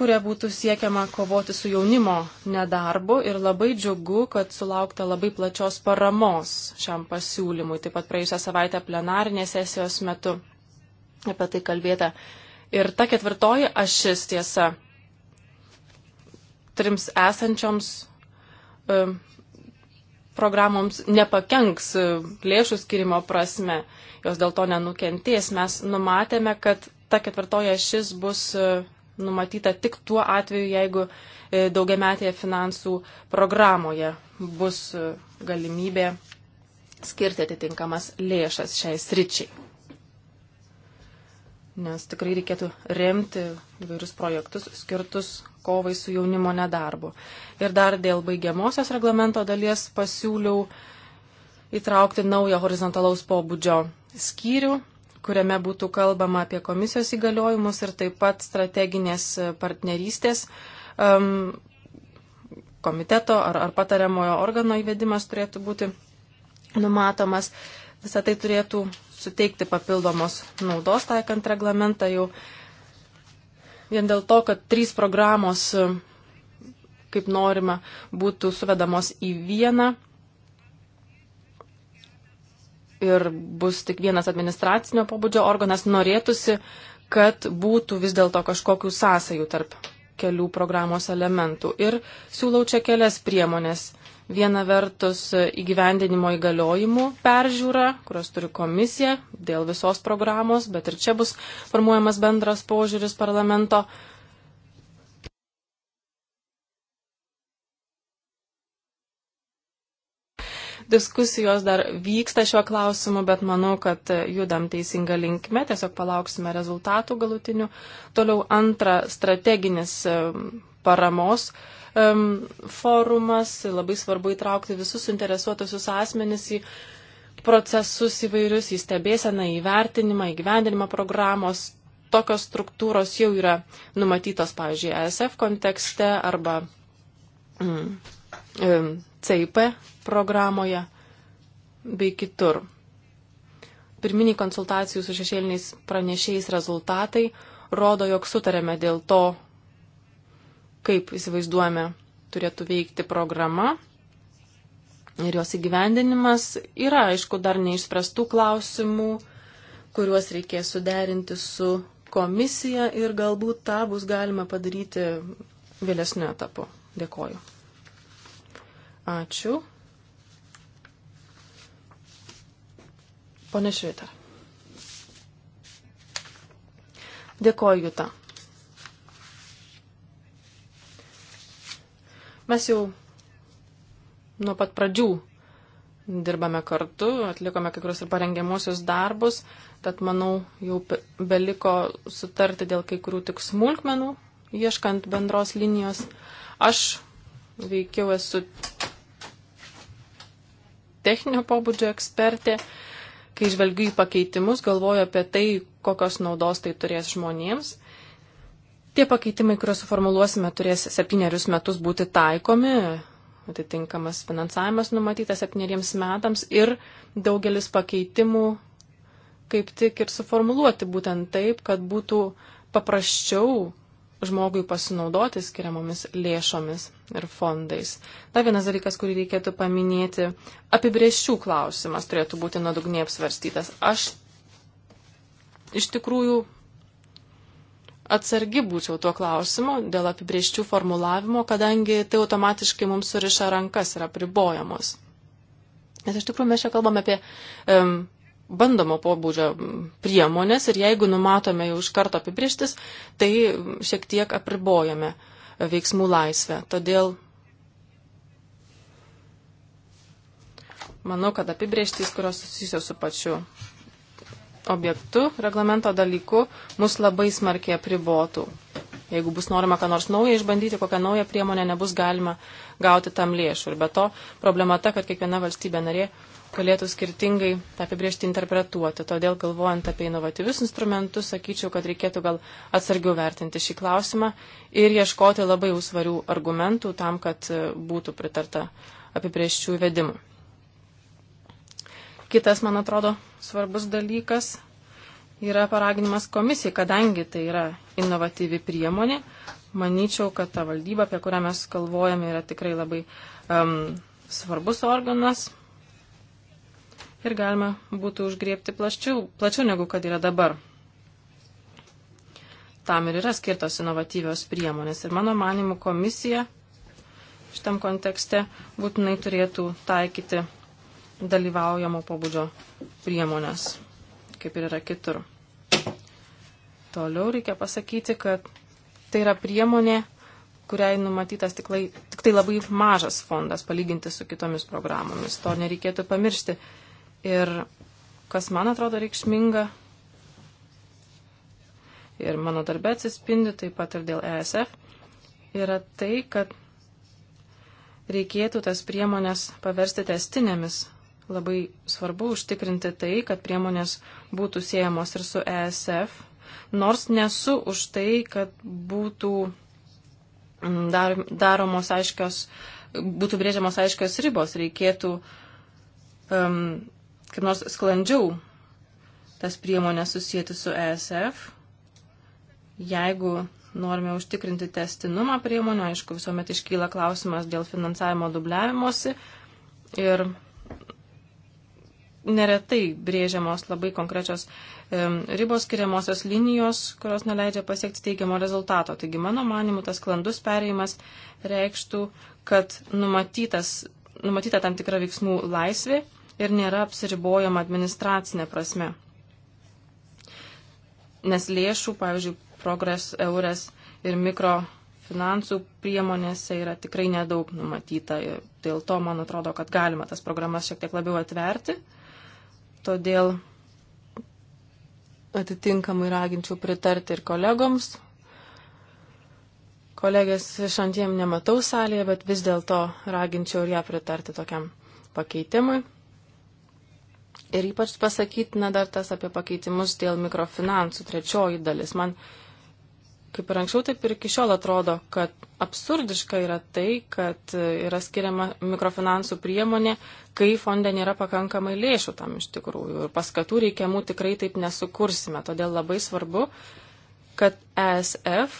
kuria būtų siekiama kovoti su jaunimo nedarbu ir labai džiugu, kad sulaukta labai plačios paramos šiam pasiūlymui. Taip pat praėjusią savaitę plenarinės sesijos metu apie tai kalbėta. Ir ta ketvirtoji ašis tiesa trims esančioms e, programoms nepakenks lėšų skirimo prasme, jos dėl to nenukentės. Mes numatėme, kad ta ketvirtoja šis bus e, numatyta tik tuo atveju, jeigu e, daugiametėje finansų programoje bus e, galimybė skirti atitinkamas lėšas šiai sričiai nes tikrai reikėtų remti įvairius projektus skirtus kovai su jaunimo nedarbu. Ir dar dėl baigiamosios reglamento dalies pasiūliau įtraukti naują horizontalaus pobūdžio skyrių, kuriame būtų kalbama apie komisijos įgaliojimus ir taip pat strateginės partnerystės um, komiteto ar, ar patariamojo organo įvedimas turėtų būti numatomas. Visą tai turėtų suteikti papildomos naudos taikant reglamentą jau vien dėl to, kad trys programos, e, kaip norima, būtų suvedamos į vieną ir bus tik vienas administracinio pobūdžio organas, norėtųsi, kad būtų vis dėlto kažkokių sąsajų tarp kelių programos elementų. Ir siūlau čia kelias priemonės Viena vertus įgyvendinimo įgaliojimų peržiūra, kurios turi komisija dėl visos programos, bet ir čia bus formuojamas bendras požiūris parlamento. diskusijos dar vyksta šiuo klausimu, bet manau, kad judam teisinga linkme, tiesiog palauksime rezultatų galutinių. Toliau antra strateginis paramos um, forumas, labai svarbu įtraukti visus interesuotusius asmenis į procesus įvairius, į stebėseną, į vertinimą, į gyvendinimą programos. Tokios struktūros jau yra numatytos, pavyzdžiui, ESF kontekste arba mm, mm, CIP programoje bei kitur. Pirminiai konsultacijų su šešėliniais pranešėjais rezultatai rodo, jog sutarėme dėl to, kaip įsivaizduojame turėtų veikti programa ir jos įgyvendinimas. Yra, aišku, dar neišspręstų klausimų, kuriuos reikės suderinti su komisija ir galbūt tą bus galima padaryti vėlesniu etapu. Dėkoju. Ačiū. Pone Švita. Dėkoju, Juta. Mes jau nuo pat pradžių dirbame kartu, atlikome kai kurios ir parengiamusius darbus, tad manau, jau beliko sutarti dėl kai kurių tik smulkmenų, ieškant bendros linijos. Aš veikiau esu techninio pobūdžio ekspertė, kai žvelgiu į pakeitimus, galvoju apie tai, kokios naudos tai turės žmonėms Tie pakeitimai, kuriuos suformuluosime, turės septynerius metus būti taikomi, atitinkamas finansavimas numatytas septyneriems metams ir daugelis pakeitimų kaip tik ir suformuluoti būtent taip, kad būtų paprasčiau žmogui pasinaudoti skiriamomis lėšomis ir fondais. Dar vienas dalykas, kurį reikėtų paminėti, apibrieščių klausimas turėtų būti nuodugniai apsvarstytas. Aš iš tikrųjų atsargi būčiau tuo klausimu dėl apibrieščių formulavimo, kadangi tai automatiškai mums suriša rankas ir apribojamos. Nes iš tikrųjų mes čia kalbame apie um, bandomo pobūdžio priemonės ir jeigu numatome jau iš karto apibrieštis, tai šiek tiek apribojame e, veiksmų laisvę. Todėl manau, kad apibrieštys, kurios susijusios su pačiu objektu, reglamento dalyku mus labai smarkiai apribotų. Jeigu bus norima ką nors naują išbandyti, kokią naują priemonę nebus galima gauti tam lėšų. Ir be to problema ta, kad kiekviena valstybė narė galėtų skirtingai tą apibriežti interpretuoti. Todėl galvojant apie inovatyvius instrumentus, sakyčiau, kad reikėtų gal atsargiau vertinti šį klausimą ir ieškoti labai svarių argumentų tam, kad būtų pritarta apibriežčių įvedimui. Kitas, man atrodo, svarbus dalykas yra paraginimas komisijai, kadangi tai yra inovatyvi priemonė. Manyčiau, kad ta valdyba, apie kurią mes kalvojame, yra tikrai labai um, svarbus organas ir galima būtų užgriepti plačiau, plačiau negu kad yra dabar. Tam ir yra skirtos inovatyvios priemonės. Ir mano manimų komisija šitam kontekste būtinai turėtų taikyti dalyvaujamo pobūdžio priemonės, kaip ir yra kitur. Toliau reikia pasakyti, kad tai yra priemonė, kuriai numatytas tik, lai, tik tai labai mažas fondas palyginti su kitomis programomis. To nereikėtų pamiršti. Ir kas man atrodo reikšminga ir mano darbė atsispindi taip pat ir dėl ESF, yra tai, kad reikėtų tas priemonės paversti testinėmis labai svarbu užtikrinti tai, kad priemonės būtų siejamos ir su ESF, nors nesu už tai, kad būtų mm, dar, daromos aiškios, būtų brėžiamos aiškios ribos, reikėtų um, kaip nors sklandžiau tas priemonės susijęti su ESF, jeigu norime užtikrinti testinumą priemonių, aišku, visuomet iškyla klausimas dėl finansavimo dubliavimosi ir neretai brėžiamos labai konkrečios ribos skiriamosios linijos, kurios neleidžia pasiekti teigiamo rezultato. Taigi, mano manimu, tas klandus pereimas reikštų, kad numatyta tam tikra veiksmų laisvė ir nėra apsiribojama administracinė prasme. Nes lėšų, pavyzdžiui, progres, eures ir mikro finansų priemonėse yra tikrai nedaug numatyta. Dėl to, man atrodo, kad galima tas programas šiek tiek labiau atverti Todėl atitinkamai raginčiau pritarti ir kolegoms. Kolegės šantiem nematau salėje, bet vis dėlto raginčiau ir ją pritarti tokiam pakeitimui. Ir ypač pasakytina dar tas apie pakeitimus dėl mikrofinansų, trečioji dalis. Man kaip ir anksčiau, taip ir iki šiol atrodo, kad absurdiška yra tai, kad yra skiriama mikrofinansų priemonė, kai fonde nėra pakankamai lėšų tam iš tikrųjų. Ir paskatų reikiamų tikrai taip nesukursime. Todėl labai svarbu, kad ESF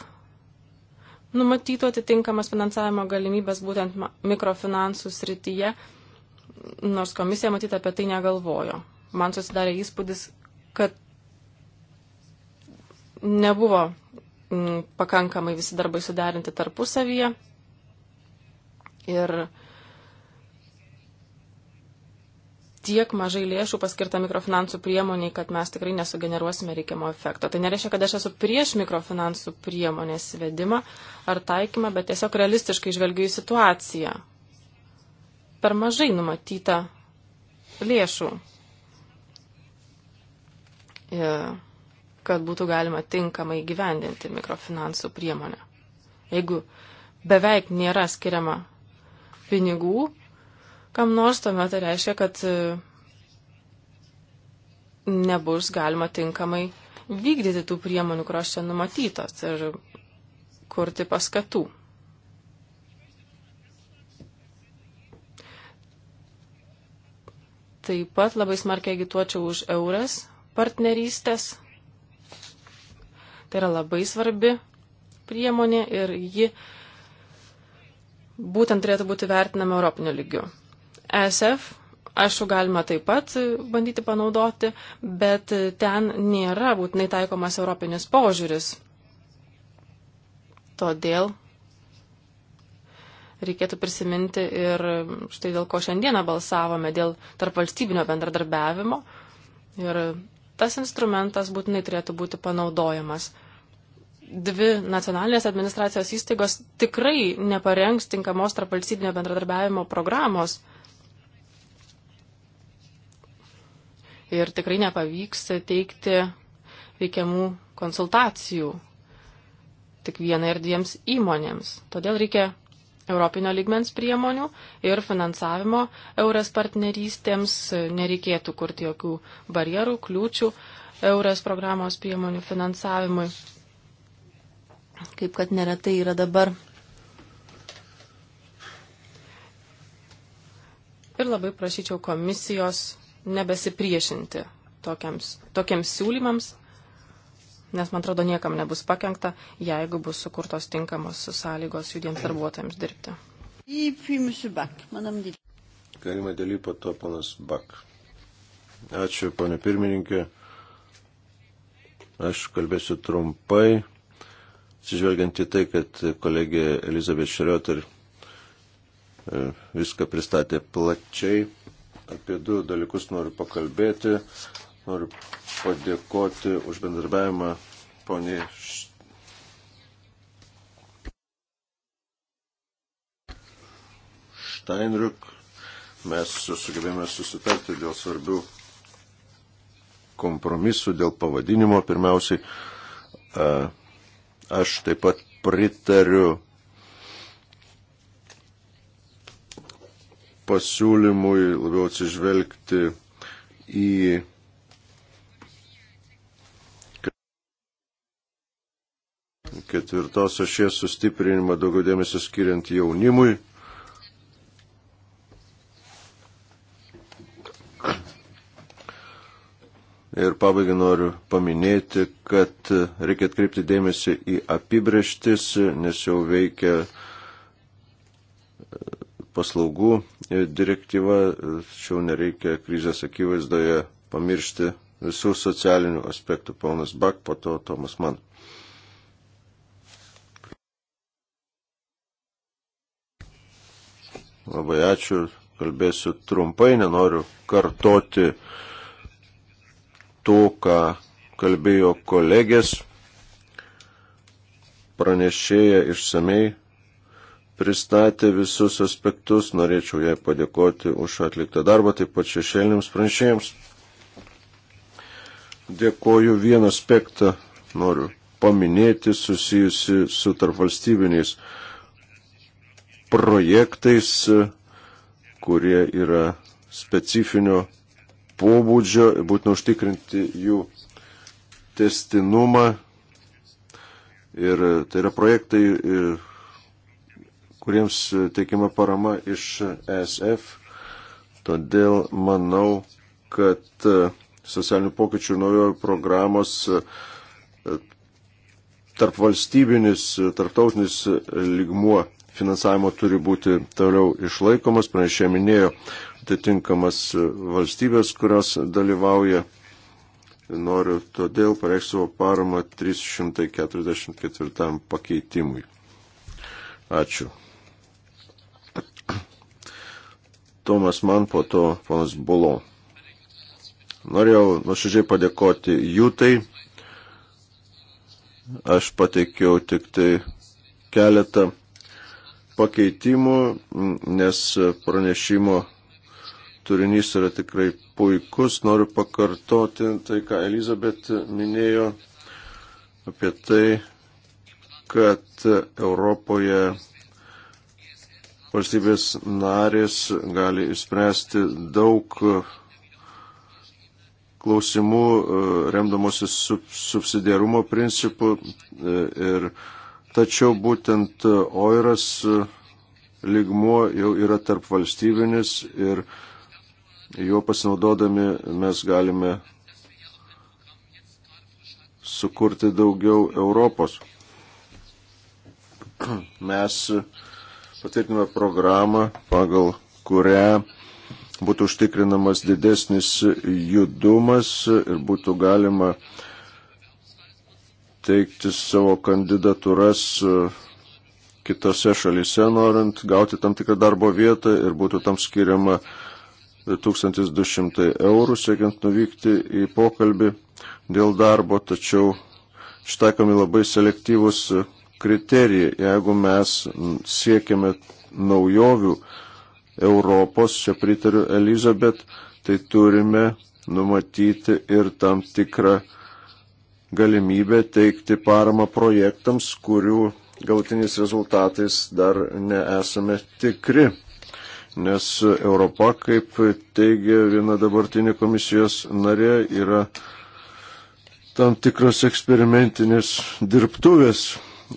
numatytų atitinkamas finansavimo galimybės būtent mikrofinansų srityje, nors komisija matyt apie tai negalvojo. Man susidarė įspūdis, kad nebuvo pakankamai visi darbai suderinti tarpusavyje. Ir tiek mažai lėšų paskirta mikrofinansų priemoniai, kad mes tikrai nesugeneruosime reikiamo efekto. Tai nereiškia, kad aš esu prieš mikrofinansų priemonės vedimą ar taikymą, bet tiesiog realistiškai žvelgiu į situaciją. Per mažai numatyta lėšų. Yeah kad būtų galima tinkamai gyvendinti mikrofinansų priemonę. Jeigu beveik nėra skiriama pinigų, kam nors tuomet tai reiškia, kad e, nebus galima tinkamai vykdyti tų priemonių, kurios čia numatytos ir kurti paskatų. Taip pat labai smarkiai agituočiau už eurės partnerystės Tai yra labai svarbi priemonė ir ji būtent turėtų būti vertinama europiniu lygiu. ESF, aišku, galima taip pat bandyti panaudoti, bet ten nėra būtinai taikomas europinis požiūris. Todėl reikėtų prisiminti ir štai dėl ko šiandieną balsavome, dėl tarp valstybinio bendradarbiavimo ir tas instrumentas būtinai turėtų būti panaudojamas. Dvi nacionalinės administracijos įstaigos tikrai neparengs tinkamos tarpvalstybinio bendradarbiavimo programos. Ir tikrai nepavyks teikti reikiamų konsultacijų tik vienai ar dviems įmonėms. Todėl reikia Europinio lygmens priemonių ir finansavimo eurės partnerystėms nereikėtų kurti jokių barjerų, kliūčių eurės programos priemonių finansavimui, kaip kad neretai yra dabar. Ir labai prašyčiau komisijos nebesipriešinti tokiams, tokiems siūlymams nes man atrodo niekam nebus pakengta, jeigu bus sukurtos tinkamos sąlygos judiems darbuotojams dirbti. Karima dėlį po to panas Bak. Ačiū, ponė pirmininkė. Aš kalbėsiu trumpai, atsižvelgiant į tai, kad kolegė Elizabeth Šrioter e, viską pristatė plačiai. Apie du dalykus noriu pakalbėti. Noriu padėkoti už bendarbiavimą poniai Steinriuk. Mes sugebėjome susitarti dėl svarbių kompromisų, dėl pavadinimo pirmiausiai. Aš taip pat pritariu pasiūlymui labiau atsižvelgti į ketvirtos ašies sustiprinimą daugiau dėmesio skiriant jaunimui. Ir pabaigai noriu paminėti, kad reikia atkreipti dėmesį į apibrieštis, nes jau veikia e, paslaugų e, direktyva, tačiau nereikia krizės akivaizdoje pamiršti visų socialinių aspektų. Paunas Bak, po to Tomas Man. Labai ačiū, kalbėsiu trumpai, nenoriu kartoti to, ką kalbėjo kolegės. Pranešėja išsamei pristatė visus aspektus, norėčiau jai padėkoti už atliktą darbą, taip pat šešėlėms pranešėjams. Dėkoju vieną aspektą, noriu paminėti susijusi su tarpvalstybiniais projektais, kurie yra specifinio pobūdžio, būtina užtikrinti jų testinumą. Ir tai yra projektai, kuriems teikiama parama iš ESF. Todėl manau, kad socialinių pokyčių naujojo programos e, tarp valstybinis, e, tarptautinis ligmuo finansavimo turi būti toliau išlaikomas. Pranešė minėjo atitinkamas valstybės, kurios dalyvauja. Noriu todėl pareikšti savo paramą 344 pakeitimui. Ačiū. Tomas man po to ponas Bulo. Norėjau nuoširdžiai padėkoti Jūtai. Aš pateikiau tik tai keletą pakeitimų, nes pranešimo turinys yra tikrai puikus. Noriu pakartoti tai, ką Elizabet minėjo apie tai, kad Europoje valstybės narės gali išspręsti daug klausimų remdamosi subsidiarumo principu e, ir Tačiau būtent OIRAS e, ligmuo jau yra tarp valstybinis ir juo pasinaudodami mes galime sukurti daugiau Europos. Mes patvirtinome programą, pagal kurią būtų užtikrinamas didesnis judumas ir būtų galima uh, teikti savo kandidatūras e, kitose šalyse, norint gauti tam tikrą darbo vietą ir būtų tam skiriama 1200 eurų, siekiant nuvykti į pokalbį dėl darbo, tačiau štaikomi labai selektyvus kriterijai. Jeigu mes siekiame naujovių Europos, čia pritariu Elizabet, tai turime numatyti ir tam tikrą galimybę teikti paramą projektams, kurių galtiniais rezultatais dar nesame tikri. Nes Europa, kaip teigia viena dabartinė komisijos narė, yra tam tikros eksperimentinės dirbtuvės.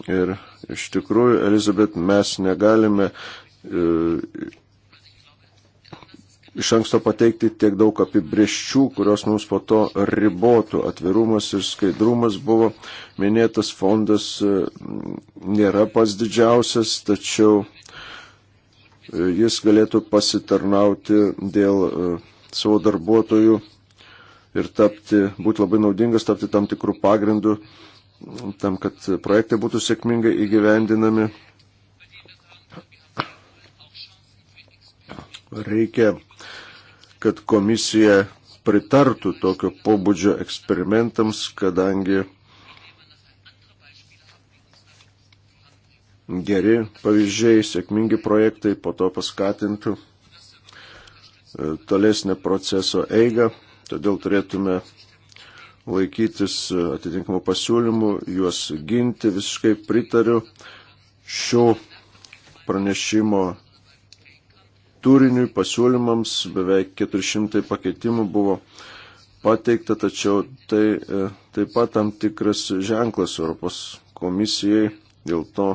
Ir iš tikrųjų, Elizabet, mes negalime e, iš anksto pateikti tiek daug apibrieščių, kurios mums po to ribotų. Atvirumas ir skaidrumas buvo minėtas fondas e, nėra pats didžiausias, tačiau e, jis galėtų pasitarnauti dėl e, savo darbuotojų ir tapti, būti labai naudingas, tapti tam tikrų pagrindų tam, kad projektai būtų sėkmingai įgyvendinami. Reikia kad komisija pritartų tokio pobūdžio eksperimentams, kadangi geri pavyzdžiai, sėkmingi projektai po to paskatintų e, tolesnę proceso eigą, todėl turėtume laikytis e, atitinkamų pasiūlymų, juos ginti, visiškai pritariu šio pranešimo turiniui, pasiūlymams, beveik 400 pakeitimų buvo pateikta, tačiau tai e, taip pat tam tikras ženklas Europos komisijai dėl to,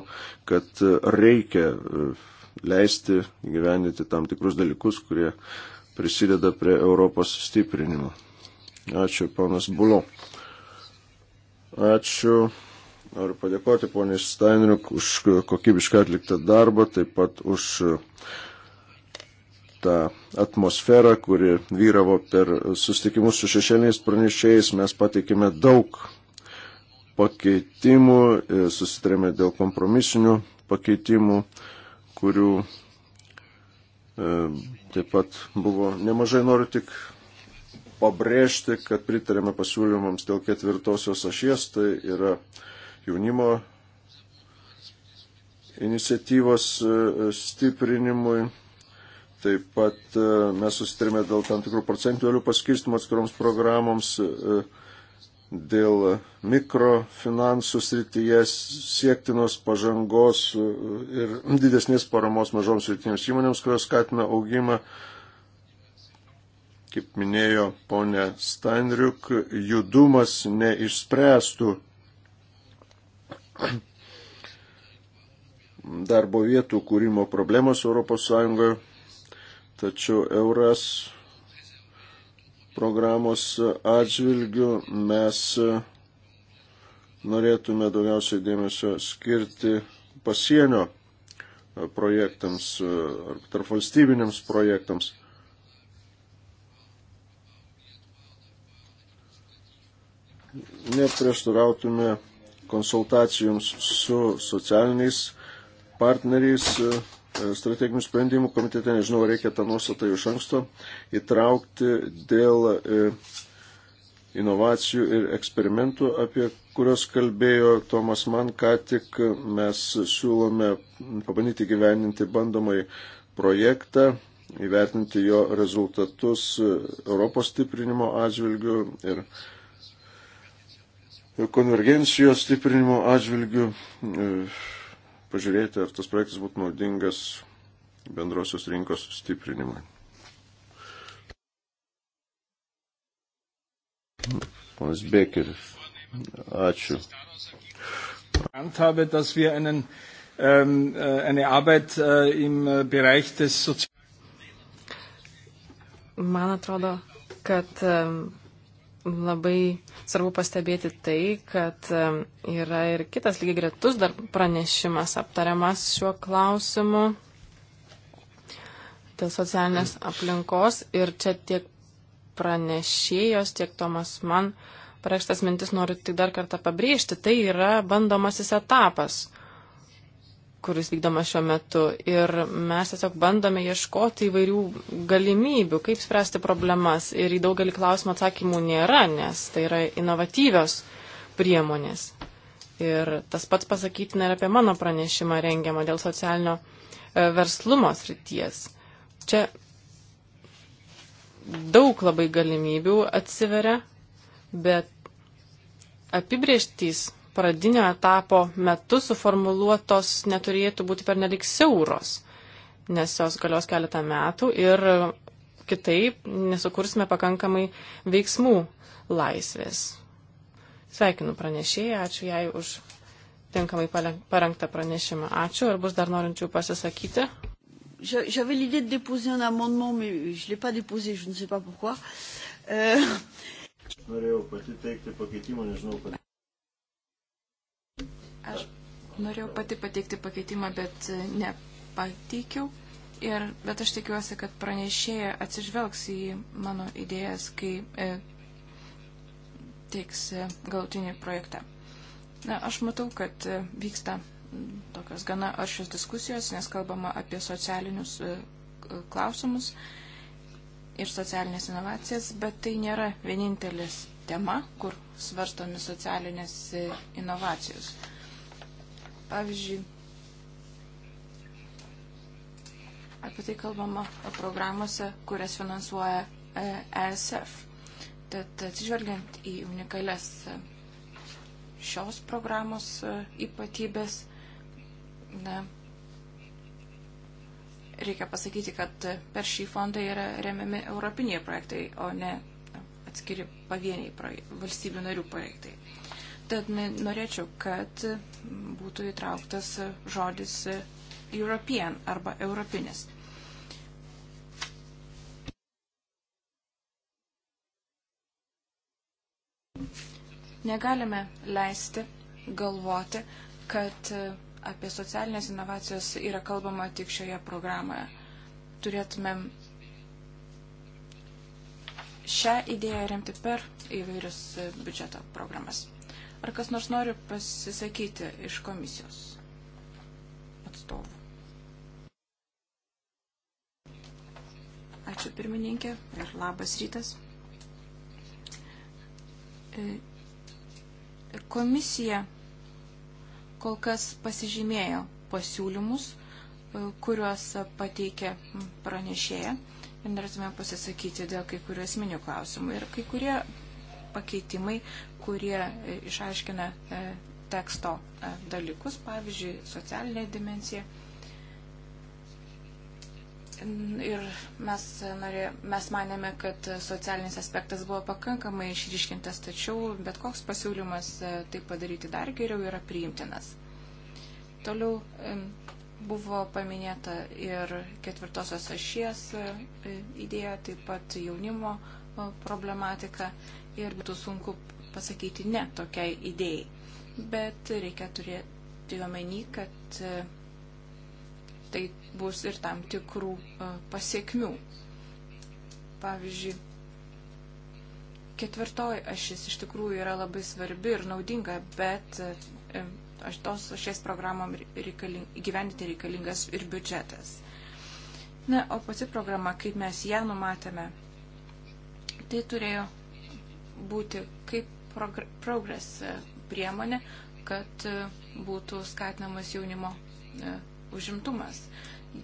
kad e, reikia e, leisti gyveninti tam tikrus dalykus, kurie prisideda prie Europos stiprinimo. Ačiū, panas Bulo. Ačiū. Noriu padėkoti poniai Steinriuk už kokybišką atliktą darbą, taip pat už uh, tą atmosferą, kuri vyravo per sustikimus su šešėliniais pranešėjais. Mes pateikėme daug pakeitimų, e, susitarėme dėl kompromisinių pakeitimų, kurių e, taip pat buvo nemažai. Noriu tik pabrėžti, kad pritarėme pasiūlymams dėl ketvirtosios ašies, tai yra jaunimo iniciatyvos e, stiprinimui Taip pat e, mes susitarėme dėl tam tikrų procentualių paskirstimų atskiroms programoms, e, dėl mikrofinansų srityje siektinos pažangos e, ir didesnės paramos mažoms rytinėms įmonėms, kurios skatina augimą. Kaip minėjo ponė Steinriuk, judumas neišspręstų darbo vietų kūrimo problemos ES Tačiau euras programos atžvilgių mes norėtume daugiausiai dėmesio skirti pasienio projektams e, ar tarpvalstybiniams projektams. Neprieštarautume konsultacijoms su socialiniais partneriais e, E, strateginių sprendimų komitete, nežinau, reikia tą nuostatą iš anksto įtraukti dėl e, inovacijų ir eksperimentų, apie kurios kalbėjo Tomas Man, ką tik mes siūlome pabandyti gyveninti bandomai projektą, įvertinti jo rezultatus Europos stiprinimo atžvilgių ir konvergencijos stiprinimo atžvilgių. E, pažiūrėti, ar tas projektas būtų naudingas bendrosios rinkos stiprinimui. Ponas Bekeris, ačiū. Habe, dass wir einen, ähm, äh, eine Arbeit äh, im Bereich des Sozial Man atrodo, kad ähm, labai svarbu pastebėti tai, kad yra ir kitas lygiai gretus dar pranešimas aptariamas šiuo klausimu dėl socialinės aplinkos ir čia tiek pranešėjos, tiek Tomas man pareikštas mintis noriu tik dar kartą pabrėžti, tai yra bandomasis etapas kuris vykdomas šiuo metu. Ir mes tiesiog bandome ieškoti įvairių galimybių, kaip spręsti problemas. Ir į daugelį klausimų atsakymų nėra, nes tai yra inovatyvios priemonės. Ir tas pats pasakytina ir apie mano pranešimą rengiamą dėl socialinio e, verslumo srities. Čia daug labai galimybių atsiveria, bet apibrieštys pradinio etapo metu suformuluotos neturėtų būti pernelik siauros, nes jos galios keletą metų ir kitaip nesukursime pakankamai veiksmų laisvės. Sveikinu pranešėją, ačiū jai už tinkamai parengtą pranešimą. Ačiū, ar bus dar norinčių pasisakyti? J'avais l'idée de déposer un amendement, mais je ne l'ai pas déposé, je ne sais pas pourquoi. Euh... Norėjau pati teikti pakeitimą, nežinau, kad. Aš norėjau pati pateikti pakeitimą, bet e, nepateikiau. Ir, bet aš tikiuosi, kad pranešėja atsižvelgs į mano idėjas, kai e, teiks e, galutinį projektą. Na, aš matau, kad e, vyksta tokios gana aršios diskusijos, nes kalbama apie socialinius e, klausimus ir socialinės inovacijas, bet tai nėra vienintelis tema, kur svarstomi socialinės e, inovacijos. E, Pavyzdžiui, apie tai kalbama programuose, kurias finansuoja ESF. E Tad atsižvelgiant į unikalias e, šios programos e, ypatybės, na, reikia pasakyti, kad per šį fondą yra remiami europiniai projektai, o ne atskiri pavieniai valstybių narių projektai. Tad norėčiau, kad būtų įtrauktas žodis European arba europinis. Negalime leisti galvoti, kad apie socialinės inovacijos yra kalbama tik šioje programoje. Turėtumėm šią idėją remti per įvairius biudžeto programas. Ar kas nors nori pasisakyti iš komisijos atstovų? Ačiū pirmininkė ir labas rytas. E, komisija kol kas pasižymėjo pasiūlymus, e, kuriuos pateikė pranešėja ir norėtume pasisakyti dėl kai kurių esminių klausimų. Ir kai kurie pakeitimai, kurie e, išaiškina e, teksto e, dalykus, pavyzdžiui, socialinė dimensija. Ir mes, norė, mes manėme, kad socialinis aspektas buvo pakankamai išryškintas, tačiau bet koks pasiūlymas tai padaryti dar geriau yra priimtinas. Toliau buvo paminėta ir ketvirtosios ašies idėja, taip pat jaunimo problematika ir būtų sunku pasakyti ne tokiai idėjai. Bet reikia turėti omeny, kad e, tai bus ir tam tikrų e, pasiekmių. Pavyzdžiui, ketvirtoji ašis iš tikrųjų yra labai svarbi ir naudinga, bet aš e, tos ašies programom reikaling, gyventi reikalingas ir biudžetas. Na, o pati programa, kaip mes ją numatėme, tai turėjo būti kaip progres e, priemonė, kad e, būtų skatinamas jaunimo e, užimtumas.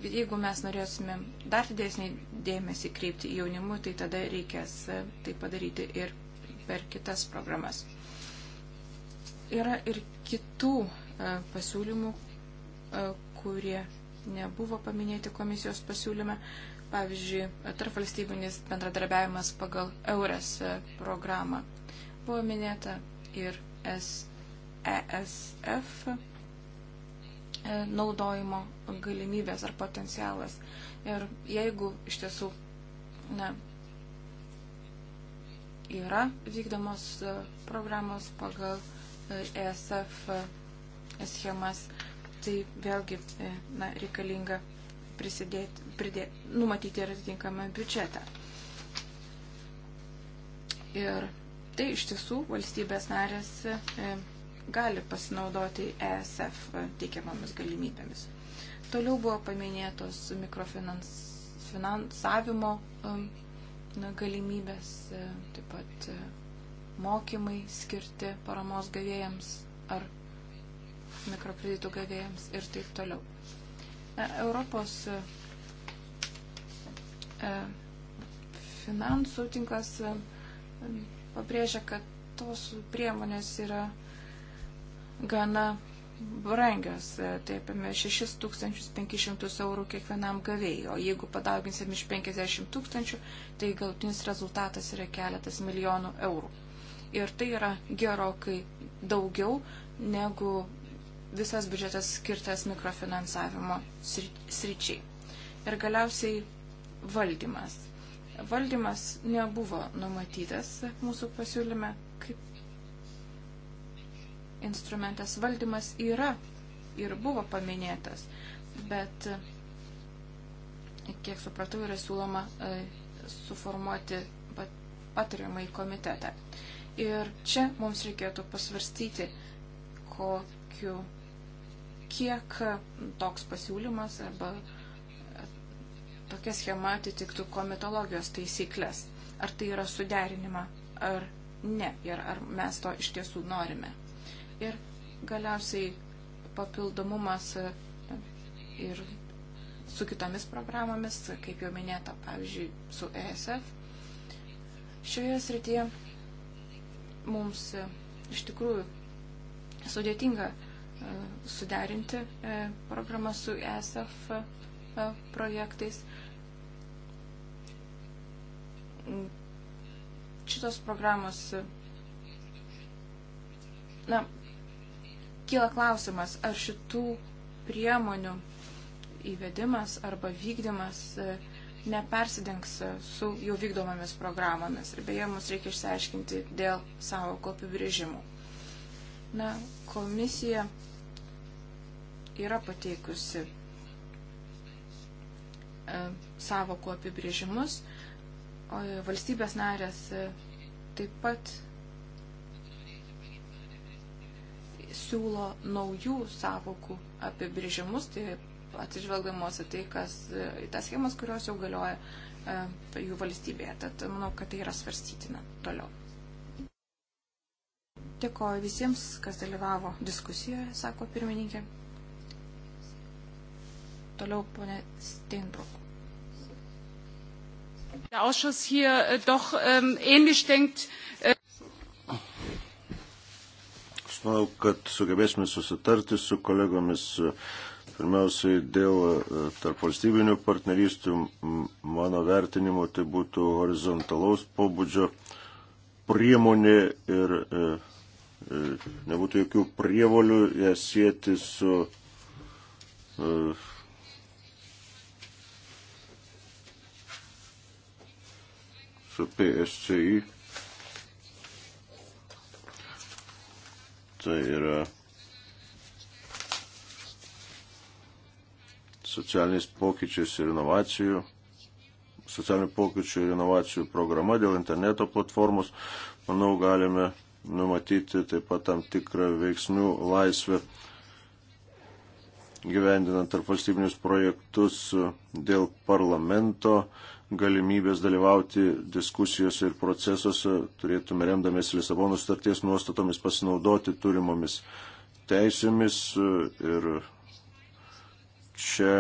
Jeigu mes norėsime dar didesnį dėmesį kreipti jaunimui, tai tada reikės tai padaryti ir per kitas programas. Yra ir kitų pasiūlymų, kurie nebuvo paminėti komisijos pasiūlyme pavyzdžiui, tarp valstybinis bendradarbiavimas pagal EURES e, programą. Buvo minėta ir ESF e, naudojimo galimybės ar potencialas. Ir jeigu iš tiesų ne, yra vykdomos e, programos pagal ESF schemas, tai vėlgi na, reikalinga prisidėti, pridė, numatyti ir atitinkamą biudžetą. Ir tai iš tiesų valstybės narės e, gali pasinaudoti ESF e, teikiamomis galimybėmis. Toliau buvo paminėtos mikrofinansavimo e, galimybės, taip pat mokymai skirti paramos gavėjams ar mikrokreditų gavėjams ir taip toliau. E, Europos e, e, finansų tinkas pabrėžia, kad tos priemonės yra gana brangios, tai apie 6500 eurų kiekvienam gavėjo. Jeigu padauginsim iš 50 tūkstančių, tai galutinis rezultatas yra keletas milijonų eurų. Ir tai yra gerokai daugiau negu visas biudžetas skirtas mikrofinansavimo sričiai. Ir galiausiai valdymas. Valdymas nebuvo numatytas mūsų pasiūlyme kaip instrumentas. Valdymas yra ir buvo paminėtas, bet kiek supratau, yra siūloma e, suformuoti patariamai komitetą. Ir čia mums reikėtų pasvarstyti, kokiu kiek e, toks pasiūlymas arba e, tokia schema atitiktų komitologijos taisyklės. Ar tai yra suderinima, ar ne, ir ar mes to iš tiesų norime. Ir galiausiai papildomumas e, ir su kitomis programomis, kaip jau minėta, pavyzdžiui, su ESF. Šioje srityje mums iš tikrųjų sudėtinga suderinti e, programą su ESF e, projektais. Šitos programos, na, kyla klausimas, ar šitų priemonių įvedimas arba vykdymas e, nepersidengs su jau vykdomomis programomis. Ir beje, mums reikia išsiaiškinti dėl savo apibrėžimų. Na, komisija yra pateikusi e, savokų apibrėžimus, o e, valstybės narės e, taip pat siūlo naujų savokų apibrėžimus, tai atsižvelgdamos į tai, kas, į tas schemas, kurios jau galioja e, jų valstybėje. Tad manau, kad tai yra svarstytina toliau. Dėkoju visiems, kas dalyvavo diskusijoje, sako pirmininkė. Toliau ponė Steinbruk. Der Ausschuss hier äh, doch ähm, ähnlich denkt. Äh Aš manau, kad sugebėsime susitarti su kolegomis e, pirmiausiai dėl e, tarp valstybinių partnerystų. Mano vertinimo tai būtų horizontalaus pobūdžio priemonė ir e, e nebūtų jokių prievolių ją sėti su e, PSCI. Tai yra socialiniais pokyčiais ir inovacijų, socialinių pokyčių ir inovacijų programa dėl interneto platformos. Manau, galime numatyti taip pat tam tikrą veiksmių laisvę gyvendinant tarp valstybinius projektus dėl parlamento galimybės dalyvauti diskusijose ir procesuose, turėtume remdamės Lisabono starties nuostatomis pasinaudoti turimomis teisėmis e, ir čia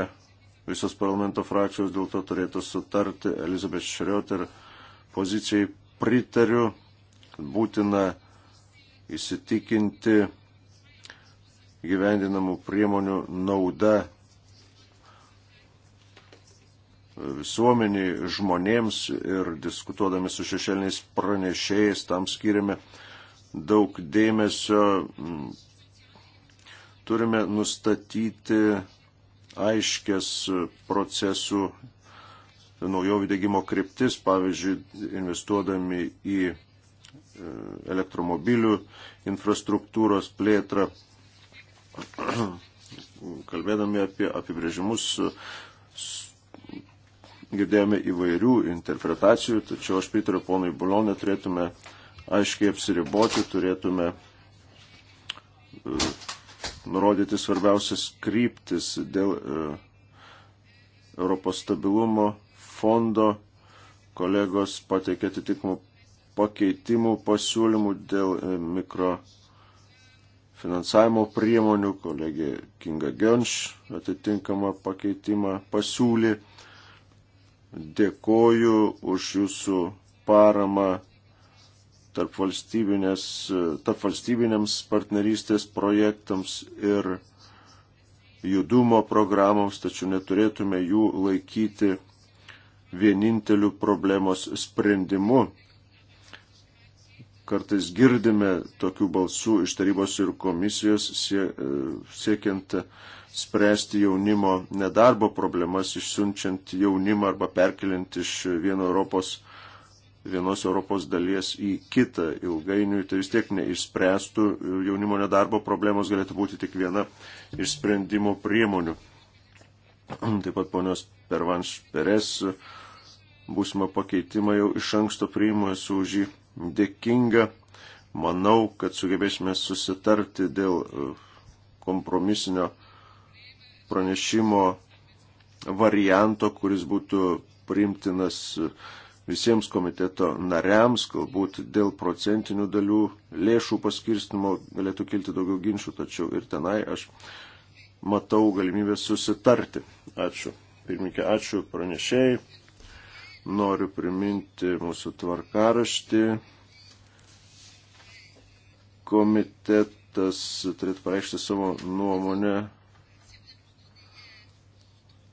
visos parlamento frakcijos dėl to turėtų sutarti. Elizabeth Šrioter pozicijai pritariu, kad būtina įsitikinti gyvendinamų priemonių nauda visuomeniai, žmonėms ir diskutuodami su šešėliniais pranešėjais tam skiriame daug dėmesio. Turime nustatyti aiškės procesų naujovių dėgymo kryptis, pavyzdžiui, investuodami į e, elektromobilių infrastruktūros plėtrą, kalbėdami apie apibrėžimus Girdėjome įvairių interpretacijų, tačiau aš pritariu ponui Bulonė, turėtume aiškiai apsiriboti, turėtume e, nurodyti svarbiausias kryptis dėl e, Europos stabilumo fondo. Kolegos pateikė atitikmų pakeitimų pasiūlymų dėl e, mikro finansavimo priemonių, kolegė Kinga Genš atitinkamą pakeitimą pasiūlė. Dėkoju už jūsų paramą tarp, tarp valstybinėms partnerystės projektams ir judumo programoms, tačiau neturėtume jų laikyti vieninteliu problemos sprendimu. Kartais girdime tokių balsų iš tarybos ir komisijos siekiant spręsti jaunimo nedarbo problemas, išsiunčiant jaunimą arba perkeliant iš vieno Europos, vienos Europos dalies į kitą. Ilgainiui tai vis tiek neišspręstų, e, jaunimo nedarbo problemos galėtų būti tik viena iš sprendimo priemonių. Taip pat ponios Pervanš Peres e, būsimą pakeitimą jau iš anksto priimu, esu už jį dėkinga. Manau, kad sugebėsime susitarti dėl e, kompromisinio pranešimo varianto, kuris būtų priimtinas visiems komiteto nariams, galbūt dėl procentinių dalių lėšų paskirstimo galėtų kilti daugiau ginčių, tačiau ir tenai aš matau galimybę susitarti. Ačiū. Pirmininkė, ačiū pranešėjai. Noriu priminti mūsų tvarkaraštį. Komitetas turėtų pareikšti savo nuomonę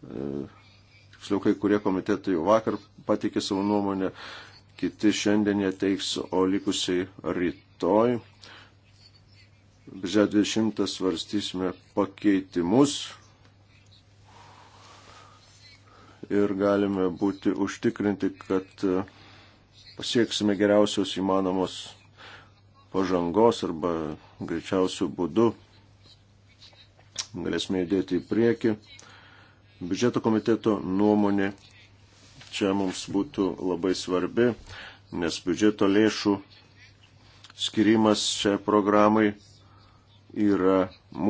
E, tiksliau kai kurie komitetai jau vakar patikė savo nuomonę, kiti šiandien jie teiks, o likusiai rytoj. Birželio 20 svarstysime pakeitimus ir galime būti užtikrinti, kad pasieksime geriausios įmanomos pažangos arba greičiausių būdų galėsime judėti į priekį. Biudžeto komiteto nuomonė čia mums būtų labai svarbi, nes biudžeto lėšų skirimas šiai programai yra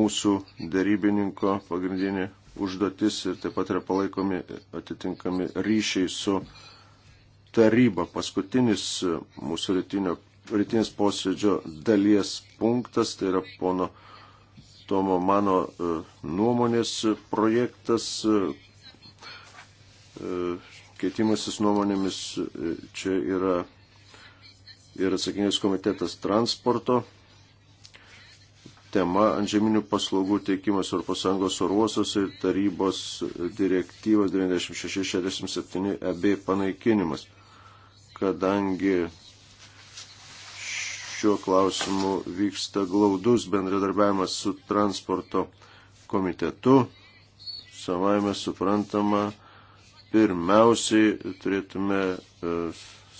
mūsų darybininko pagrindinė užduotis ir taip pat yra palaikomi atitinkami ryšiai su taryba. Paskutinis mūsų rytinio, rytinės posėdžio dalies punktas tai yra pono Tomo mano e, nuomonės e, projektas, e, keitimasis nuomonėmis čia yra ir atsakingas komitetas transporto. Tema antžeminių paslaugų teikimas ES oruosos ir tarybos direktyvos 9667 EB panaikinimas, kadangi šiuo klausimu vyksta glaudus bendradarbiavimas su transporto komitetu. Savaime suprantama, pirmiausiai turėtume e,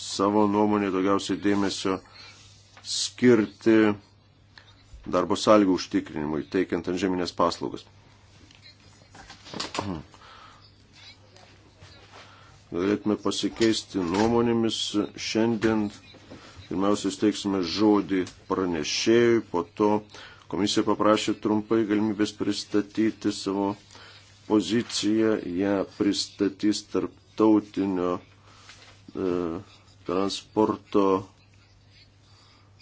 savo nuomonė daugiausiai dėmesio skirti darbo sąlygų užtikrinimui, teikiant ant žeminės paslaugas. Galėtume pasikeisti nuomonėmis šiandien Pirmiausia, steiksime žodį pranešėjui, po to komisija paprašė trumpai galimybės pristatyti savo poziciją, ją pristatys tarptautinio e, transporto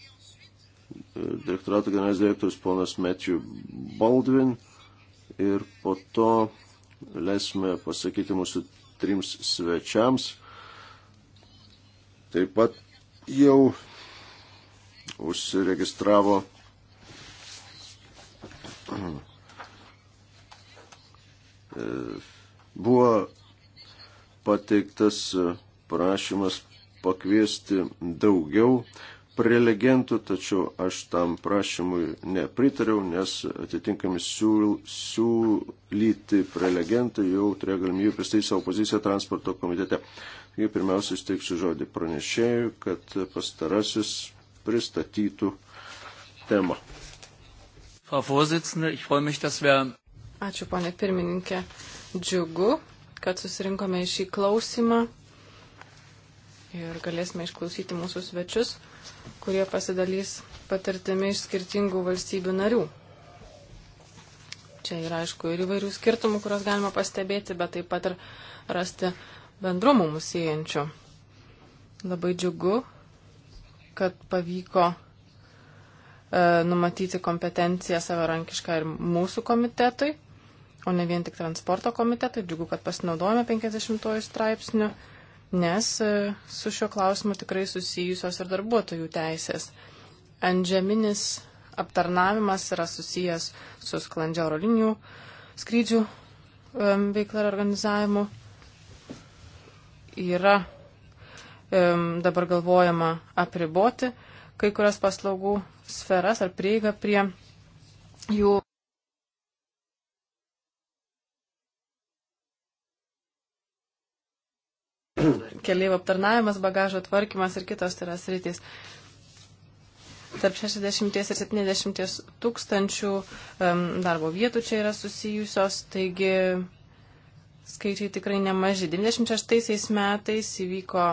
e, direktorato generalinis direktorius ponas Matthew Baldwin ir po to leisime pasakyti mūsų trims svečiams. Taip pat jau užsiregistravo buvo pateiktas prašymas pakviesti daugiau prelegentų, tačiau aš tam prašymui nepritariau, nes atitinkami siūlyti prelegentai jau turėjo galimybę pristatyti savo poziciją transporto komitete. Jei pirmiausia, steiksiu žodį pranešėjui, kad pastarasis pristatytų temą. Ačiū, ponė pirmininkė. Džiugu, kad susirinkome į šį klausimą ir galėsime išklausyti mūsų svečius, kurie pasidalys patirtimi iš skirtingų valstybių narių. Čia yra, aišku, ir įvairių skirtumų, kuriuos galima pastebėti, bet taip pat ir rasti bendrumų musiejančių. Labai džiugu, kad pavyko e, numatyti kompetenciją savarankišką ir mūsų komitetui, o ne vien tik transporto komitetui. Džiugu, kad pasinaudojame 50 straipsnių, nes e, su šiuo klausimu tikrai susijusios ir darbuotojų teisės. Antžeminis aptarnavimas yra susijęs su sklandžia oro linijų skrydžių veikla ir organizavimu yra e, dabar galvojama apriboti kai kurias paslaugų sferas ar prieigą prie jų. Keliaivių aptarnavimas, bagažo tvarkymas ir kitos tai yra sritys. Tarp 60 ir 70 tūkstančių um, darbo vietų čia yra susijusios, taigi skaičiai tikrai nemaži. 96 metais įvyko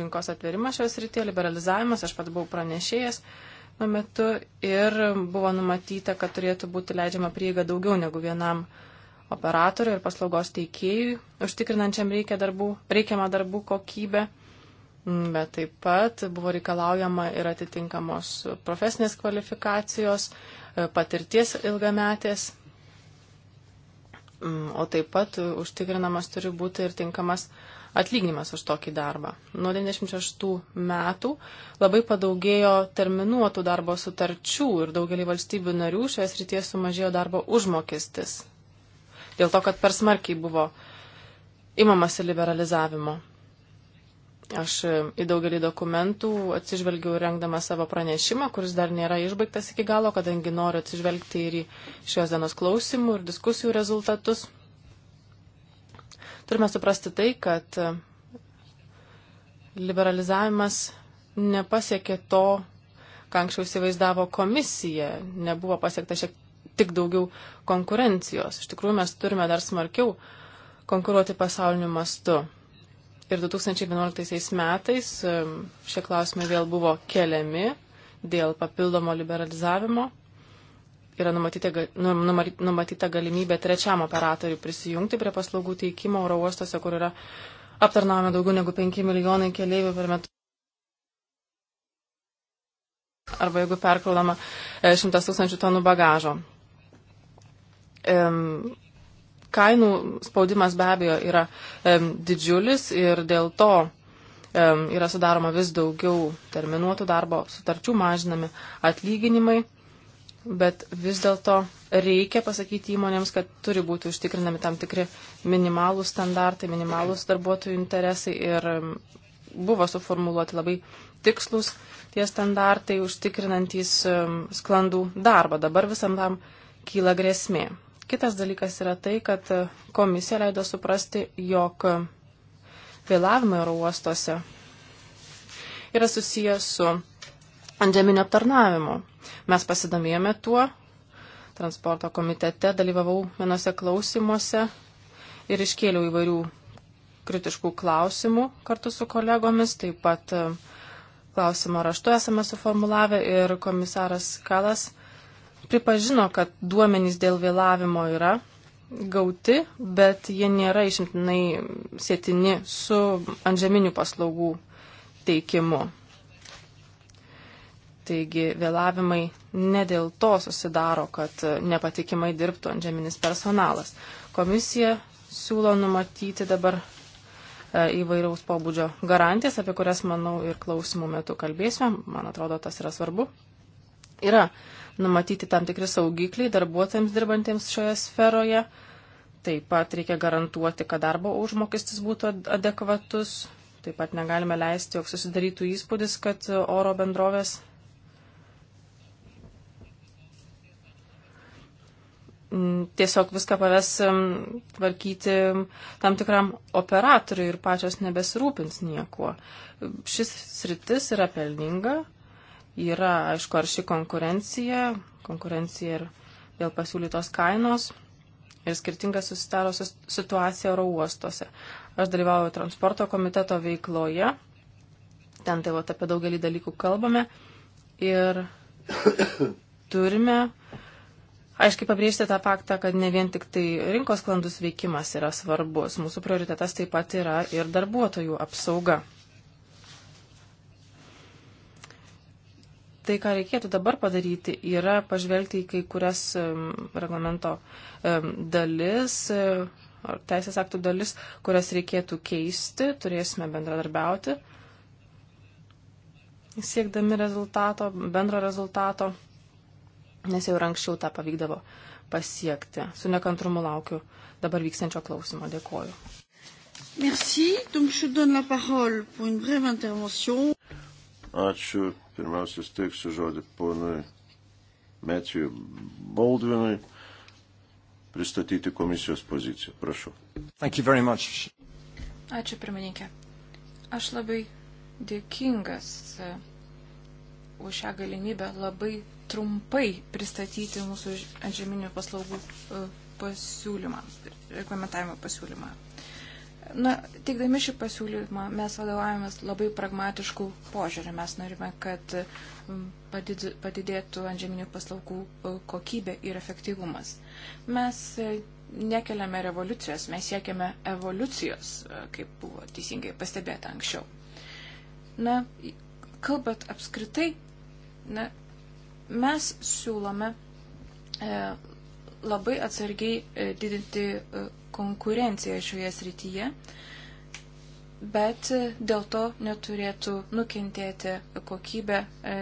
rinkos atverimas šios rytie, liberalizavimas, aš pat buvau pranešėjęs nuo metu ir buvo numatyta, kad turėtų būti leidžiama prieiga daugiau negu vienam operatoriui ir paslaugos teikėjui, užtikrinančiam reikia darbų, reikiamą darbų kokybę. Bet taip pat buvo reikalaujama ir atitinkamos profesinės kvalifikacijos, patirties ilgametės Mm, o taip pat užtikrinamas turi būti ir tinkamas atlyginimas už tokį darbą. Nuo 96 metų labai padaugėjo terminuotų darbo sutarčių ir daugelį valstybių narių šioje srityje sumažėjo darbo užmokestis. Dėl to, kad per smarkiai buvo imamasi liberalizavimo. Aš e, į daugelį dokumentų atsižvelgiau rengdama savo pranešimą, kuris dar nėra išbaigtas iki galo, kadangi noriu atsižvelgti ir į šios dienos klausimų ir diskusijų rezultatus. Turime suprasti tai, kad e, liberalizavimas nepasiekė to, ką anksčiau įsivaizdavo komisija, nebuvo pasiekta šiek tik daugiau konkurencijos. Iš tikrųjų, mes turime dar smarkiau konkuruoti pasauliniu mastu. Ir 2011 metais šie klausimai vėl buvo keliami dėl papildomo liberalizavimo. Yra numatyta, nu, numatyta galimybė trečiam operatoriui prisijungti prie paslaugų teikimo oro uostose, kur yra aptarnaujama daugiau negu 5 milijonai keleivių per metus. Arba jeigu perkraudama 100 e, tūkstančių tonų bagažo. Um, kainų spaudimas be abejo yra e, didžiulis ir dėl to e, yra sudaroma vis daugiau terminuotų darbo sutarčių, mažinami atlyginimai, bet vis dėlto reikia pasakyti įmonėms, kad turi būti užtikrinami tam tikri minimalūs standartai, minimalūs darbuotojų interesai ir buvo suformuluoti labai tikslus tie standartai užtikrinantys sklandų darbą. Dabar visam tam kyla grėsmė. Kitas dalykas yra tai, kad komisija leido suprasti, jog vėlavimai oro uostuose yra susijęs su antžeminio aptarnavimu. Mes pasidomėjome tuo, transporto komitete dalyvavau vienose klausimuose ir iškėliau įvairių kritiškų klausimų kartu su kolegomis, taip pat e, klausimo raštu esame suformulavę ir komisaras Kalas pripažino, kad duomenys dėl vėlavimo yra gauti, bet jie nėra išimtinai sėtini su antžeminių paslaugų teikimu. Taigi vėlavimai ne dėl to susidaro, kad nepatikimai dirbtų antžeminis personalas. Komisija siūlo numatyti dabar e, įvairiaus pobūdžio garantijas, apie kurias, manau, ir klausimų metu kalbėsime. Man atrodo, tas yra svarbu. Yra numatyti tam tikri saugikliai darbuotojams dirbantiems šioje sferoje. Taip pat reikia garantuoti, kad darbo užmokestis būtų adekvatus. Taip pat negalime leisti, jog susidarytų įspūdis, kad oro bendrovės tiesiog viską paves tvarkyti tam tikram operatoriui ir pačios nebesirūpins niekuo. Šis sritis yra pelninga, yra, aišku, ar ši konkurencija, konkurencija ir dėl pasiūlytos kainos ir skirtinga susitaro situacija oro uostuose. Aš dalyvauju transporto komiteto veikloje, ten tai vat apie daugelį dalykų kalbame ir turime aiškiai pabrėžti tą faktą, kad ne vien tik tai rinkos klandus veikimas yra svarbus, mūsų prioritetas taip pat yra ir darbuotojų apsauga. tai, ką reikėtų dabar padaryti, yra pažvelgti į kai kurias reglamento dalis e, ar teisės aktų dalis, kurias reikėtų keisti, turėsime bendradarbiauti, siekdami rezultato, bendro rezultato, nes jau ir anksčiau tą pavykdavo pasiekti. Su nekantrumu laukiu dabar vykstančio klausimo. Dėkoju. Merci. Donc je donne la parole pour une brève intervention. Ačiū. Pirmiausia, steiksiu žodį ponui Metijui Baldvinui pristatyti komisijos poziciją. Prašau. Ačiū, pirmininkė. Aš labai dėkingas e, už šią galimybę labai trumpai pristatyti mūsų antžeminių paslaugų e, pasiūlymą, reglamentavimo pasiūlymą. Na, teikdami šį pasiūlymą mes vadovavomės labai pragmatiškų požiūrį. Mes norime, kad padidėtų antžeminių paslaugų e, kokybė ir efektyvumas. Mes e, nekeliame revoliucijos, mes siekiame evoliucijos, e, kaip buvo teisingai pastebėta anksčiau. Na, kalbant apskritai, na, mes siūlome e, labai atsargiai e, didinti e, konkurencija šioje srityje, bet dėl to neturėtų nukentėti kokybė e,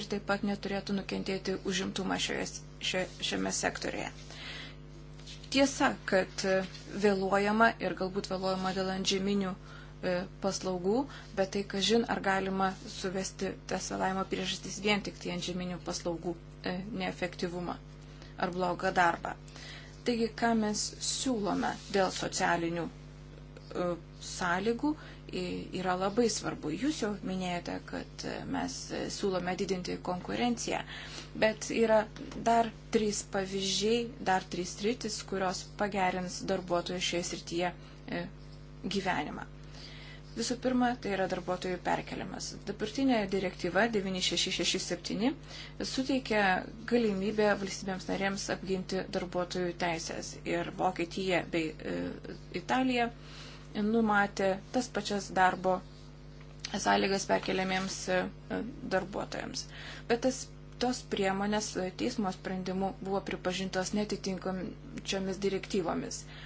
ir taip pat neturėtų nukentėti užimtumą šioje, šio, šiame sektorėje. Tiesa, kad vėluojama ir galbūt vėluojama dėl antžeminių e, paslaugų, bet tai, kažin, ar galima suvesti tas vėlavimo priežastis vien tik tai antžeminių paslaugų e, neefektyvumą ar blogą darbą. Taigi, ką mes siūlome dėl socialinių e, sąlygų yra labai svarbu. Jūs jau minėjote, kad e, mes siūlome didinti konkurenciją, bet yra dar trys pavyzdžiai, dar trys rytis, kurios pagerins darbuotojų šioje srityje e, gyvenimą. Visų pirma, tai yra darbuotojų perkeliamas. Dabartinė direktyva 9667 suteikia galimybę valstybėms narėms apginti darbuotojų teisės. Ir Vokietija bei e, Italija numatė tas pačias darbo sąlygas perkeliamiems e, darbuotojams. Bet tas, tos priemonės teismo sprendimu buvo pripažintos netitinkančiomis direktyvomis. E,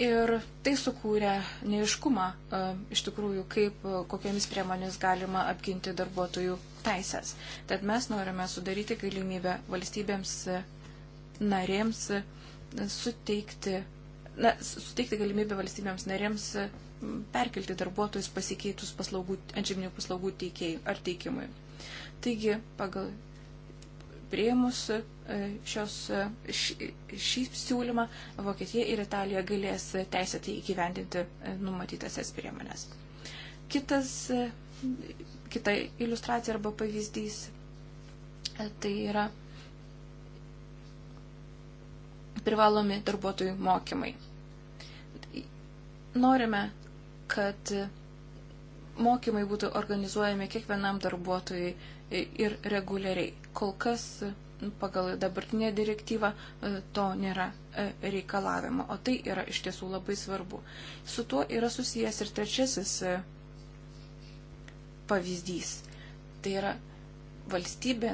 Ir tai sukūrė neiškumą e, iš tikrųjų, kaip e, kokiamis priemonės galima apginti darbuotojų teisės. Tad mes norime sudaryti galimybę valstybėms e, narėms suteikti, na, suteikti galimybę valstybėms narėms perkelti darbuotojus pasikeitus paslaugų, antžeminių paslaugų teikėjai ar teikimui. Taigi, pagal prieimus e, šios, e, šį, šį siūlymą, Vokietija ir Italija galės teisėtai įgyvendinti e, numatytasias priemonės. Kitas, kita iliustracija arba pavyzdys tai yra privalomi darbuotojų mokymai. Norime, kad mokymai būtų organizuojami kiekvienam darbuotojui ir reguliariai. Kol kas nu, pagal dabartinę direktyvą e, to nėra e, reikalavimo, o tai yra iš tiesų labai svarbu. Su tuo yra susijęs ir trečiasis e, pavyzdys. Tai yra valstybė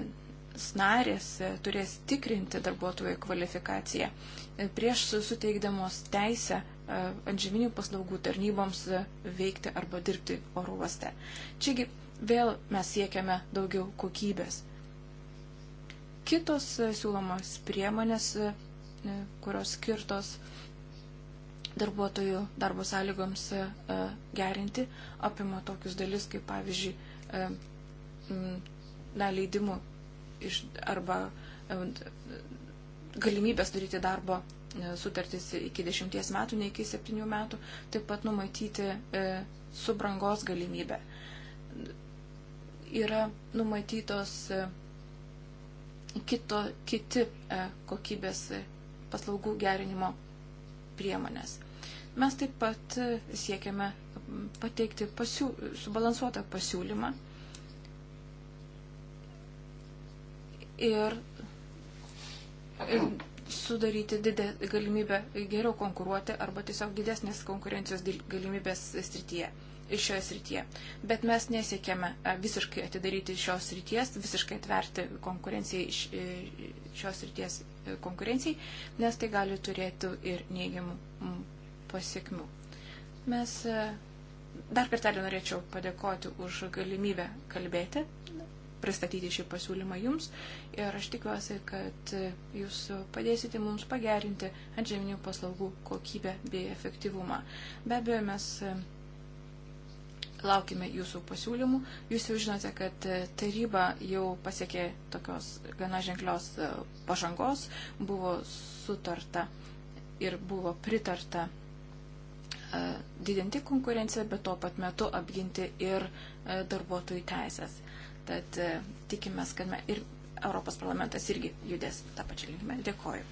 narės turės tikrinti darbuotojų kvalifikaciją prieš suteikdamos teisę antžeminių paslaugų tarnyboms veikti arba dirbti oro uoste. Čiagi vėl mes siekiame daugiau kokybės. Kitos e, siūlomos priemonės, e, e, kurios skirtos darbuotojų darbo sąlygoms gerinti, apima tokius dalis, kaip pavyzdžiui, na, leidimų iš, arba galimybės daryti darbo sutartis iki 10 metų, ne iki 7 metų, taip pat numatyti subrangos galimybę yra numatytos e, kito, kiti e, kokybės e, paslaugų gerinimo priemonės. Mes taip pat siekiame pateikti pasiū, subalansuotą pasiūlymą ir, ir sudaryti didė, galimybę geriau konkuruoti arba tiesiog didesnės konkurencijos galimybės srityje ir šioje srityje. Bet mes nesiekėme e, visiškai atidaryti šios srities, visiškai atverti konkurencijai, e, šios srities e, konkurencijai, nes tai gali turėti ir neigiamų pasiekmių. Mes dar kartelį norėčiau padėkoti už galimybę kalbėti, pristatyti šį pasiūlymą jums ir aš tikiuosi, kad jūs padėsite mums pagerinti antžeminių paslaugų kokybę bei efektyvumą. Be abejo, mes Laukime jūsų pasiūlymų. Jūs jau žinote, kad e, taryba jau pasiekė tokios gana ženklios e, pažangos, buvo sutarta ir buvo pritarta e, didinti konkurenciją, bet tuo pat metu apginti ir darbuotojų teisės. Tad tikimės, kad me, ir Europos parlamentas irgi judės tą pačią linkmę. Dėkoju.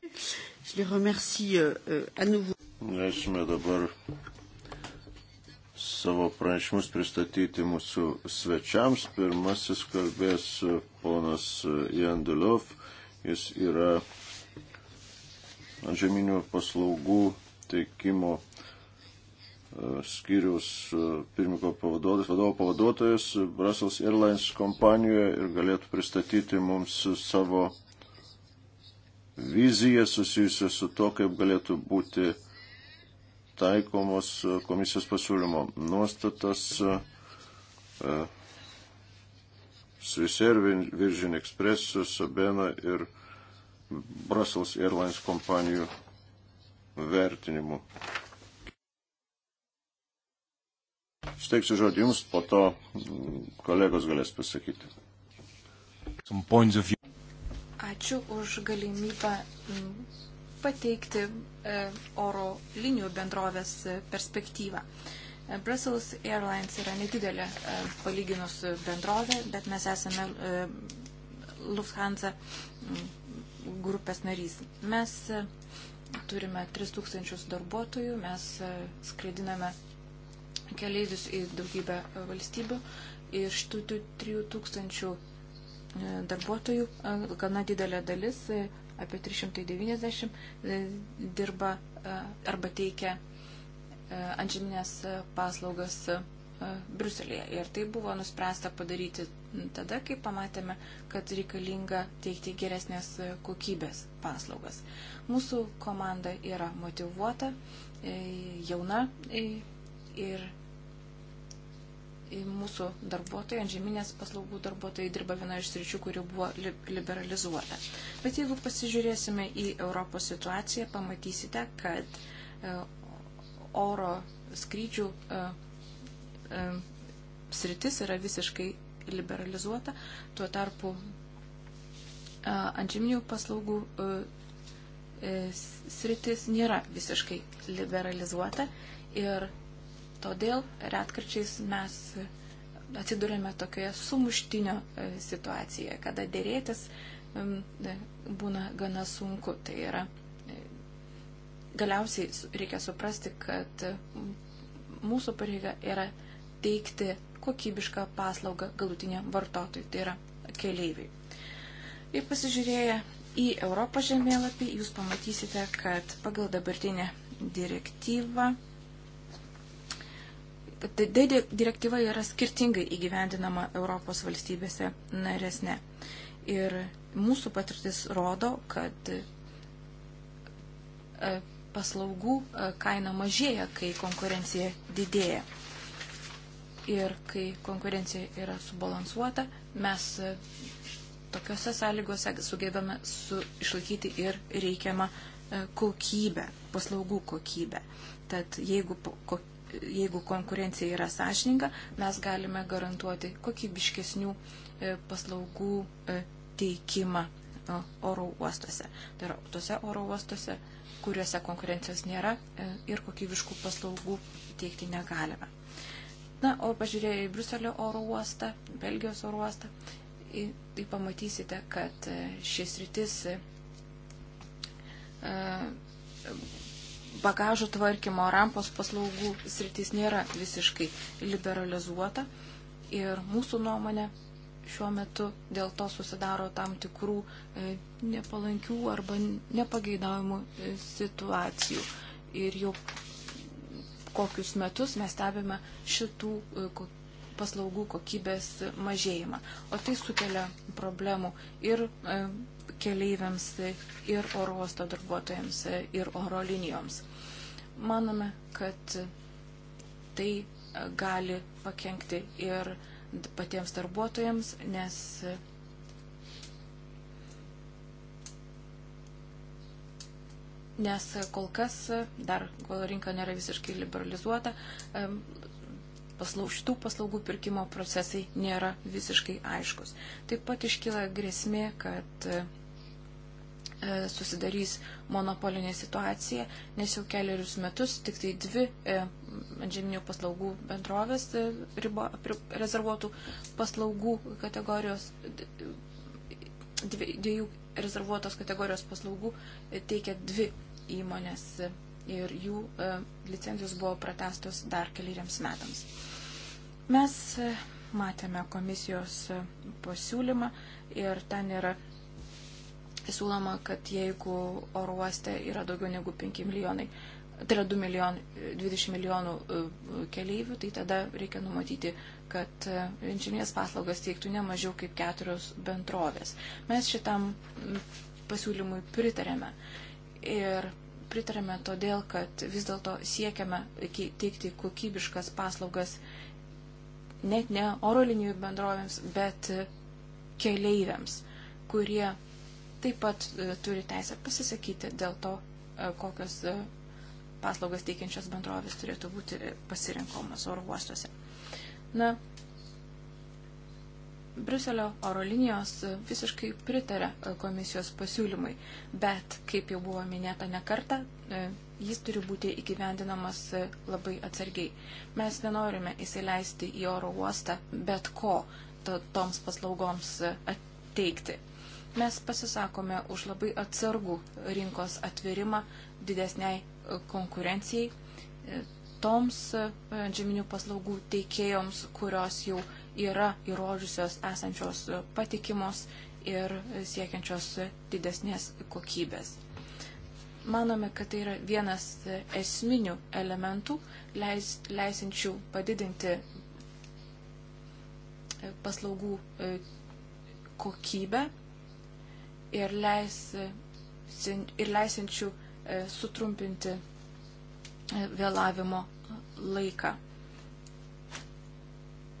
Euh, euh, Aš dabar savo pranešimus pristatyti mūsų svečiams. Pirmasis kalbės ponas Janduliov, jis yra antžeminių paslaugų teikimo e, skyriaus e, pirmiko pavaduotojas, vadovo pavaduotojas Brussels Airlines kompanijoje ir galėtų pristatyti mums savo viziją susijusią su to, kaip galėtų būti uh, taikomos e, komisijos pasiūlymo nuostatas e, e, Swissair, Virgin Express, Sabena ir Brussels Airlines kompanijų vertinimu. Steiksiu žodį Jums, po to mm, kolegos galės pasakyti. Ačiū už galimybę mm, pateikti e, oro linijų bendrovės e, perspektyvą. E, Brussels Airlines yra nedidelė palyginus bendrovė, bet mes esame Lufthansa mm, grupės narys. Mes turime 3000 darbuotojų, mes skraidiname keleivius į daugybę valstybių. Iš tų 3000 darbuotojų gana didelė dalis apie 390 e, dirba e, arba teikia e, antžeminės paslaugas Bruselėje. Ir tai buvo nuspręsta padaryti tada, kai pamatėme, kad reikalinga teikti geresnės kokybės paslaugas. Mūsų komanda yra motivuota, jauna ir mūsų darbuotojai, antžeminės paslaugų darbuotojai dirba vienoje iš sričių, kuri buvo liberalizuota. Bet jeigu pasižiūrėsime į Europos situaciją, pamatysite, kad e, oro skrydžių e, e, sritis yra visiškai liberalizuota, tuo tarpu antžeminių paslaugų sritis nėra visiškai liberalizuota ir Todėl retkarčiais mes atsidurėme tokioje sumuštinio e, situacijoje, kada dėrėtis e, būna gana sunku. Tai yra, e, galiausiai reikia suprasti, kad mūsų pareiga yra teikti kokybišką paslaugą galutiniam vartotojui, tai yra keleiviui. Ir pasižiūrėję į Europos žemėlapį, jūs pamatysite, kad pagal dabartinę direktyvą DD direktyva yra skirtingai įgyvendinama Europos valstybėse naresne. Ir mūsų patirtis rodo, kad e, paslaugų e, kaina mažėja, kai konkurencija didėja. Ir kai konkurencija yra subalansuota, mes e, tokiuose sąlygose sugebame su, išlaikyti ir reikiamą kokybę, paslaugų kokybę. Tad jeigu jeigu konkurencija yra sąžininga, mes galime garantuoti kokybiškesnių e, paslaugų e, teikimą oro uostuose. Tai yra tuose oro uostuose, kuriuose konkurencijos nėra e, ir kokybiškų paslaugų teikti negalime. Na, o pažiūrėję į Bruselio oro uostą, Belgijos oro uostą, tai pamatysite, kad šis rytis bagažų tvarkymo rampos paslaugų sritis nėra visiškai liberalizuota ir mūsų nuomonė šiuo metu dėl to susidaro tam tikrų e, nepalankių arba nepageidaujamų e, situacijų. Ir jau kokius metus mes stebime šitų e, paslaugų kokybės mažėjimą. O tai sukelia problemų ir keleiviams, ir oro uosto darbuotojams, ir oro linijoms. Manome, kad tai e, gali pakengti ir patiems darbuotojams, nes nes kol kas dar, kol rinka nėra visiškai liberalizuota, paslau, šitų paslaugų pirkimo procesai nėra visiškai aiškus. Taip pat iškyla grėsmė, kad E, susidarys monopolinė situacija, nes jau keliarius metus tik tai dvi e, antžeminių paslaugų bendrovės e, ribo, rezervuotų paslaugų kategorijos, dviejų rezervuotos kategorijos paslaugų teikia dvi įmonės ir jų licencijos buvo pratestos dar keliariams metams. Mes matėme komisijos pasiūlymą ir ten yra Tai siūloma, kad jeigu oro uoste yra daugiau negu 5 milijonai, tai yra 2 milijonai, 20 milijonų e, keleivių, tai tada reikia numatyti, kad e, inžinės paslaugas teiktų ne mažiau kaip keturios bendrovės. Mes šitam pasiūlymui pritarėme. Ir pritarėme todėl, kad vis dėlto siekiame teikti kokybiškas paslaugas net ne oro linijų bendrovėms, bet e, keleiviams, kurie taip pat e, turi teisę pasisakyti dėl to, e, kokios e, paslaugas teikiančios bendrovės turėtų būti pasirinkomas oro uostuose. Na, Briuselio oro linijos visiškai pritarė komisijos pasiūlymai, bet, kaip jau buvo minėta ne kartą, jis turi būti įgyvendinamas labai atsargiai. Mes nenorime įsileisti į oro uostą bet ko to, toms paslaugoms teikti Mes pasisakome už labai atsargų rinkos atvirimą didesniai e, konkurencijai e, toms e, žeminių paslaugų teikėjoms, kurios jau yra įrodžiusios esančios patikimos ir siekiančios didesnės kokybės. Manome, kad tai yra vienas esminių elementų, leis, leisinčių padidinti paslaugų kokybę ir, leis, ir leisinčių e, sutrumpinti e, vėlavimo laiką.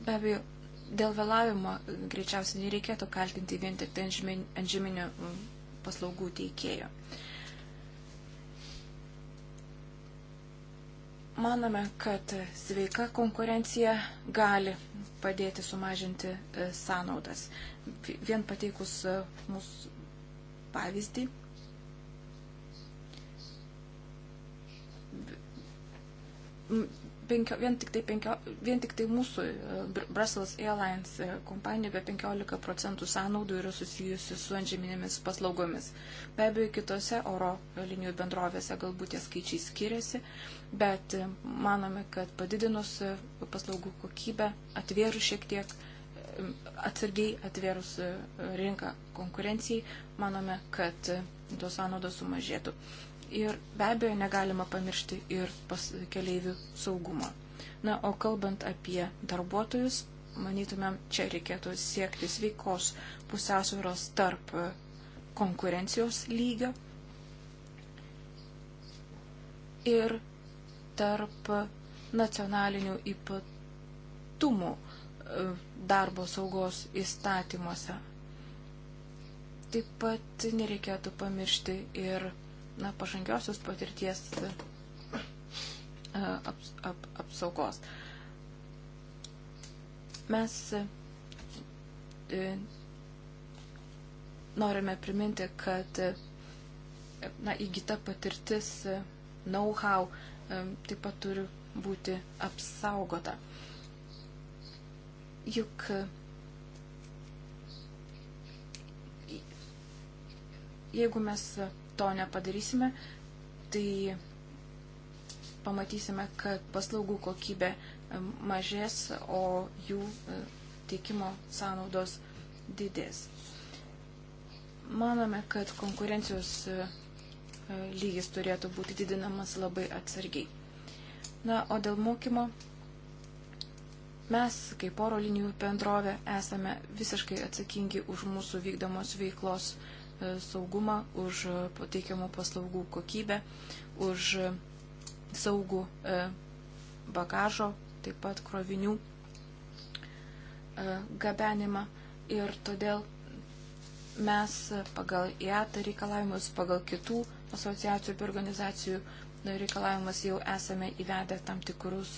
Be abejo, dėl vėlavimo e, greičiausiai nereikėtų kaltinti vien tik tai antžeminių paslaugų teikėjo. Manome, kad sveika konkurencija gali padėti sumažinti sąnaudas. Vien pateikus mūsų pavyzdį. Penkio, vien, tik tai penkio, vien tik tai mūsų e, Brussels Airlines e, kompanija apie 15 procentų sąnaudų yra susijusi su antžeminėmis paslaugomis. Be abejo, kitose oro linijų bendrovėse galbūt tie skaičiai skiriasi, bet e, manome, kad padidinus paslaugų kokybę, atvėrus šiek tiek, atsargiai atvėrus e, rinką konkurencijai, manome, kad e, tos sąnaudos sumažėtų. Ir be abejo negalima pamiršti ir pas keleivių saugumo. Na, o kalbant apie darbuotojus, manytumėm, čia reikėtų siekti sveikos pusiausvėros tarp e, konkurencijos lygio ir tarp nacionalinių ypatumų darbo saugos įstatymuose. Taip pat nereikėtų pamiršti ir na, pažangiosios patirties e, ap, ap, apsaugos. Mes e, norime priminti, kad e, na, įgyta patirtis, know-how taip pat turi būti apsaugota. Juk e, jeigu mes to nepadarysime, tai pamatysime, kad paslaugų kokybė e, mažės, o jų e, teikimo sąnaudos didės. Manome, kad konkurencijos lygis turėtų būti didinamas labai atsargiai. Na, o dėl mokymo Mes, kaip oro linijų bendrovė, esame visiškai atsakingi už mūsų vykdomos veiklos e, saugumą, už e, pateikiamų paslaugų kokybę, už e, saugų bagažo, taip pat krovinių gabenimą. Ir todėl mes pagal IATA reikalavimus, pagal kitų asociacijų ir organizacijų reikalavimus jau esame įvedę tam tikrus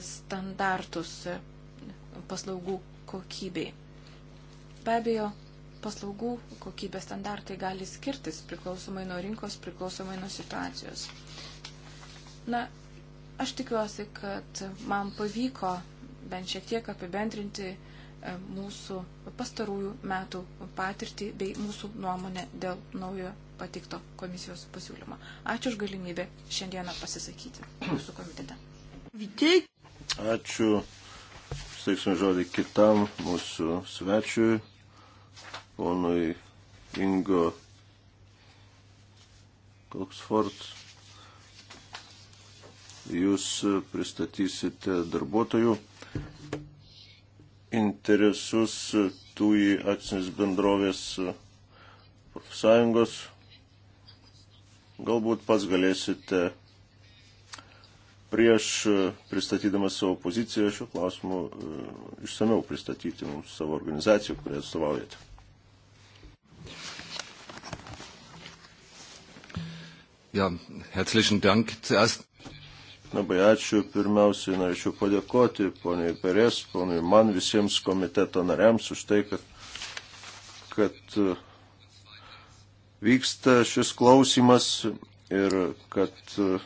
standartus paslaugų kokybei. Be abejo, paslaugų kokybės standartai gali skirtis priklausomai nuo rinkos, priklausomai nuo situacijos. Na, aš tikiuosi, kad man pavyko bent šiek tiek apibendrinti e, mūsų pastarųjų metų patirtį bei mūsų nuomonę dėl naujo patikto komisijos pasiūlymo. Ačiū už galimybę šiandieną pasisakyti mūsų komitete. Ačiū. Steiksim žodį kitam mūsų svečiui, ponui Ingo Oksford. Jūs pristatysite darbuotojų interesus tų į akcinės bendrovės profsąjungos. Galbūt pats galėsite prieš e, pristatydamas savo poziciją šiuo klausimu e, išsameu pristatyti mums savo organizacijų, kurią atstovaujate. Ja, herzlichen Dank zuerst. Labai ačiū. Pirmiausiai norėčiau padėkoti poniai Perės, poniai man visiems komiteto nariams už tai, kad, kad e, vyksta šis klausimas ir kad uh,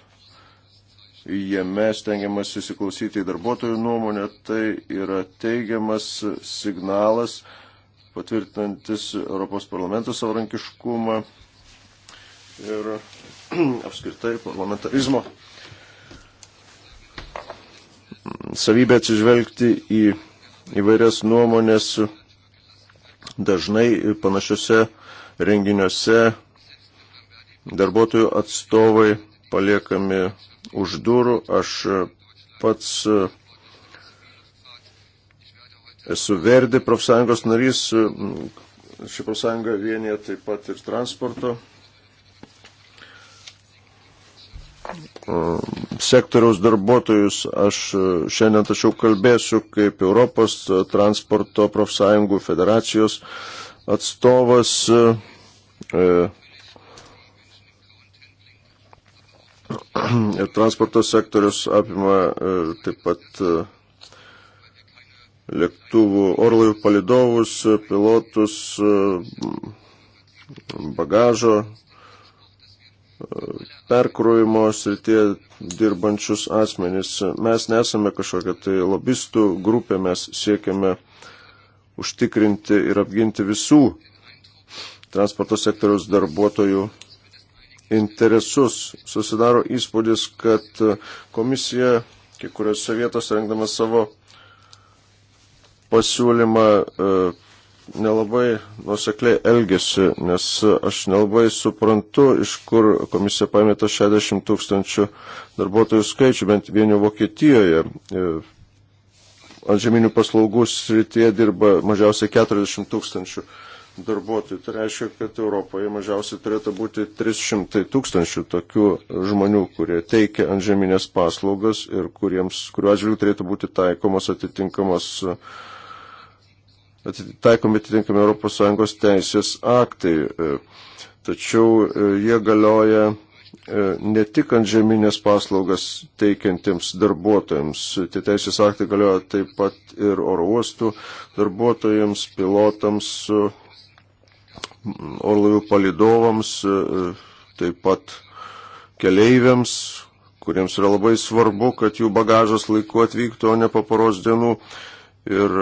jame stengiamas įsiklausyti į darbuotojų nuomonę, tai yra teigiamas signalas patvirtinantis Europos parlamento savarankiškumą ir apskritai parlamentarizmo savybę atsižvelgti į įvairias nuomonės dažnai panašiose renginiuose darbuotojų atstovai paliekami už durų. Aš e, pats e, esu Verdi profsąjungos narys. E, ši profsąjunga vienyje taip pat ir transporto sektoriaus darbuotojus. Aš šiandien tačiau kalbėsiu kaip Europos transporto profsąjungų federacijos atstovas. E, Transporto sektorius apima e, taip pat e, lėktuvų orlaivių palidovus, e, pilotus, bagažo perkrovimo srityje dirbančius asmenys. Mes nesame kažkokia tai lobistų grupė, mes siekiame užtikrinti ir apginti visų transporto sektoriaus darbuotojų interesus. Susidaro įspūdis, kad komisija kai kuriuose vietose rengdama savo pasiūlymą e, nelabai nusekliai elgesi, nes aš nelabai suprantu, iš kur komisija paimėta 60 tūkstančių darbuotojų skaičių, bent vieni Vokietijoje. E, Antžeminių paslaugų srityje dirba mažiausiai 40 tūkstančių darbuotojų. Tai reiškia, kad Europoje mažiausiai turėtų būti 300 tūkstančių tokių žmonių, kurie teikia antžeminės paslaugas ir kuriems, kuriuo atžvilgiu turėtų būti taikomos atitinkamos taikomi atitinkami ES teisės aktai. Tačiau e, jie galioja e, ne tik ant žeminės paslaugas teikiantiems darbuotojams. Tie teisės aktai galioja taip pat ir oro uostų darbuotojams, pilotams, orlaivių palidovams, e, e, taip pat keleiviams, kuriems yra labai svarbu, kad jų bagažas laiku atvyktų, o ne po poros dienų. Ir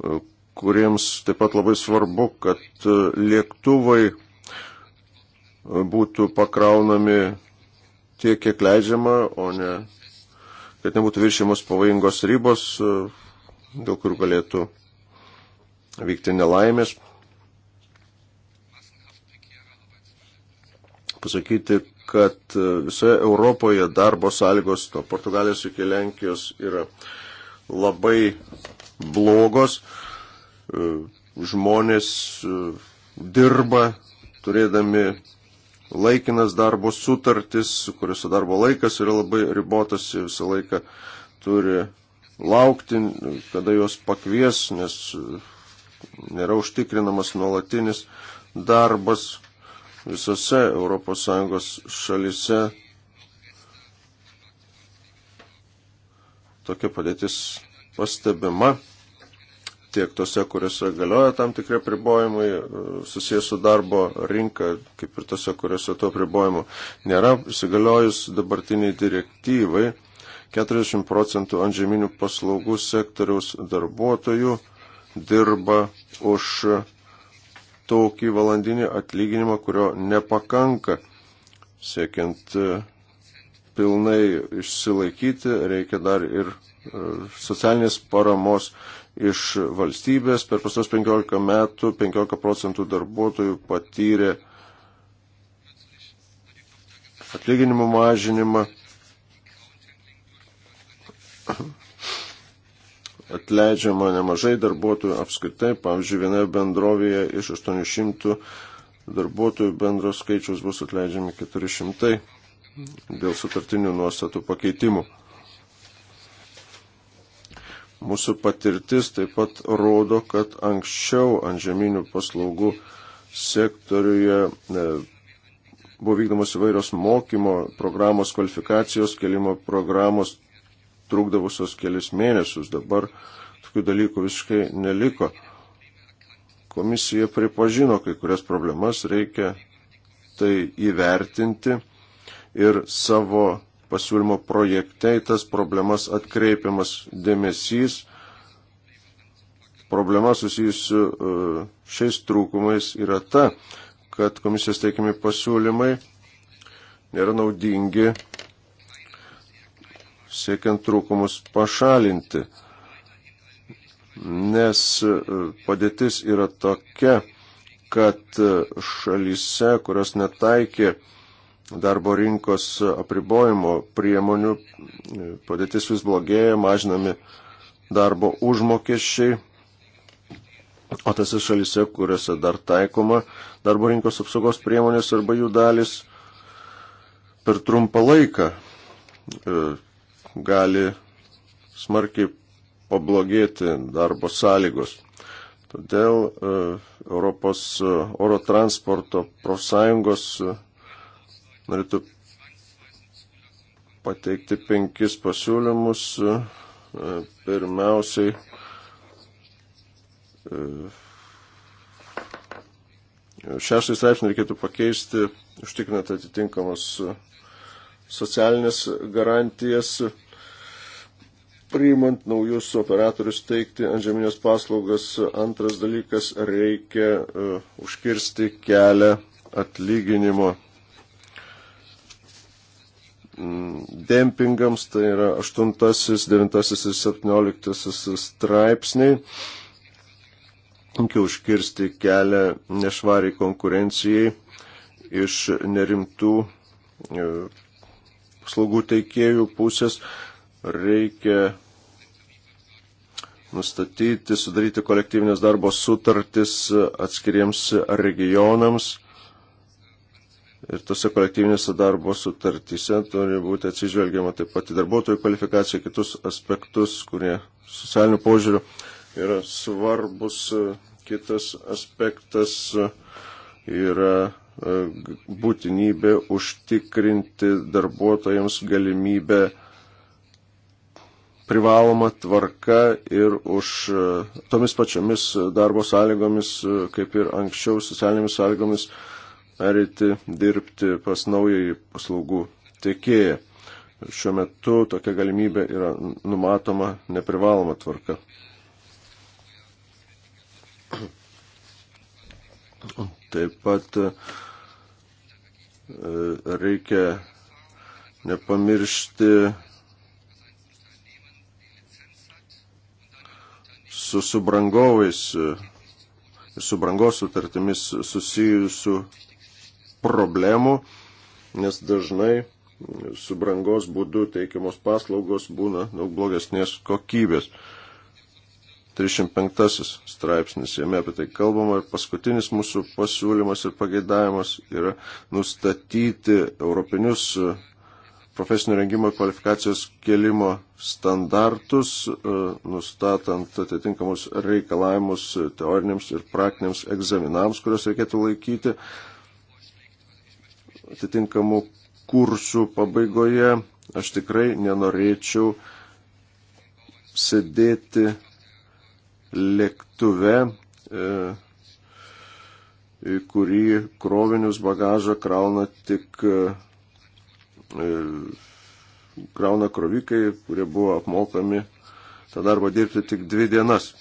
e, kuriems taip pat labai svarbu, kad lėktuvai būtų pakraunami tiek, kiek leidžiama, o ne, kad nebūtų viršimos pavojingos ribos, dėl kurių galėtų vykti nelaimės. Pasakyti, kad e, visoje Europoje darbo sąlygos nuo Portugalijos iki Lenkijos yra labai blogos. E, žmonės e, dirba turėdami laikinas darbo sutartis, kuriuose darbo laikas yra labai ribotas ir visą laiką turi laukti, kada juos pakvies, nes nėra užtikrinamas nuolatinis darbas visose ES šalise. Tokia padėtis pastebima tiek tose, kuriuose galioja tam tikrie pribojimai e, susijęs su darbo rinka, kaip ir tose, kuriuose to pribojimo nėra. Įsigaliojus dabartiniai direktyvai, 40 procentų antžeminių paslaugų sektoriaus darbuotojų dirba už tokį valandinį atlyginimą, kurio nepakanka. Siekiant e, pilnai išsilaikyti, reikia dar ir e, socialinės paramos iš valstybės. Per pastos 15 metų 15 procentų darbuotojų patyrė atlyginimų mažinimą atleidžiama nemažai darbuotojų apskritai. Pavyzdžiui, vienoje bendrovėje iš 800 darbuotojų bendros skaičius bus atleidžiami 400 dėl sutartinių nuostatų pakeitimų. Mūsų patirtis taip pat rodo, kad anksčiau ant žeminių paslaugų sektoriuje e, buvo vykdomos įvairios mokymo programos, kvalifikacijos kelimo programos, trukdavusios kelias mėnesius. Dabar tokių dalykų visiškai neliko. Komisija pripažino kai kurias problemas, reikia tai įvertinti ir savo pasiūlymo projekte į tas problemas atkreipiamas dėmesys. Problema susijusiu e, šiais trūkumais yra ta, kad komisijos teikiami pasiūlymai nėra naudingi siekiant trūkumus pašalinti, nes e, padėtis yra tokia, kad e, šalyse, kurios netaikė darbo rinkos apribojimo priemonių, e, padėtis vis blogėja, mažinami darbo užmokesčiai, o tose šalise, kuriuose dar taikoma darbo rinkos apsaugos priemonės arba jų dalis per trumpą laiką gali smarkiai pablogėti darbo sąlygos. Todėl e, Europos e, oro transporto profsąjungos e, norėtų pateikti penkis pasiūlymus. Pirmiausiai šeštąjį straipsnį reikėtų pakeisti, užtikrinant atitinkamas socialinės garantijas, priimant naujus operatorius teikti antžeminės paslaugas. Antras dalykas, reikia uh, užkirsti kelią atlyginimo mm, dempingams, tai yra 8, 9 ir 17 straipsniai, reikia užkirsti kelią nešvariai konkurencijai iš nerimtų uh, paslaugų teikėjų pusės reikia nustatyti, sudaryti kolektyvinės darbo sutartis atskiriems regionams. Ir tose kolektyvinėse darbo sutartyse turi būti atsižvelgiama taip pat į darbuotojų kvalifikaciją, kitus aspektus, kurie socialinių požiūrių yra svarbus. Kitas aspektas yra E, būtinybė užtikrinti darbuotojams galimybę privaloma tvarka ir už e, tomis pačiomis darbo sąlygomis, e, kaip ir anksčiau socialinėmis sąlygomis, perėti dirbti pas naująjį paslaugų tiekėją. Šiuo metu tokia galimybė yra numatoma neprivaloma tvarka. Taip pat uh, E, reikia nepamiršti su subrangovais ir e, subrangos sutartimis susijusių problemų, nes dažnai subrangos būdu teikiamos paslaugos būna daug blogesnės kokybės. 35 straipsnis, jame apie tai kalbama ir paskutinis mūsų pasiūlymas ir pageidavimas yra nustatyti europinius profesinio rengimo kvalifikacijos kelimo standartus, e, nustatant atitinkamus reikalavimus teoriniams ir praktiniams egzaminams, kuriuos reikėtų laikyti atitinkamų kursų pabaigoje. Aš tikrai nenorėčiau sėdėti lėktuve, e, į kurį krovinius bagažą krauna tik e, e, krauna krovikai, kurie buvo apmokami tą darbą dirbti tik dvi dienas.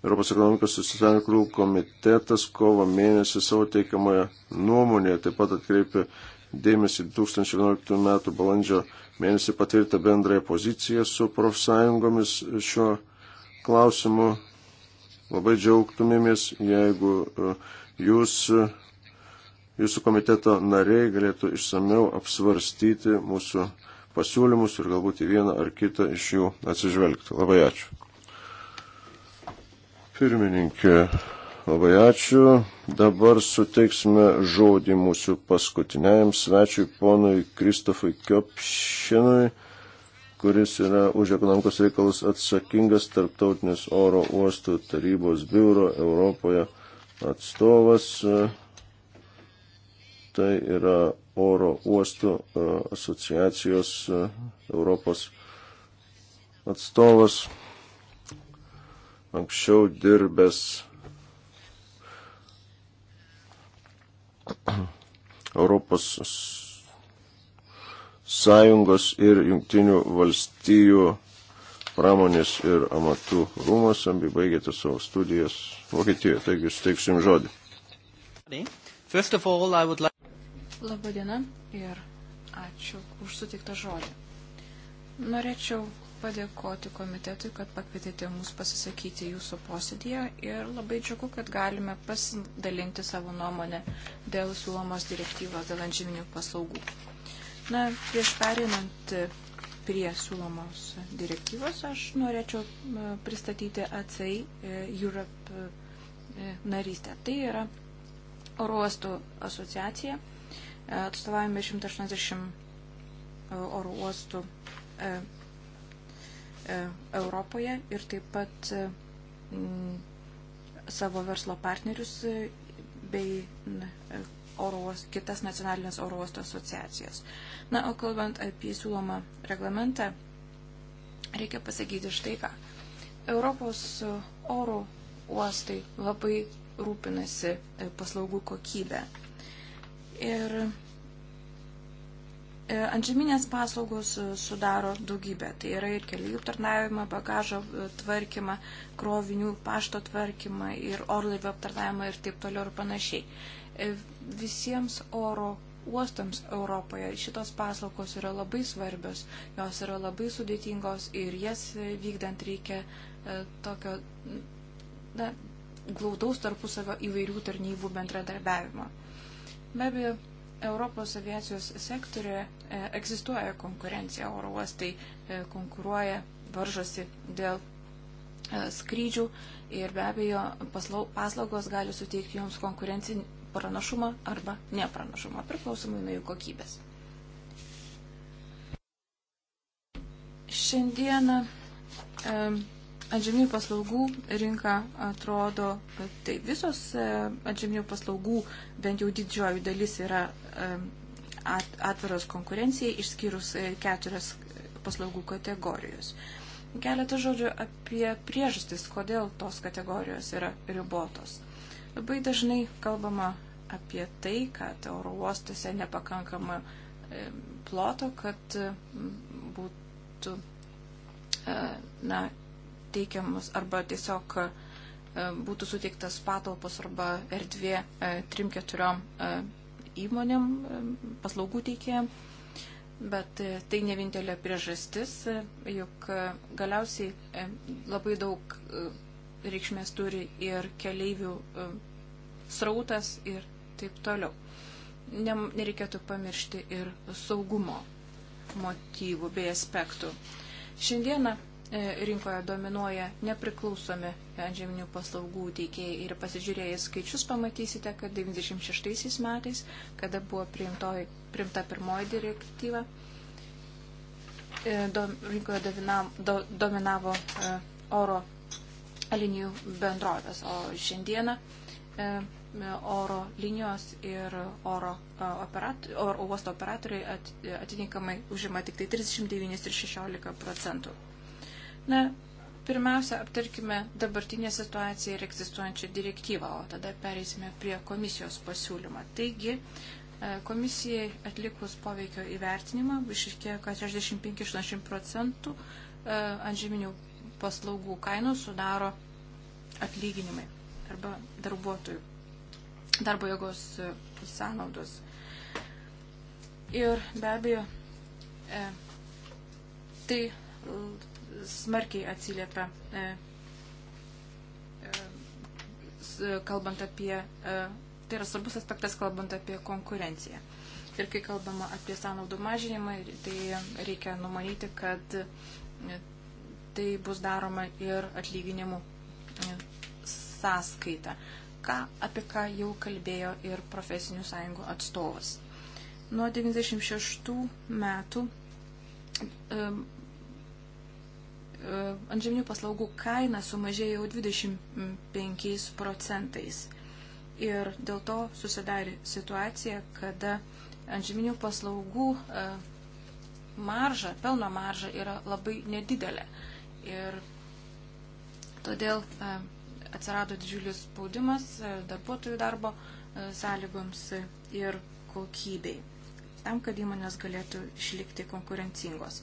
Europos ekonomikos susitanklių komitetas kovo mėnesį savo teikiamoje nuomonėje taip pat atkreipė dėmesį 2011 m. balandžio mėnesį patvirtą bendrąją poziciją su profsąjungomis šiuo klausimu. Labai džiaugtumėmės, jeigu e, jūs, e, jūsų komiteto nariai galėtų išsameu apsvarstyti mūsų pasiūlymus ir galbūt į vieną ar kitą iš jų atsižvelgti. Labai ačiū. Pirmininkė. Labai ačiū. Dabar suteiksime žodį mūsų paskutiniajam svečiui, ponui Kristofui Kiopšinui, kuris yra už ekonomikos reikalus atsakingas tarptautinės oro uostų tarybos biuro Europoje atstovas. Tai yra oro uostų e, asociacijos e, Europos atstovas, anksčiau dirbęs Europos Sąjungos ir Junktinių valstijų pramonės ir amatų rūmas, abi baigėte savo studijas Vokietijoje, taigi suteiksim žodį. All, like... Labadiena ir ačiū už sutiktą žodį. Norėčiau padėkoti komitetui, kad pakvietėte mus pasisakyti jūsų posėdėje ir labai džiugu, kad galime pasidalinti savo nuomonę dėl siūlomos direktyvos dėl antžeminių paslaugų. Na, prieš perinant prie siūlomos direktyvos, aš norėčiau e, pristatyti ACI e, Europe e, narystę. Tai yra oro uostų asociacija, atstovavime 180 oro uostų E, Europoje ir taip pat e, savo verslo partnerius e, bei oros, kitas nacionalinės oro uosto asociacijas. Na, o kalbant apie siūlomą reglamentą, reikia pasakyti štai ką. Europos oro uostai labai rūpinasi paslaugų kokybę. Ir E, antžeminės paslaugos e, sudaro daugybę. Tai yra ir kelių aptarnavimą, bagažo e, tvarkymą, krovinių pašto tvarkymą ir orlaivio aptarnavimą ir taip toliau ir panašiai. Visiems oro uostams Europoje šitos paslaugos yra labai svarbios, jos yra labai sudėtingos ir jas vykdant reikia tokio na, glaudaus tarpusavio įvairių tarnybų bendradarbiavimo. Be abejo, Europos aviacijos sektorė e, egzistuoja konkurencija, oro uostai e, konkuruoja, varžosi dėl e, skrydžių ir be abejo paslaugos gali suteikti joms konkurencinį pranašumą arba nepranašumą, priklausomai nuo jų kokybės. Šiandieną e, Antžeminių paslaugų rinka atrodo, kad tai visos e, antžeminių paslaugų, bent jau didžioji dalis yra e, atviros konkurencijai, išskyrus e, keturias paslaugų kategorijos. Keletą žodžių apie priežastis, kodėl tos kategorijos yra ribotos. Labai dažnai kalbama apie tai, kad oro uostuose nepakankama ploto, kad būtų na, teikiamas arba tiesiog e, būtų suteiktas patalpos arba erdvė e, trim keturiom e, įmonėm, paslaugų teikėjom. Bet tai ne vienintelė priežastis, juk galiausiai labai daug reikšmės turi ir keleivių srautas ir taip toliau. Nereikėtų pamiršti ir saugumo motyvų bei aspektų. Šiandieną E, rinkoje dominuoja nepriklausomi žeminių paslaugų teikėjai ir pasižiūrėję skaičius pamatysite, kad 96 metais, kada buvo priimtoj, priimta pirmoji direktyva, e, do, rinkoje dominavo, do, dominavo e, oro linijų bendrovės, o šiandieną oro linijos ir oro, operator, oro uosto operatoriai atitinkamai užima tik tai 39 ir 16 procentų. Na, pirmiausia, aptarkime dabartinę situaciją ir egzistuojančią direktyvą, o tada pereisime prie komisijos pasiūlymą. Taigi, e, komisijai atlikus poveikio įvertinimą, išriškėjo, kad 65-60 procentų e, antžeminių paslaugų kainų sudaro atlyginimai arba darbuotojų, darbo jėgos e, sąnaudos. Ir be abejo, tai smarkiai atsiliepia, e, e, kalbant apie, e, tai yra svarbus aspektas, kalbant apie konkurenciją. Ir kai kalbama apie sąnaudų mažinimą, tai reikia numanyti, kad tai bus daroma ir atlyginimų sąskaita, ką, apie ką jau kalbėjo ir profesinių sąjungų atstovas. Nuo 96 metų E, antžeminių paslaugų kaina sumažėjo jau 25 procentais. Ir dėl to susidarė situacija, kada antžeminių paslaugų e, marža, pelno marža yra labai nedidelė. Ir todėl e, atsirado didžiulis spaudimas darbuotojų darbo sąlygoms ir kokybei, tam, kad įmonės galėtų išlikti konkurencingos.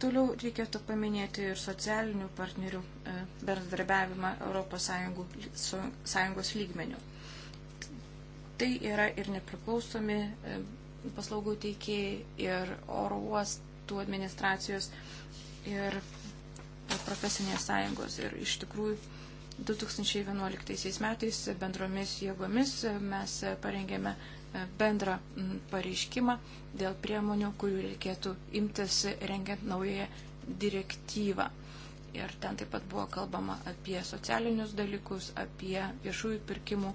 Toliau reikėtų paminėti ir socialinių partnerių e, bendradarbiavimą ES lygmenių. Tai yra ir nepriklausomi e, paslaugų teikėjai, ir oro uostų administracijos, ir profesinės sąjungos. Ir iš tikrųjų 2011 metais bendromis jėgomis mes parengėme E, bendrą pareiškimą dėl priemonių, kurių reikėtų imtis rengiant naują direktyvą. Ir ten taip pat buvo kalbama apie socialinius dalykus, apie viešųjų pirkimų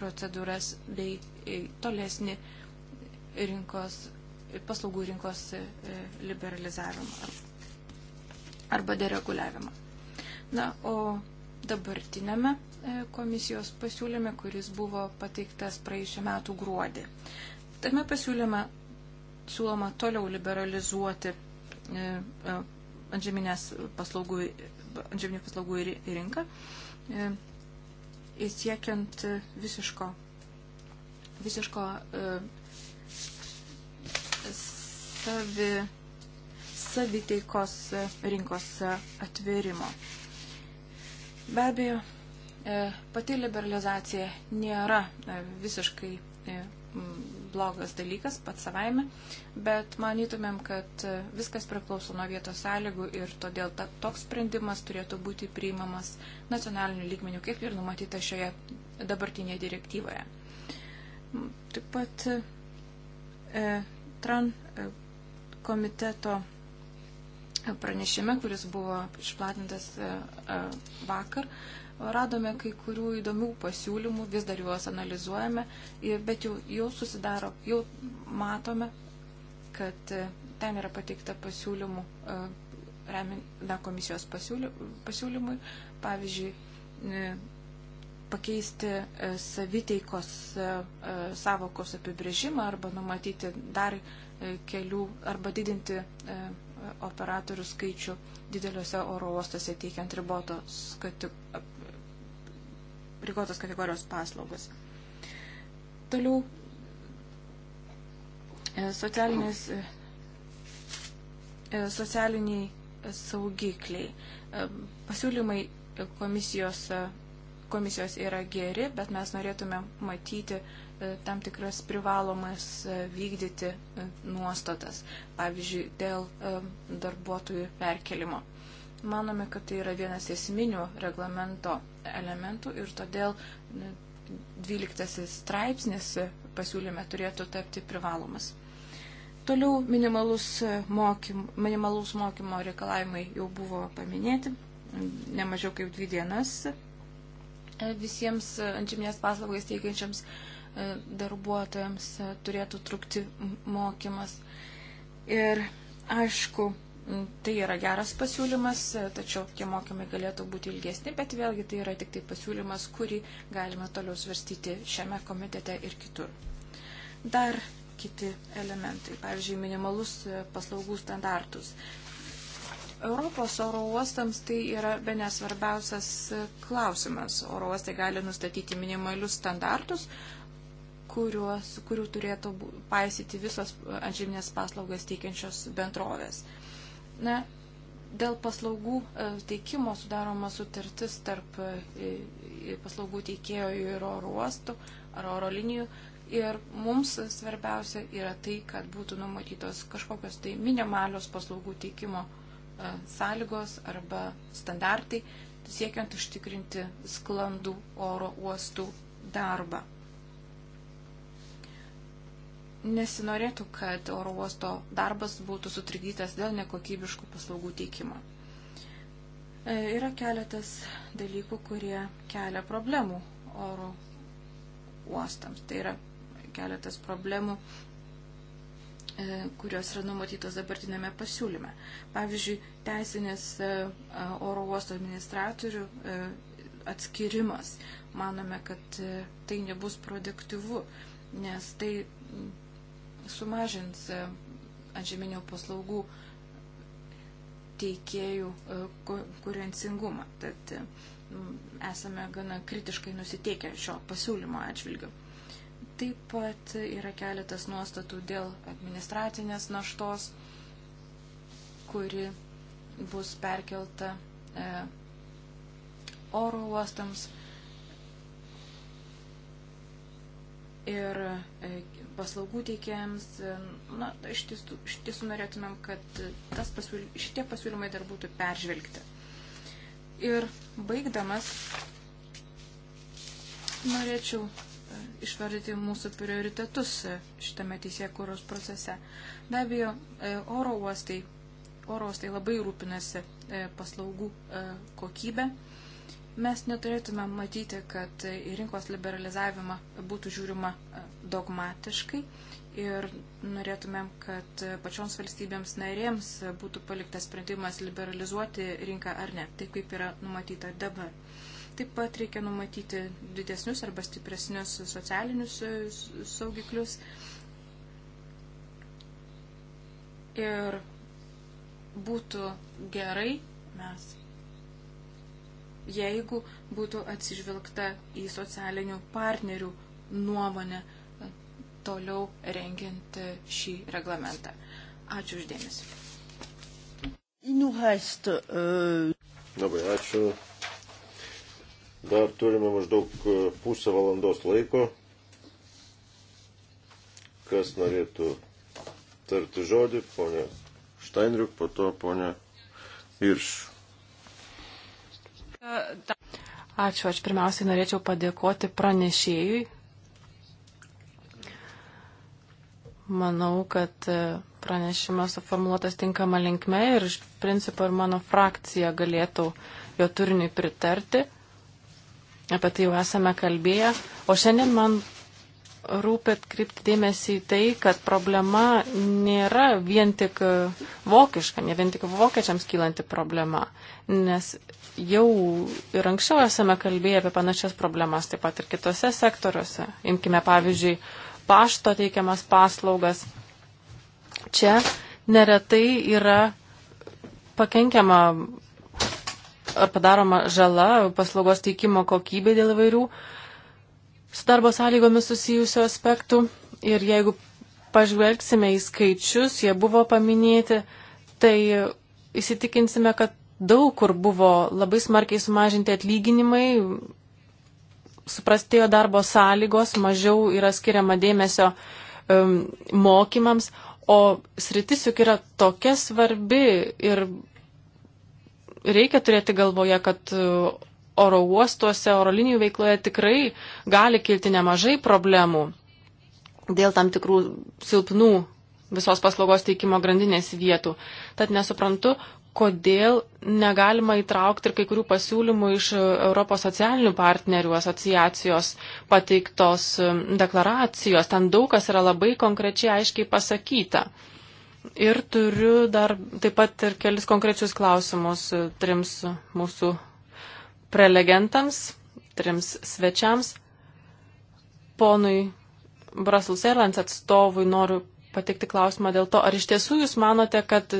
procedūras bei e, tolesnį rinkos, paslaugų rinkos e, liberalizavimą arba dereguliavimą. Na, o dabartinėme e, komisijos pasiūlyme, kuris buvo pateiktas praėjusiu metu gruodį. Tame pasiūlyme siūloma toliau liberalizuoti e, e, antžeminės paslaugų, antžeminių paslaugų rinką, siekiant visiško, visiško savi, saviteikos rinkos atvėrimo. Be abejo, e, pati liberalizacija nėra e, visiškai e, blogas dalykas pats savaime, bet manytumėm, kad viskas priklauso nuo vietos sąlygų ir todėl ta, toks sprendimas turėtų būti priimamas nacionaliniu lygmeniu, kaip ir numatyta šioje dabartinėje direktyvoje. Taip pat e, TRAN komiteto pranešime, kuris buvo išplatintas e, e, vakar, radome kai kurių įdomių pasiūlymų, vis dar juos analizuojame, bet jau, jau susidaro, jau matome, kad e, ten yra pateikta pasiūlymų, reminta komisijos pasiūlymui, pavyzdžiui, pakeisti saviteikos savokos apibrėžimą arba numatyti dar kelių arba didinti operatorių skaičių dideliuose oro uostuose teikiant ribotos, kati, ribotos kategorijos paslaugas. Toliau e, socialinės, e, e, socialiniai saugikliai. Pasiūlymai komisijos komisijos yra geri, bet mes norėtume matyti e, tam tikras privalomas e, vykdyti e, nuostatas, pavyzdžiui, dėl darbuotojų perkelimo. Manome, kad tai yra vienas esminių reglamento elementų ir todėl 12 straipsnis pasiūlyme turėtų tapti privalomas. Toliau minimalus, mokym, minimalus mokymo reikalavimai jau buvo paminėti, nemažiau kaip dvi dienas E, visiems e, antžeminės paslaugas teikiančiams e, darbuotojams turėtų trukti mokymas. Ir aišku, tai yra geras pasiūlymas, tačiau tie mokymai galėtų būti ilgesni, bet vėlgi tai yra tik tai pasiūlymas, kurį galima toliau svarstyti šiame komitete ir kitur. Dar kiti elementai, pavyzdžiui, minimalus paslaugų standartus. Europos oro uostams tai yra be nesvarbiausias e, klausimas. Oro uostai gali nustatyti minimalius standartus, kuriuos, kurių turėtų paisyti visos e, antžeminės paslaugas teikiančios bendrovės. Na, dėl paslaugų e, teikimo sudaroma sutartis tarp paslaugų teikėjo ir oro uostų ar oro linijų. Ir mums svarbiausia yra tai, kad būtų numatytos kažkokios tai minimalios paslaugų teikimo E, sąlygos arba standartai, siekiant užtikrinti sklandų oro uostų darbą. Nesinorėtų, kad oro uosto darbas būtų sutrikdytas dėl nekokybiškų paslaugų teikimo. E, yra keletas dalykų, kurie kelia problemų oro uostams. Tai yra keletas problemų E, kurios yra numatytos dabartinėme pasiūlyme. Pavyzdžiui, teisinis e, e, oro uosto administratorių atskirimas. Manome, kad tai nebus produktyvu, nes tai sumažins antžeminio paslaugų teikėjų konkurencingumą. Tad esame gana kritiškai nusiteikę šio pasiūlymo atžvilgiu. Taip pat yra keletas nuostatų dėl administracinės naštos, kuri bus perkelta e, oro uostams. Ir e, paslaugų teikėjams, e, na, iš tiesų, iš tiesų norėtumėm, kad tas pasiūly, šitie pasiūlymai dar būtų peržvelgti. Ir baigdamas, norėčiau išvardyti mūsų prioritetus šitame teisėkūros procese. Be abejo, e, oro uostai, oro uostai labai rūpinasi e, paslaugų e, kokybę. Mes neturėtume matyti, kad į rinkos liberalizavimą būtų žiūrima dogmatiškai ir norėtumėm, kad pačioms valstybėms narėms būtų paliktas sprendimas liberalizuoti rinką ar ne, taip kaip yra numatyta dabar. Taip pat reikia numatyti didesnius arba stipresnius socialinius e, saugiklius. Ir būtų gerai mes, jeigu būtų atsižvelgta į socialinių partnerių nuomonę e, toliau rengiant e, šį reglamentą. Ačiū uždėmesį. Labai ačiū. Dar turime maždaug e, pusę valandos laiko. Kas norėtų tarti žodį, ponė Steinriuk, po to ponė Irš. Ačiū, aš pirmiausiai norėčiau padėkoti pranešėjui. Manau, kad e, pranešimas suformuoluotas tinkama linkme ir iš principo ir mano frakcija galėtų jo turiniui pritarti apie tai jau esame kalbėję, o šiandien man rūpi atkreipti dėmesį į tai, kad problema nėra vien tik vokiška, ne vien tik vokiečiams kylanti problema, nes jau ir anksčiau esame kalbėję apie panašias problemas, taip pat ir kitose sektoriuose. Imkime pavyzdžiui pašto teikiamas paslaugas. Čia neretai yra pakenkiama ar padaroma žala paslaugos teikimo kokybė dėl įvairių su darbo sąlygomis susijusių aspektų. Ir jeigu pažvelgsime į skaičius, jie buvo paminėti, tai įsitikinsime, kad daug kur buvo labai smarkiai sumažinti atlyginimai, suprastėjo darbo sąlygos, mažiau yra skiriama dėmesio um, mokymams, o sritis juk yra tokia svarbi ir reikia turėti galvoje, kad e, oro uostuose, oro linijų veikloje tikrai gali kilti nemažai problemų dėl tam tikrų silpnų visos paslaugos teikimo grandinės vietų. Tad nesuprantu, kodėl negalima įtraukti ir kai kurių pasiūlymų iš Europos socialinių partnerių asociacijos pateiktos e, deklaracijos. Ten daug kas yra labai konkrečiai aiškiai pasakyta. Ir turiu dar taip pat ir kelis konkrečius klausimus e, trims mūsų prelegentams, trims svečiams. Ponui Brussels Airlines atstovui noriu patikti klausimą dėl to, ar iš tiesų jūs manote, kad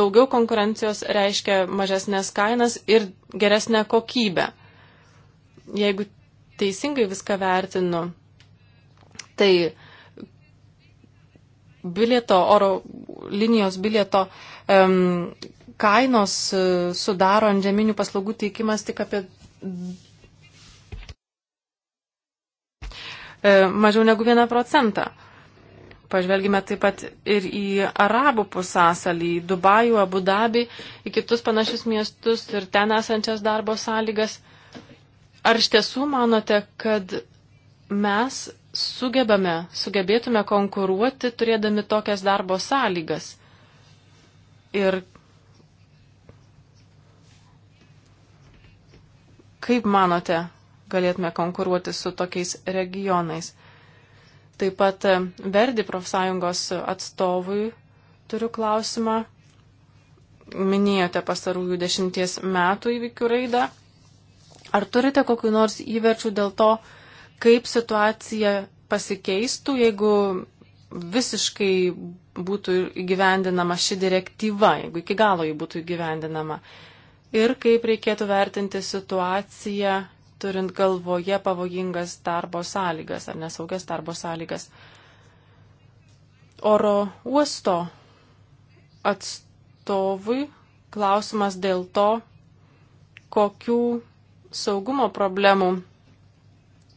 daugiau konkurencijos reiškia mažesnės kainas ir geresnę kokybę. Jeigu teisingai viską vertinu, tai bilieto, oro linijos bilieto um, kainos e, sudaro ant žeminių paslaugų teikimas tik apie e, mažiau negu 1 procentą. Pažvelgime taip pat ir į Arabų pusąsalį, į Dubajų, Abu Dabį, į kitus panašius miestus ir ten esančias darbo sąlygas. Ar iš tiesų manote, kad mes sugebame, sugebėtume konkuruoti turėdami tokias darbo sąlygas. Ir kaip manote, galėtume konkuruoti su tokiais regionais? Taip pat e, Verdi profsąjungos atstovui turiu klausimą. Minėjote pastarųjų dešimties metų įvykių raidą. Ar turite kokiu nors įverčių dėl to, kaip situacija pasikeistų, jeigu visiškai būtų įgyvendinama ši direktyva, jeigu iki galo ji būtų įgyvendinama. Ir kaip reikėtų vertinti situaciją, turint galvoje pavojingas darbo sąlygas ar nesaugias darbo sąlygas. Oro uosto atstovui klausimas dėl to, kokių saugumo problemų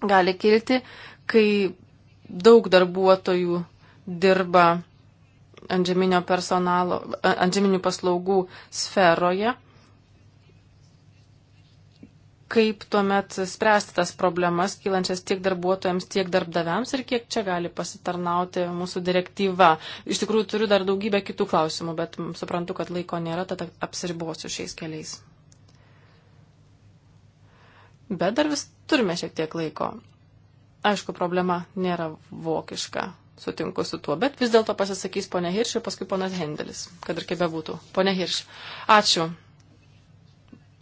gali kilti, kai daug darbuotojų dirba antžeminio personalo, antžeminių paslaugų sferoje. Kaip tuomet spręsti tas problemas, kylančias tiek darbuotojams, tiek darbdaviams ir kiek čia gali pasitarnauti mūsų direktyva. Iš tikrųjų turiu dar daugybę kitų klausimų, bet suprantu, kad laiko nėra, tad apsiribosiu šiais keliais. Bet dar vis turime šiek tiek laiko. Aišku, problema nėra vokiška, sutinku su tuo, bet vis dėlto pasisakys ponė Hirš ir paskui ponas Hendelis, kad ir kaip bebūtų. Pone Hirš, ačiū.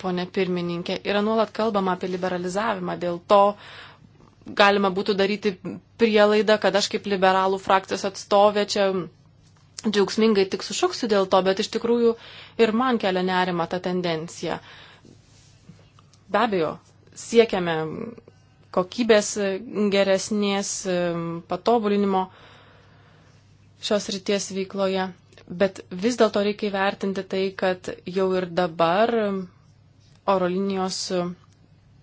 Pone pirmininkė, yra nuolat kalbama apie liberalizavimą, dėl to galima būtų daryti prielaidą, kad aš kaip liberalų frakcijos atstovė čia džiaugsmingai tik sušuksiu dėl to, bet iš tikrųjų ir man kelia nerima ta tendencija. Be abejo, siekiame kokybės geresnės patobulinimo šios ryties veikloje, bet vis dėlto reikia įvertinti tai, kad jau ir dabar oro linijos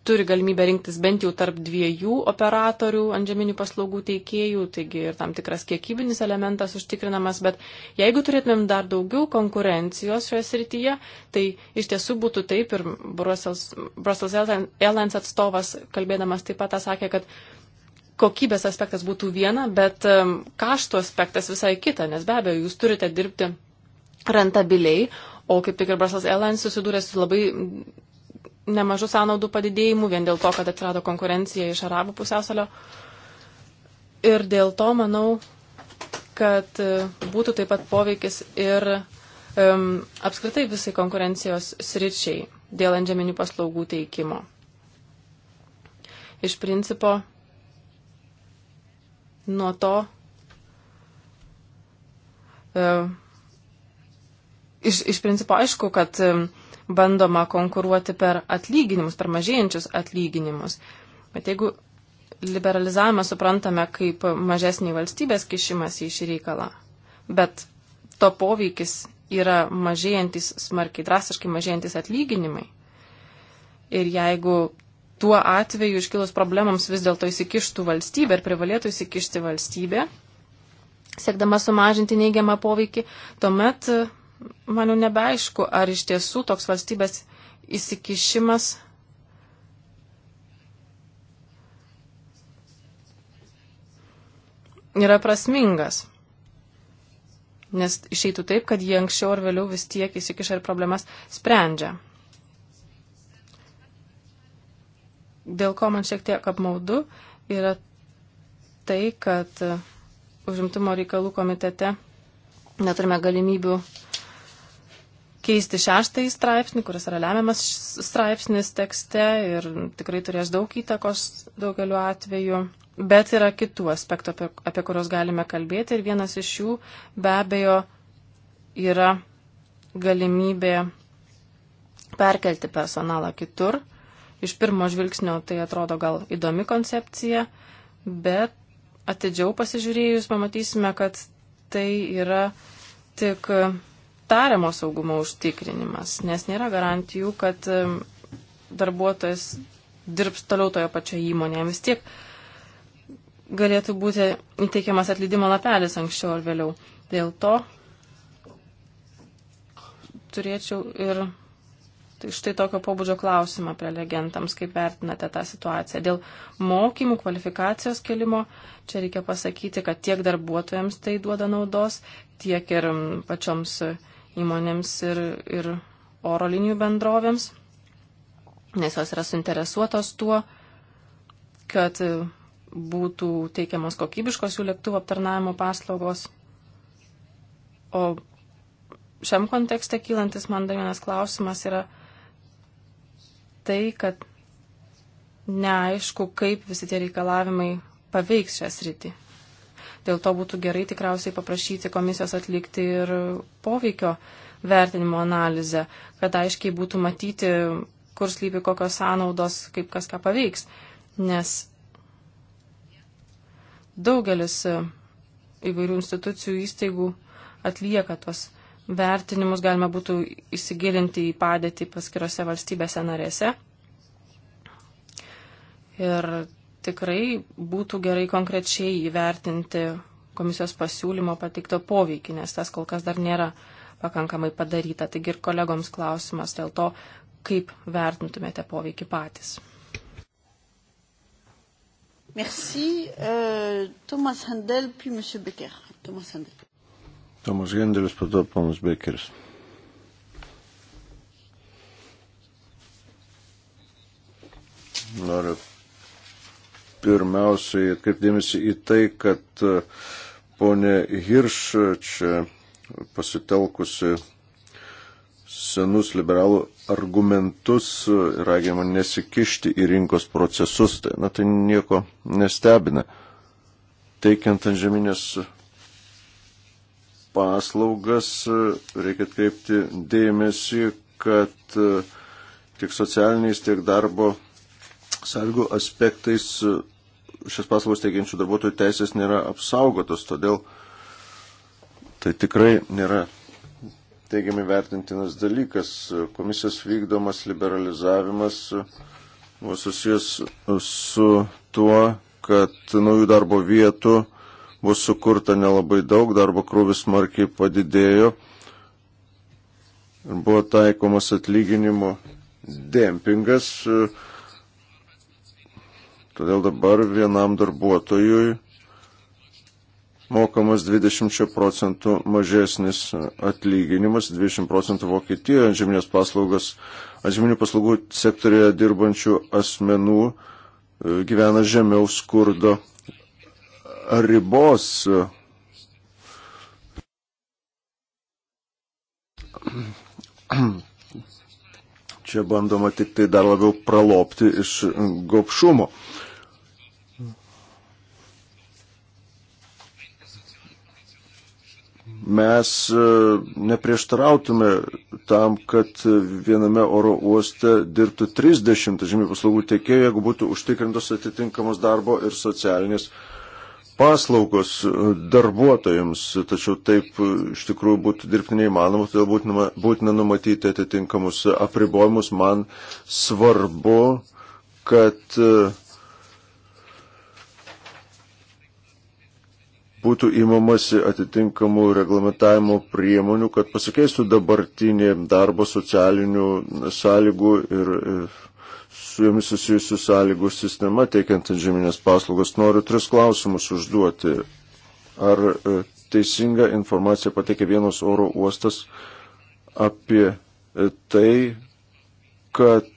turi galimybę rinktis bent jau tarp dviejų operatorių antžeminių paslaugų teikėjų, taigi ir tam tikras kiekybinis elementas užtikrinamas, bet jeigu turėtumėm dar daugiau konkurencijos šioje srityje, tai iš tiesų būtų taip ir Brussels, Brussels Airlines atstovas kalbėdamas taip pat sakė, kad kokybės aspektas būtų viena, bet um, kaštų aspektas visai kita, nes be abejo, jūs turite dirbti rentabiliai, o kaip tik ir Brussels Airlines susidūrė su labai nemažų sąnaudų padidėjimų vien dėl to, kad atsirado konkurencija iš arabų pusiausalio. Ir dėl to manau, kad e, būtų taip pat poveikis ir um, apskritai visai konkurencijos sričiai dėl antžeminių paslaugų teikimo. Iš principo, nuo to um, iš, iš principo aišku, kad um, bandoma konkuruoti per atlyginimus, per mažėjančius atlyginimus. Bet jeigu liberalizavimą suprantame kaip mažesnį valstybės kišimas į šį reikalą, bet to poveikis yra mažėjantis smarkiai, drastiškai mažėjantis atlyginimai. Ir jeigu tuo atveju iškilus problemams vis dėlto įsikištų valstybė ir privalėtų įsikišti valstybė, siekdama sumažinti neigiamą poveikį, tuomet man jau nebeaišku, ar iš tiesų toks valstybės įsikišimas yra prasmingas. Nes išeitų taip, kad jie anksčiau ar vėliau vis tiek įsikiša ir problemas sprendžia. Dėl ko man šiek tiek apmaudu yra tai, kad užimtumo reikalų komitete neturime galimybių keisti šeštąjį straipsnį, kuris yra lemiamas straipsnis tekste ir tikrai turės daug įtakos daugeliu atveju. Bet yra kitų aspektų, apie, apie kuriuos galime kalbėti ir vienas iš jų be abejo yra galimybė perkelti personalą kitur. Iš pirmo žvilgsnio tai atrodo gal įdomi koncepcija, bet atidžiau pasižiūrėjus pamatysime, kad tai yra tik tariamo saugumo užtikrinimas, nes nėra garantijų, kad darbuotojas dirbs toliau toje pačioje įmonėje. Vis tiek galėtų būti įteikiamas atleidimo lapelis anksčiau ar vėliau. Dėl to turėčiau ir tai štai tokio pobūdžio klausimą prelegentams, kaip vertinate tą situaciją. Dėl mokymų, kvalifikacijos kelimo, čia reikia pasakyti, kad tiek darbuotojams tai duoda naudos, tiek ir pačioms uh, įmonėms ir, ir oro linijų bendrovėms, nes jos yra suinteresuotos tuo, kad būtų teikiamos kokybiškos jų lėktuvo aptarnavimo paslaugos. O šiam kontekste kylantis man dar vienas klausimas yra tai, kad neaišku, kaip visi tie reikalavimai paveiks šią sritį. Dėl to būtų gerai tikriausiai paprašyti komisijos atlikti ir poveikio vertinimo analizę, kad aiškiai būtų matyti, kur slypi kokios sąnaudos, kaip kas ką paveiks. Nes daugelis įvairių institucijų įstaigų atlieka tuos vertinimus, galima būtų įsigilinti į padėtį paskirose valstybėse narėse. Ir tikrai būtų gerai konkrečiai įvertinti komisijos pasiūlymo pateikto poveikį, nes tas kol kas dar nėra pakankamai padaryta. Taigi ir kolegoms klausimas dėl to, kaip vertintumėte poveikį patys. Merci. Uh, Tomas Handel, puis M. Becker. Tomas Handel. Tomas Hendelis, po to ponas Bekeris. Noriu pirmiausiai atkreipdėmėsi į tai, kad e, ponė Hirš e, čia pasitelkusi senus liberalų argumentus ir e, raginama nesikišti į rinkos procesus, tai, na, tai nieko nestebina. Teikiant ant žeminės paslaugas reikia atkreipti dėmesį, kad tiek socialiniais, tiek darbo sąlygų aspektais šias paslaugas teikiančių darbuotojų teisės nėra apsaugotos, todėl tai tikrai nėra teigiamai vertintinas dalykas. Komisijos vykdomas liberalizavimas buvo susijęs su tuo, kad naujų darbo vietų bus sukurta nelabai daug, darbo krūvis smarkiai padidėjo ir buvo taikomas atlyginimo dempingas. Uh, Todėl dabar vienam darbuotojui mokamas 20 procentų mažesnis atlyginimas, 20 procentų Vokietijoje antžeminės paslaugas, antžeminių paslaugų sektorėje dirbančių asmenų e, gyvena žemiau skurdo ribos. Čia bandoma tik tai dar labiau pralopti iš gopšumo. mes e, neprieštarautume tam, kad viename oro uoste dirbtų 30 žymių paslaugų tiekėjų, jeigu būtų užtikrintos atitinkamos darbo ir socialinės paslaugos darbuotojams, tačiau taip e, iš tikrųjų būtų dirbti neįmanoma, todėl būtina, būtina numatyti atitinkamus apribojimus. Man svarbu, kad uh, būtų įmamasi atitinkamų reglamentavimo priemonių, kad pasikeistų dabartinė darbo socialinių sąlygų ir e, su jomis susijusių sąlygų sistema teikiant žeminės paslaugas. Noriu tris klausimus užduoti. Ar e, teisinga informacija pateikė vienos oro uostas apie e, tai, kad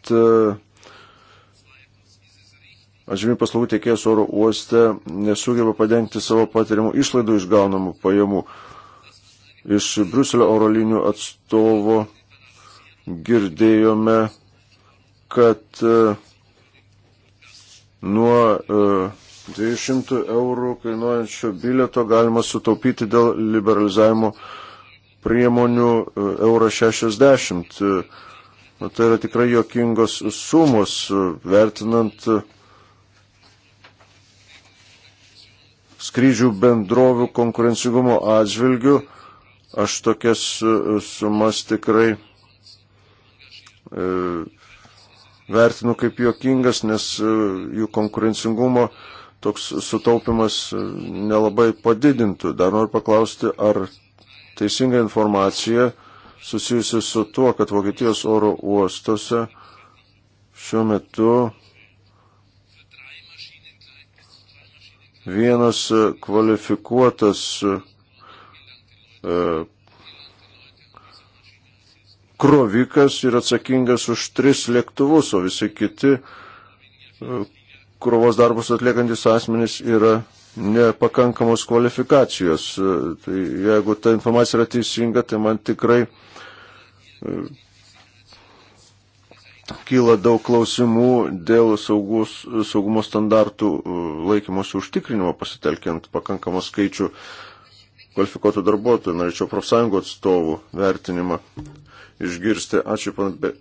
atžymių paslaugų tiekėjas oro uoste nesugeba padengti savo patiriamų išlaidų išgaunamų pajamų. Iš Bruselio oro linijų atstovo girdėjome, kad e, nuo 200 e, eurų kainuojančio bileto galima sutaupyti dėl liberalizavimo priemonių e, eurą 60. Tai yra tikrai jokingos sumos, vertinant skrydžių bendrovių konkurencingumo atžvilgių. Aš tokias e, sumas tikrai e, vertinu kaip juokingas, nes e, jų konkurencingumo toks sutaupimas e, nelabai padidintų. Dar noriu paklausti, ar teisinga informacija susijusi su tuo, kad Vokietijos oro uostose šiuo metu vienas e, kvalifikuotas e, e, krovikas yra atsakingas už tris lėktuvus, o visi kiti krovos darbus atliekantis asmenys yra nepakankamos kvalifikacijos. Tai jeigu ta informacija yra teisinga, tai man tikrai kyla daug klausimų dėl saugus, saugumo standartų e, laikymosi užtikrinimo pasitelkiant pakankamą skaičių kvalifikuotų darbuotojų. Norėčiau profsąjungų atstovų vertinimą išgirsti. Ačiū, pan, be,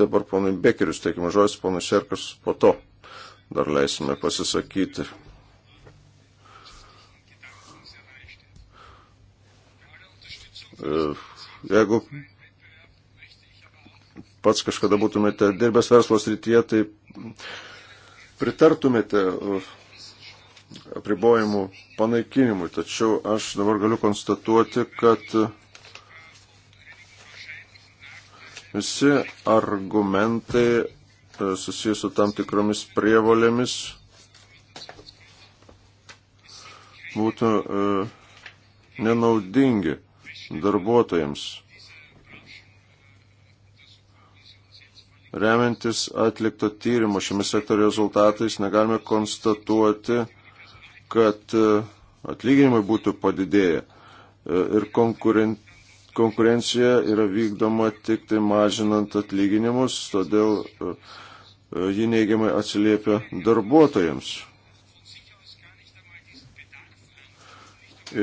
dabar ponui Bekerius teikimo žodis, ponui Šerkas, po to dar leisime pasisakyti. E, jeigu pats kažkada būtumėte dirbęs verslo srityje, tai pritartumėte uh, apribojimų panaikinimui. Tačiau aš dabar galiu konstatuoti, kad visi argumentai uh, susijęs su tam tikromis prievolėmis būtų uh, nenaudingi darbuotojams. Remiantis atlikto tyrimo šiame sektorio rezultatais negalime konstatuoti, kad e, atlyginimai būtų padidėję e, ir konkuren... konkurencija yra vykdoma tik tai mažinant atlyginimus, todėl e, ji neigiamai atsiliepia darbuotojams.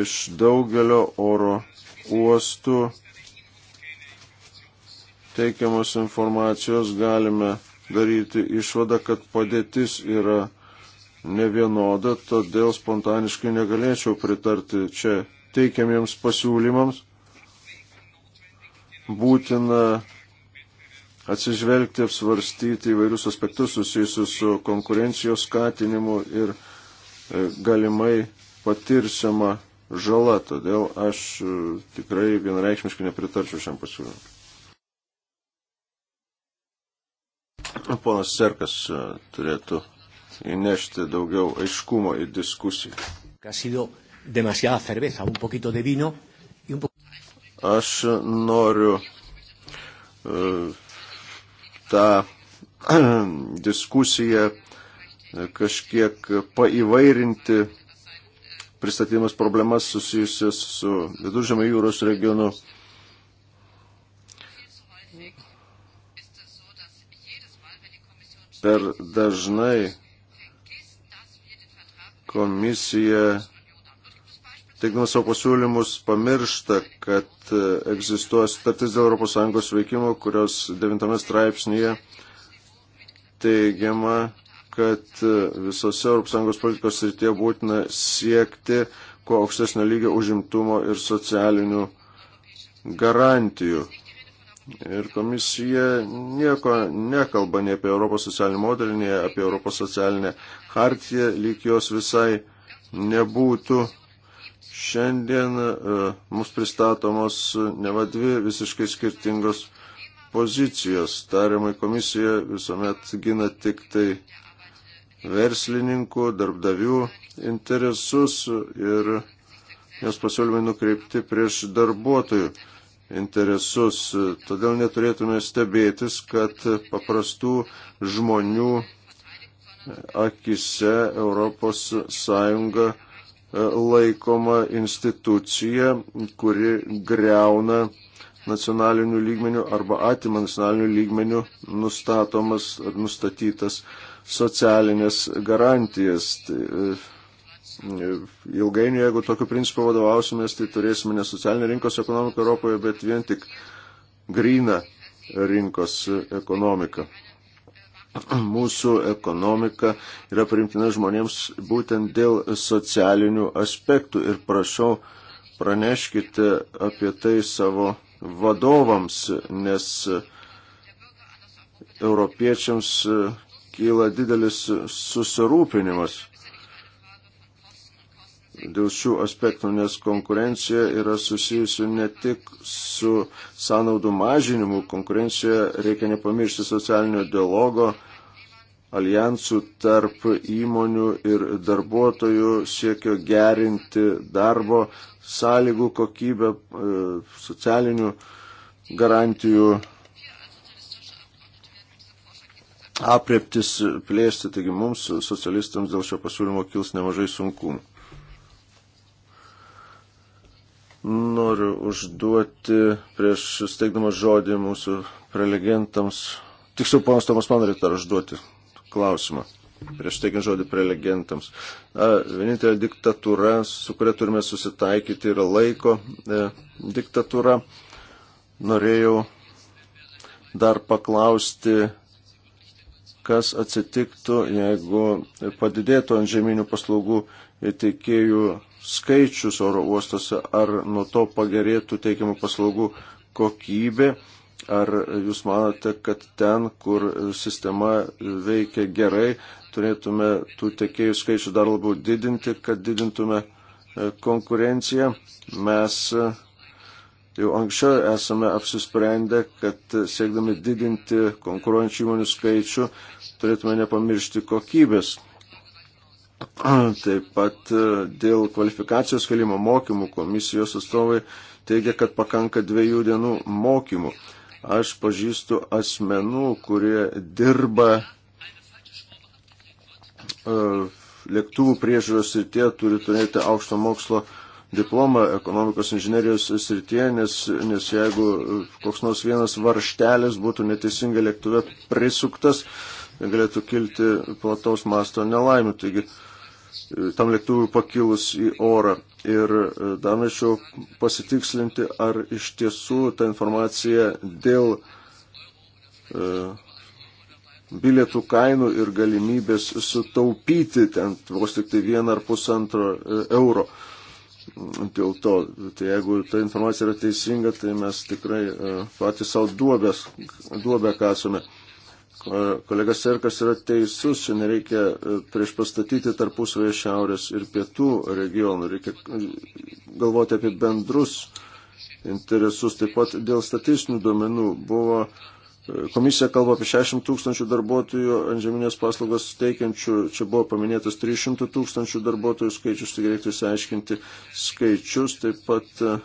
Iš daugelio oro uostų teikiamos informacijos galime daryti išvadą, kad padėtis yra nevienoda, todėl spontaniškai negalėčiau pritarti čia teikiamiems pasiūlymams. Būtina atsižvelgti, apsvarstyti įvairius aspektus susijusius su konkurencijos skatinimu ir e, galimai patirsiama žala. Todėl aš e, tikrai vienareikšmiškai nepritarčiau šiam pasiūlymui. Ponas Serkas e, turėtų įnešti daugiau aiškumo į diskusiją. Aš noriu e, tą diskusiją kažkiek paįvairinti pristatymas problemas susijusias su Viduržėmio jūros regionu per dažnai komisija, teikdama savo pasiūlymus, pamiršta, kad egzistuoja sutartis dėl ES veikimo, kurios 9 straipsnėje teigiama, kad visose ES politikos srityje būtina siekti kuo aukštesnio lygio užimtumo ir socialinių garantijų. Ir komisija nieko nekalba nei apie Europos socialinį modelį, nei apie Europos socialinę hartiją, lyg jos visai nebūtų. Šiandien uh, e, mus pristatomos neva dvi visiškai skirtingos pozicijos. Tariamai komisija visuomet gina tik tai verslininkų, darbdavių interesus ir jos pasiūlymai nukreipti prieš darbuotojų interesus. Todėl neturėtume stebėtis, kad paprastų žmonių akise Europos Sąjunga e, laikoma institucija, kuri greuna nacionaliniu lygmeniu arba atima nacionaliniu lygmeniu nustatomas ar nustatytas socialinės garantijas. Tai, e, ilgainiui, jeigu tokiu principu vadovausimės, tai turėsime ne socialinę rinkos ekonomiką Europoje, bet vien tik gryną rinkos ekonomiką. Mūsų ekonomika yra primtina žmonėms būtent dėl socialinių aspektų ir prašau praneškite apie tai savo vadovams, nes europiečiams kyla didelis susirūpinimas dėl šių aspektų, nes konkurencija yra susijusi ne tik su sąnaudų mažinimu, konkurencija reikia nepamiršti socialinio dialogo, alijansų tarp įmonių ir darbuotojų siekio gerinti darbo sąlygų kokybę, e, socialinių garantijų apreptis plėsti. Taigi mums, socialistams, dėl šio pasiūlymo kils nemažai sunkumų. Noriu užduoti prieš steigdamas žodį mūsų prelegentams, tiksliau ponas Tomas man norėtų užduoti klausimą prieš teikiant žodį prelegentams. A, vienintelė diktatūra, su kuria turime susitaikyti, yra laiko e, diktatūra. Norėjau dar paklausti, kas atsitiktų, jeigu padidėtų ant žeminių paslaugų teikėjų skaičius oro uostose, ar nuo to pagerėtų teikiamų paslaugų kokybė, ar jūs manote, kad ten, kur sistema veikia gerai, turėtume tų tiekėjų skaičių dar labiau didinti, kad didintume e, konkurenciją. Mes e, jau anksčiau esame apsisprendę, kad siekdami didinti konkuruojančių įmonių skaičių, turėtume nepamiršti kokybės Taip pat e, dėl kvalifikacijos kelimo mokymų komisijos atstovai teigia, kad pakanka dviejų dienų mokymų. Aš pažįstu asmenų, kurie dirba e, lėktuvų priežiūros srityje, turi turėti aukšto mokslo diplomą ekonomikos inžinerijos srityje, nes, nes jeigu e, koks nors vienas varštelis būtų neteisingai lėktuve prisuktas, galėtų kilti plataus masto nelaimių. Taigi, uh, tam lėktuvui pakilus į orą. Ir e, dar norėčiau pasitikslinti, ar iš tiesų ta informacija dėl e, bilietų kainų ir galimybės sutaupyti ten vos tik tai vieną ar pusantro e, euro. Dėl to, tai jeigu ta informacija yra teisinga, tai mes tikrai e, patys savo duobę kasome. Kolega Serkas yra teisus, čia nereikia e, prieš pastatyti tarpusavėje šiaurės ir pietų regionų, reikia e, galvoti apie bendrus interesus. Taip pat dėl statistinių duomenų buvo e, Komisija kalba apie 60 tūkstančių darbuotojų antžeminės paslaugas teikiančių, čia buvo paminėtas 300 tūkstančių darbuotojų skaičius, tai reiktų įsiaiškinti skaičius, taip pat e,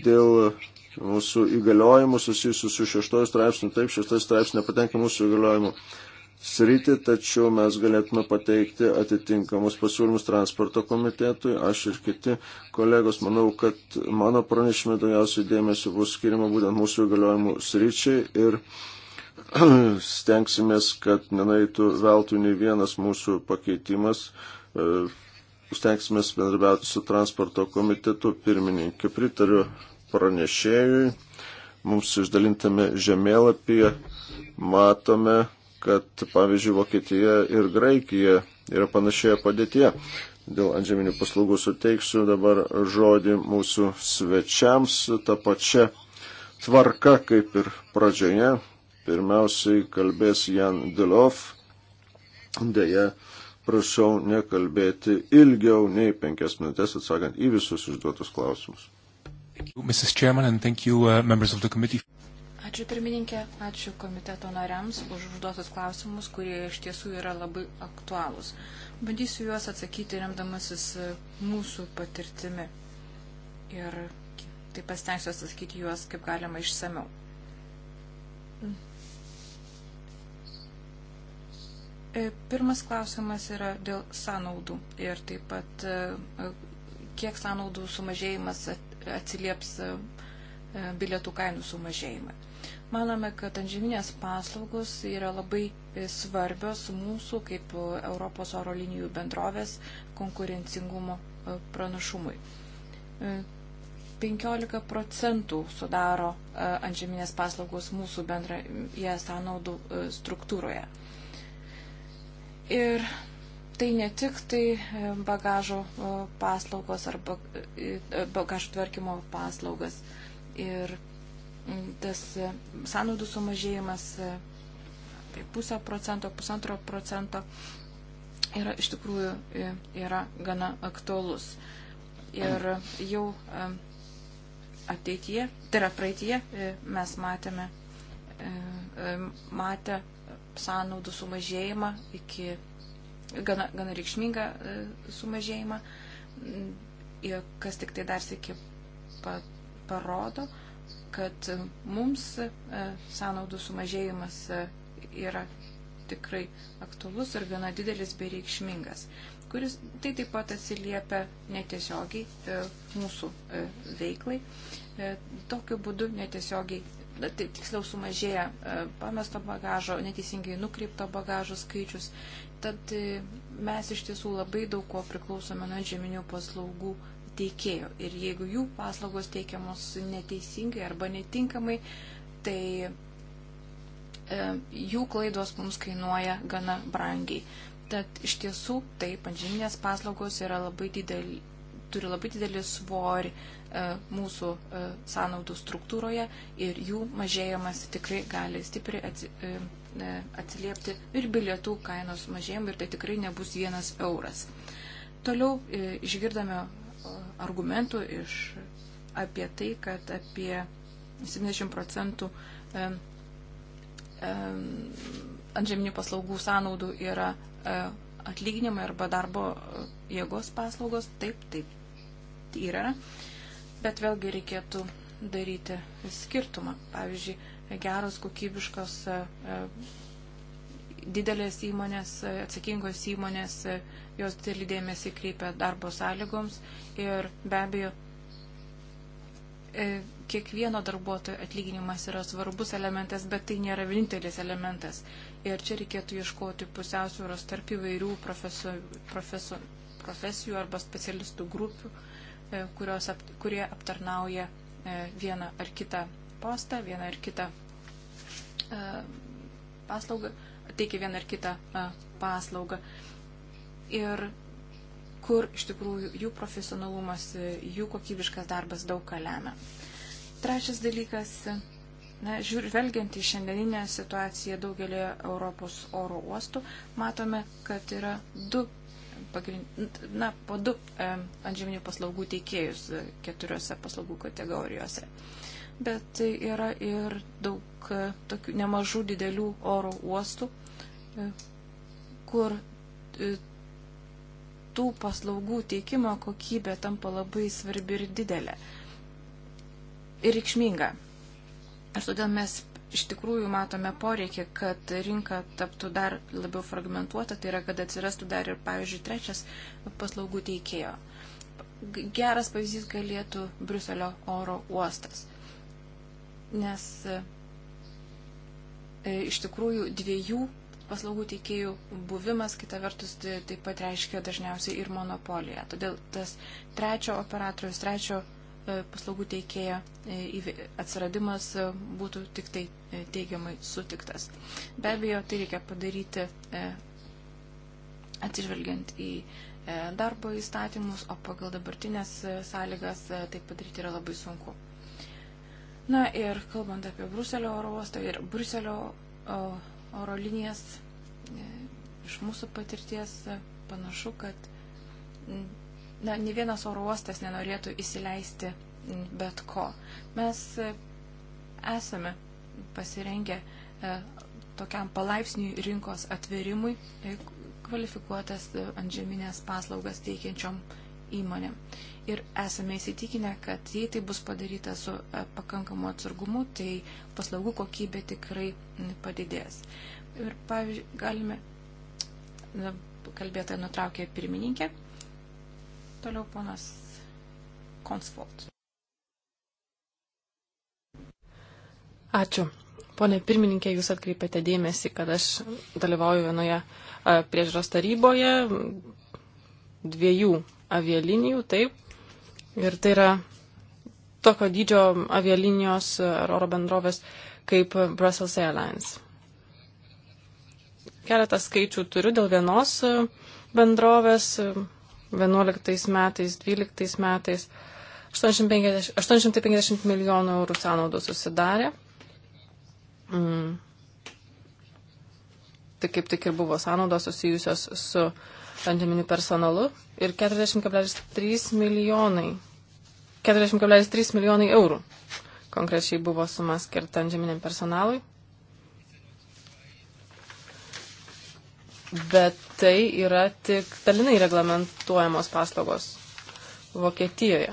dėl mūsų įgaliojimų susijusių su šeštoju straipsniu. Taip, šeštas straipsnis nepatenka mūsų įgaliojimų sritį, tačiau mes galėtume pateikti atitinkamus pasiūlymus transporto komitetui. Aš ir kiti kolegos manau, kad mano pranešime daugiausiai dėmesio bus skirima būtent mūsų įgaliojimų sričiai ir stengsimės, kad nenaitų veltui nei vienas mūsų pakeitimas. E, stengsimės bendrabiauti su transporto komitetu pirmininkė. Pritariu pranešėjui. Mums išdalintame žemėlapyje matome, kad pavyzdžiui Vokietija ir Graikija yra panašioje padėtyje. Dėl antžeminių paslaugų suteiksiu dabar žodį mūsų svečiams tą pačią tvarką kaip ir pradžioje. Pirmiausiai kalbės Jan Dilov. Deja, prašau nekalbėti ilgiau nei penkias minutės atsakant į visus užduotus klausimus. Uh, ačiū pirmininkė, ačiū komiteto nariams už užduotus klausimus, kurie iš tiesų yra labai aktualūs. Bandysiu juos atsakyti remdamasis e, mūsų patirtimi ir taip pasitengsiu atsakyti juos kaip galima išsameu. E, pirmas klausimas yra dėl sąnaudų ir taip pat e, kiek sąnaudų sumažėjimas atsilieps e, e, bilietų kainų sumažėjimai. Manome, kad antžeminės paslaugos yra labai e, svarbios mūsų kaip Europos oro linijų bendrovės konkurencingumo pranašumui. 15 procentų sudaro antžeminės paslaugos mūsų bendra ISA naudų struktūroje. Ir tai ne tik tai e, bagažo e, paslaugos arba e, bagažo tvarkymo paslaugas. Ir tas sąnaudų sumažėjimas apie pusę procento, pusantro procento yra iš tikrųjų yra gana aktuolus. Ir jau ateityje, tai yra praeitie, mes matėme, matė sąnaudų sumažėjimą iki gana, gana reikšmingą e, sumažėjimą, mm, kas tik tai dar sėki pa, parodo, kad mums e, sąnaudų sumažėjimas e, yra tikrai aktualus ir gana didelis bei reikšmingas, kuris tai taip pat atsiliepia netiesiogiai mūsų veiklai. Tokiu būdu netiesiogiai, tai tiksliau sumažėja pamesto bagažo, neteisingai nukreipto bagažo skaičius Tad e, mes iš tiesų labai daug ko priklausome nuo žeminių paslaugų teikėjo. Ir jeigu jų paslaugos teikiamos neteisingai arba netinkamai, tai e, jų klaidos mums kainuoja gana brangiai. Tad iš tiesų taip, antžeminės paslaugos yra labai didelį, turi labai didelį svorį e, mūsų e, sąnaudų struktūroje ir jų mažėjimas tikrai gali stipriai atsi, e, atsiliepti ir bilietų kainos mažėjimui ir tai tikrai nebus vienas euras. Toliau e, išgirdame e, argumentų iš apie tai, kad apie 70 procentų e, antžeminių paslaugų sąnaudų yra atlyginimai arba darbo jėgos paslaugos. Taip, taip, yra. Bet vėlgi reikėtų daryti skirtumą. Pavyzdžiui, geros, kokybiškos, e, e, didelės įmonės, e, atsakingos įmonės, jos didelį dėmesį kreipia darbo sąlygoms ir be abejo kiekvieno darbuotojo atlyginimas yra svarbus elementas, bet tai nėra vienintelis elementas. Ir čia reikėtų ieškoti pusiausvėros tarp įvairių profesio, profesio, profesijų arba specialistų grupių, kurios, kurie aptarnauja vieną ar kitą postą, vieną ar kitą paslaugą, teikia vieną ar kitą paslaugą. Ir kur iš tikrųjų jų profesionalumas, jų kokybiškas darbas daug ką lemia. Trečias dalykas, na, žvelgiant į šiandieninę situaciją daugelį Europos oro uostų, matome, kad yra du, pagrind, na, po du e, antžeminių paslaugų teikėjus e, keturiose paslaugų kategorijose. E, bet tai yra ir daug e, tokių nemažų didelių oro uostų, e, kur e, tų paslaugų teikimo kokybė tampa labai svarbi ir didelė ir reikšminga. Ir todėl mes iš tikrųjų matome poreikį, kad rinka taptų dar labiau fragmentuota, tai yra, kad atsirastų dar ir, pavyzdžiui, trečias paslaugų teikėjo. Geras pavyzdys galėtų Bruselio oro uostas nes e, iš tikrųjų dviejų paslaugų teikėjų buvimas, kita vertus, tai taip pat reiškia dažniausiai ir monopoliją. Todėl tas trečio operatorius, trečio e, paslaugų teikėjo e, atsiradimas būtų tik tai teigiamai sutiktas. Be abejo, tai reikia padaryti atsižvelgiant į darbo įstatymus, o pagal dabartinės sąlygas tai padaryti yra labai sunku. Na ir kalbant apie Bruselio oro uostą ir Bruselio oro linijas, e, iš mūsų patirties e, panašu, kad na, ne vienas oro uostas nenorėtų įsileisti bet ko. Mes e, esame pasirengę tokiam palaipsniui rinkos atverimui kvalifikuotas antžeminės paslaugas teikiančiom įmonė. Ir esame įsitikinę, kad jei tai bus padaryta su e, pakankamu atsargumu, tai paslaugų kokybė tikrai padidės. Ir pavyzdžiui, galime, kalbėtoja nutraukė pirmininkė, toliau ponas Konsvold. Ačiū. Pone pirmininkė, jūs atkreipėte dėmesį, kad aš dalyvauju vienoje e, priežiūros taryboje dviejų avialinijų, taip. Ir tai yra tokio dydžio avialinijos ar oro bendrovės kaip Brussels Airlines. Keletą skaičių turiu dėl vienos bendrovės 11 metais, 12 metais. 850, 850 milijonų eurų sąnaudų susidarė. Mm. Tai kaip tik ir buvo sąnaudos susijusios su uh, antžeminiu personalu ir 40,3 milijonai. 40,3 milijonai eurų konkrečiai buvo suma skirta antžeminiam personalui. Bet tai yra tik dalinai reglamentuojamos paslaugos Vokietijoje.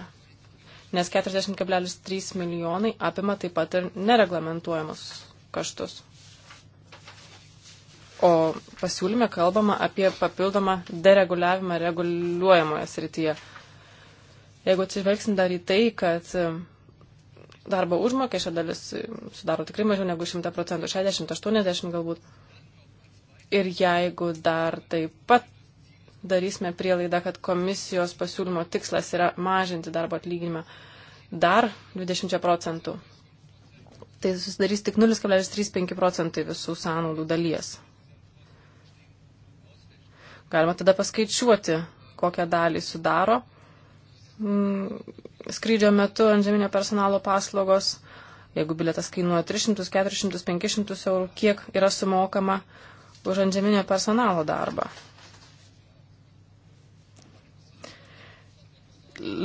Nes 40,3 milijonai apima taip pat ir nereglamentuojamus kaštus. O pasiūlyme kalbama apie papildomą dereguliavimą reguliuojamoje srityje. Jeigu atsižvelgsim dar į tai, kad e, darbo užmokesčio dalis e, sudaro tikrai mažiau negu 100 procentų, 60-80 galbūt. Ir jeigu dar taip pat darysime prielaidą, kad komisijos pasiūlymo tikslas yra mažinti darbo atlyginimą dar 20 procentų, tai susidarys tik 0,35 procentai visų sąnaudų dalies. Galima tada paskaičiuoti, kokią dalį sudaro mm, skrydžio metu ant žeminio personalo paslaugos, jeigu biletas kainuoja 300, 400, 500 eurų, kiek yra sumokama už ant žeminio personalo darbą.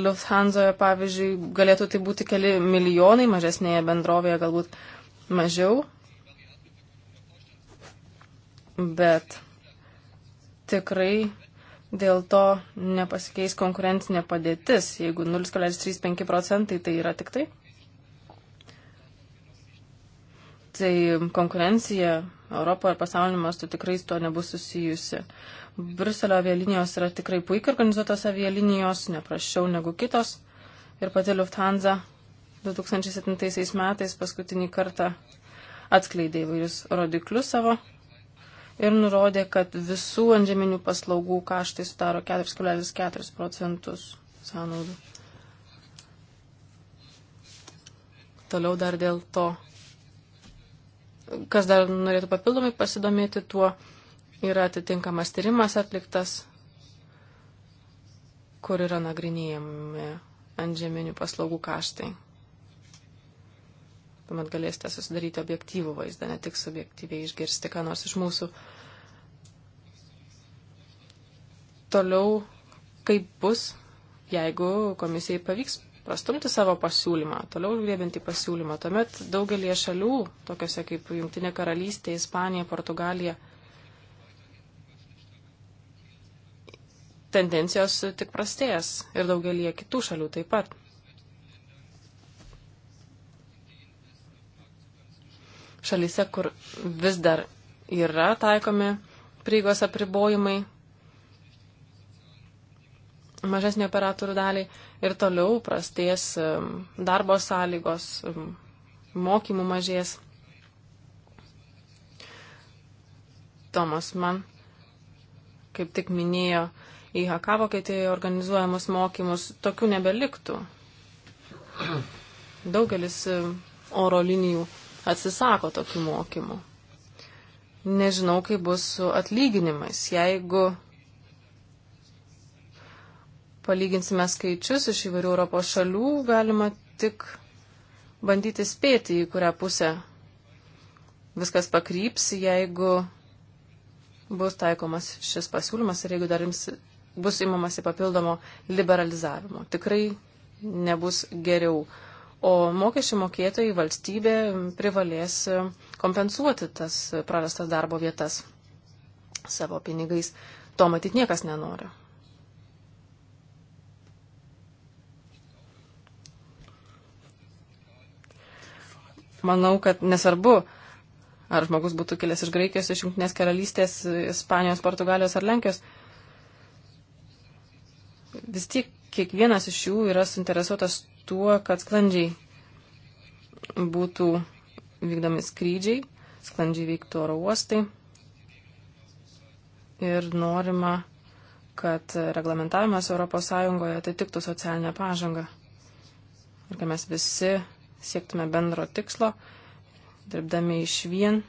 Lufthansa, pavyzdžiui, galėtų tai būti keli milijonai, mažesnėje bendrovėje galbūt mažiau. Bet tikrai dėl to nepasikeis konkurencinė padėtis, jeigu 0,35 procentai tai yra tik tai. Tai konkurencija Europoje ir pasaulio mastu tikrai su to nebus susijusi. Bruselio avialinijos yra tikrai puikiai organizuotos avialinijos, neprasčiau negu kitos. Ir pati Lufthansa 2007 metais paskutinį kartą atskleidė įvairius rodiklius savo ir nurodė, kad visų antžeminių paslaugų kaštai sudaro 4,4 procentus sąnaudų. Toliau dar dėl to, kas dar norėtų papildomai pasidomėti tuo, yra atitinkamas tyrimas atliktas, kur yra nagrinėjami antžeminių paslaugų kaštai. Tuomet galėsite susidaryti objektyvų vaizdą, ne tik subjektyviai išgirsti, ką nors iš mūsų. Toliau, kaip bus, jeigu komisijai pavyks prastumti savo pasiūlymą, toliau griebinti pasiūlymą, tuomet daugelie šalių, tokiuose kaip Junktinė karalystė, Ispanija, Portugalija, tendencijos tik prastės ir daugelie kitų šalių taip pat. šalyse, kur vis dar yra taikomi prieigos apribojimai mažesnį operatorių daliai ir toliau prasties um, darbo sąlygos, um, mokymų mažės. Tomas man kaip tik minėjo IHK Vokietijoje organizuojamus mokymus, tokių nebeliktų. Daugelis um, oro linijų atsisako tokių mokymų. Nežinau, kaip bus su atlyginimais. Jeigu palyginsime skaičius iš įvairių Europos šalių, galima tik bandyti spėti, į kurią pusę viskas pakryps, jeigu bus taikomas šis pasiūlymas ir jeigu dar jums bus imamasi papildomo liberalizavimo. Tikrai nebus geriau o mokesčių mokėtojai valstybė privalės kompensuoti tas prarastas darbo vietas savo pinigais. To matyt niekas nenori. Manau, kad nesvarbu, ar žmogus būtų kilęs iš Graikijos, iš Junktinės karalystės, Ispanijos, Portugalijos ar Lenkijos, vis tiek kiekvienas iš jų yra suinteresuotas tuo, kad sklandžiai būtų vykdomi skrydžiai, sklandžiai veiktų oro uostai. Ir norima, kad reglamentavimas ES atitiktų socialinę pažangą. Ir kad mes visi siektume bendro tikslo, dirbdami iš vien.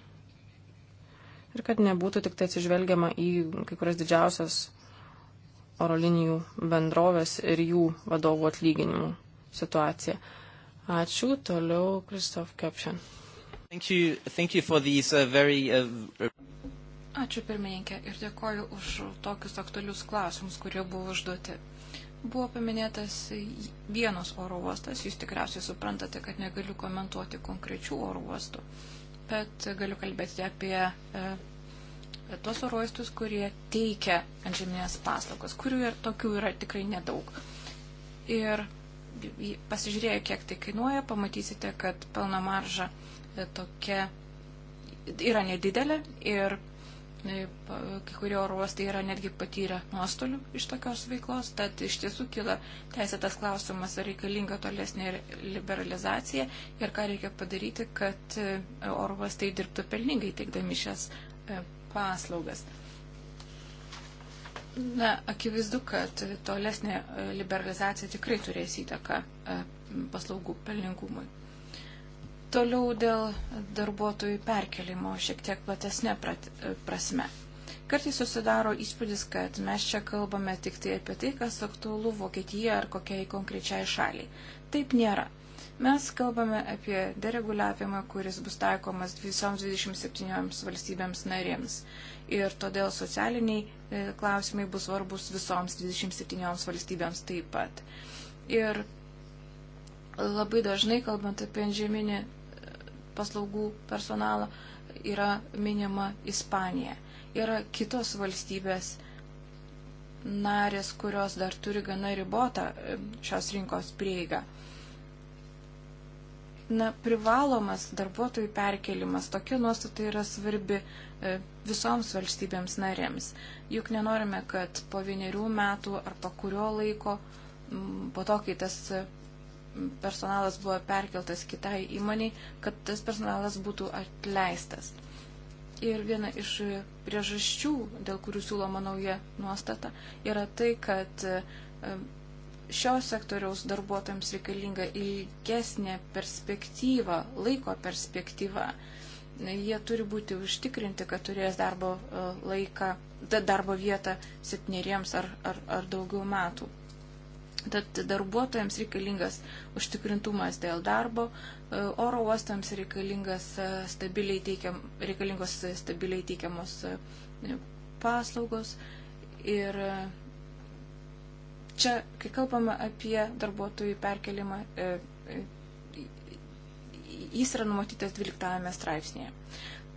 Ir kad nebūtų tik tai atsižvelgiama į kai kurias didžiausias oro linijų bendrovės ir jų vadovų atlyginimų situaciją. Ačiū, toliau Kristof Kepšen. Thank you, thank you for these, uh, very, uh, Ačiū pirmininkė ir dėkoju už tokius aktualius klausimus, kurie buvo užduoti. Buvo paminėtas vienas oro uostas, jūs tikriausiai suprantate, kad negaliu komentuoti konkrečių oro uostų, bet galiu kalbėti apie e, tuos oro uostus, kurie teikia antžeminės paslaugas, kurių ir tokių yra tikrai nedaug. Ir pasižiūrėję, kiek tai kainuoja, pamatysite, kad pelno marža e, tokia yra nedidelė ir e, kai kurie oro uostai yra netgi patyrę nuostolių iš tokios veiklos, tad iš tiesų kyla teisėtas klausimas, ar reikalinga tolesnė liberalizacija ir ką reikia padaryti, kad e, oro uostai dirbtų pelningai teikdami šias paslaugas. Na, akivaizdu, kad tolesnė e, liberalizacija tikrai turės įtaką e, paslaugų pelningumui. Toliau dėl darbuotojų perkelimo šiek tiek platesnė e, prasme. Kartais susidaro įspūdis, kad mes čia kalbame tik tai apie tai, kas aktualu Vokietijai ar kokiai konkrečiai šaliai. Taip nėra. Mes kalbame apie dereguliavimą, kuris bus taikomas visoms 27 valstybėms narėms ir todėl socialiniai e, klausimai bus svarbus visoms 27 valstybėms taip pat. Ir labai dažnai, kalbant apie žeminį e, paslaugų personalą, yra minima Ispanija. Yra kitos valstybės narės, kurios dar turi gana ribotą e, šios rinkos prieigą. Na, privalomas darbuotojų perkelimas, tokia nuostata yra svarbi e, visoms valstybėms narėms. Juk nenorime, kad po vienerių metų ar po kurio laiko, po to, kai tas e, personalas buvo perkeltas kitai įmoniai, kad tas personalas būtų atleistas. Ir viena iš priežasčių, dėl kurių siūloma nauja nuostata, yra tai, kad e, šios sektoriaus darbuotojams reikalinga ilgesnė perspektyva, laiko perspektyva. Jie turi būti užtikrinti, kad turės darbo e, laiką, darbo vietą septyneriems ar, ar, ar daugiau metų. Tad darbuotojams reikalingas užtikrintumas dėl darbo, e, oro uostams reikalingas e, stabiliai teikiam, reikalingos stabiliai teikiamos paslaugos ir Čia, kai kalbame apie darbuotojų perkelimą, e, e, jis yra numatytas 12 straipsnėje.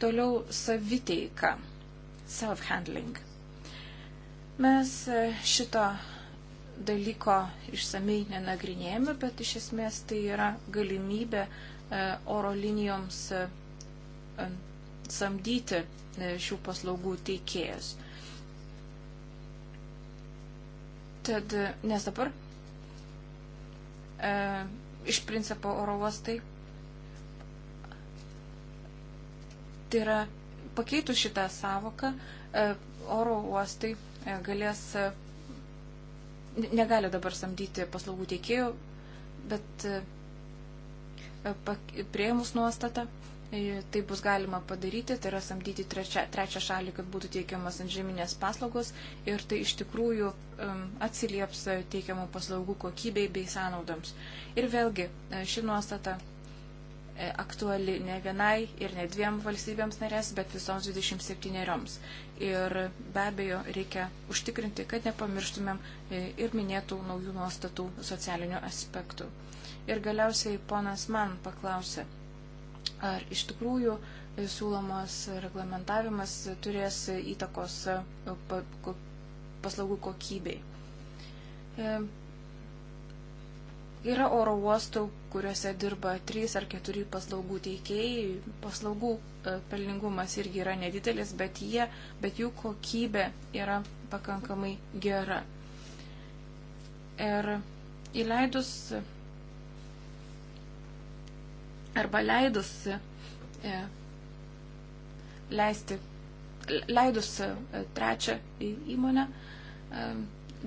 Toliau saviteika, self-handling. Mes e, šito dalyko išsamei nenagrinėjame, bet iš esmės tai yra galimybė oro linijoms samdyti šių paslaugų teikėjus. Tad, e, nes dabar e, iš principo oro uostai tai yra pakeitų šitą savoką, e, oro uostai e, galės, e, negali dabar samdyti paslaugų teikėjų, bet e, e prieimus nuostatą Tai bus galima padaryti, tai yra samdyti trečią, trečią šalį, kad būtų teikiamas antžeminės paslaugos ir tai iš tikrųjų um, atsilieps uh, teikiamų paslaugų kokybei bei sąnaudoms. Ir vėlgi uh, ši nuostata e, aktuali ne vienai ir ne dviem valstybėms narės, bet visoms 27. Ir be abejo reikia užtikrinti, kad nepamirštumėm e, ir minėtų naujų nuostatų socialinių aspektų. Ir galiausiai ponas man paklausė ar iš tikrųjų e, siūlomas reglamentavimas turės įtakos e, paslaugų kokybei. E, yra oro uostų, kuriuose dirba 3 ar 4 paslaugų teikėjai. Paslaugų pelningumas irgi yra nedidelis, bet, jie, bet jų kokybė yra pakankamai gera. Ir įleidus arba leidus e, leisti, leidus e, trečią įmonę e,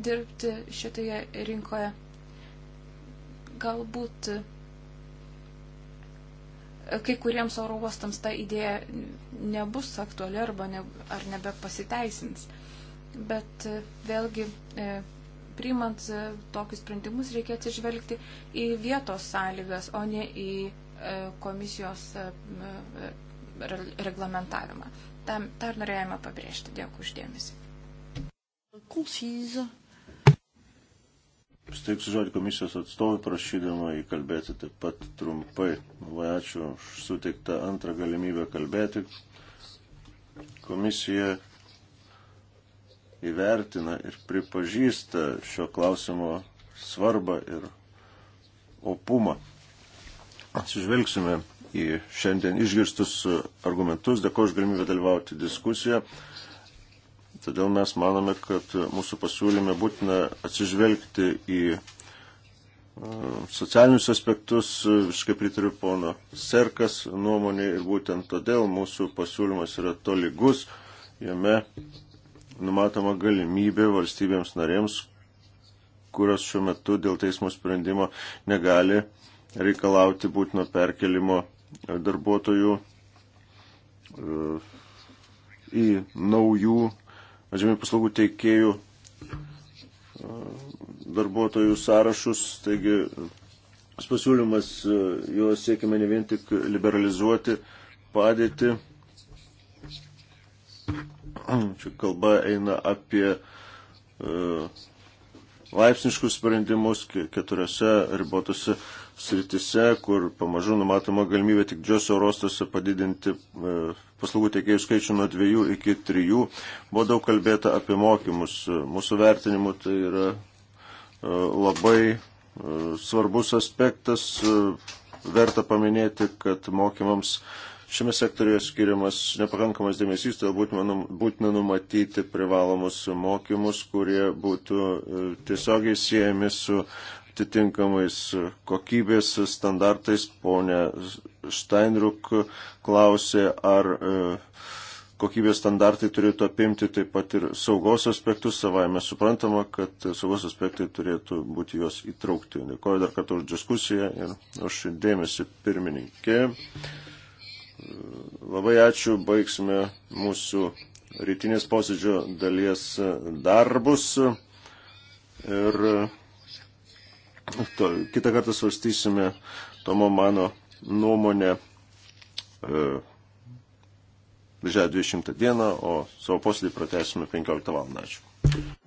dirbti šitoje rinkoje. Galbūt kai kuriems oro uostams ta idėja nebus aktuali arba ne, ar nebepasiteisins. Bet vėlgi, priimant tokius sprendimus, reikia atsižvelgti į vietos sąlygas, o ne į komisijos e, e, reglamentavimą. Tam, tą ir norėjome pabrėžti. Dėkui uždėmesi. Koncise. Steiksiu žodį komisijos atstovui, prašydama įkalbėti taip pat trumpai. Labai ačiū už suteiktą antrą galimybę kalbėti. Komisija įvertina ir pripažįsta šio klausimo svarbą ir opumą atsižvelgsime į šiandien išgirstus e, argumentus. Dėkuoju už galimybę dalyvauti diskusiją. Todėl mes manome, kad mūsų pasiūlyme būtina atsižvelgti į e, socialinius aspektus, visiškai pritariu pono Serkas nuomonė ir būtent todėl mūsų pasiūlymas yra tolygus, jame numatoma galimybė valstybėms narėms, kurios šiuo metu dėl teismo sprendimo negali uh, reikalauti būtino perkelimo darbuotojų e, į naujų žemė paslaugų teikėjų e, darbuotojų sąrašus. Taigi pasiūlymas e, juos siekime ne vien tik liberalizuoti padėti. Čia kalba eina apie laipsniškus sprendimus keturiose ribotose sritise, kur pamažu numatoma galimybė tik džiose orostose padidinti e, paslaugų teikėjų skaičių nuo dviejų iki trijų. Buvo daug kalbėta apie mokymus. Mūsų vertinimu tai yra e, labai e, svarbus aspektas. Verta paminėti, kad mokymams šiame sektoriuje skiriamas nepakankamas dėmesys, tai būtina numatyti privalomus mokymus, kurie būtų tiesiogiai siejami su atitinkamais kokybės standartais. Pone Steinruk klausė, ar e, kokybės standartai turėtų apimti taip pat ir saugos aspektus. Savaime suprantama, kad saugos aspektai turėtų būti juos įtraukti. Dėkoju dar kartą už diskusiją ir už dėmesį pirmininkė. Labai ačiū, baigsime mūsų rytinės posėdžio dalies darbus. Ir to, kitą kartą svarstysime Tomo mano nuomonę e, Birželio 20 dieną, o savo posėdį pratęsime 15 val. Ačiū.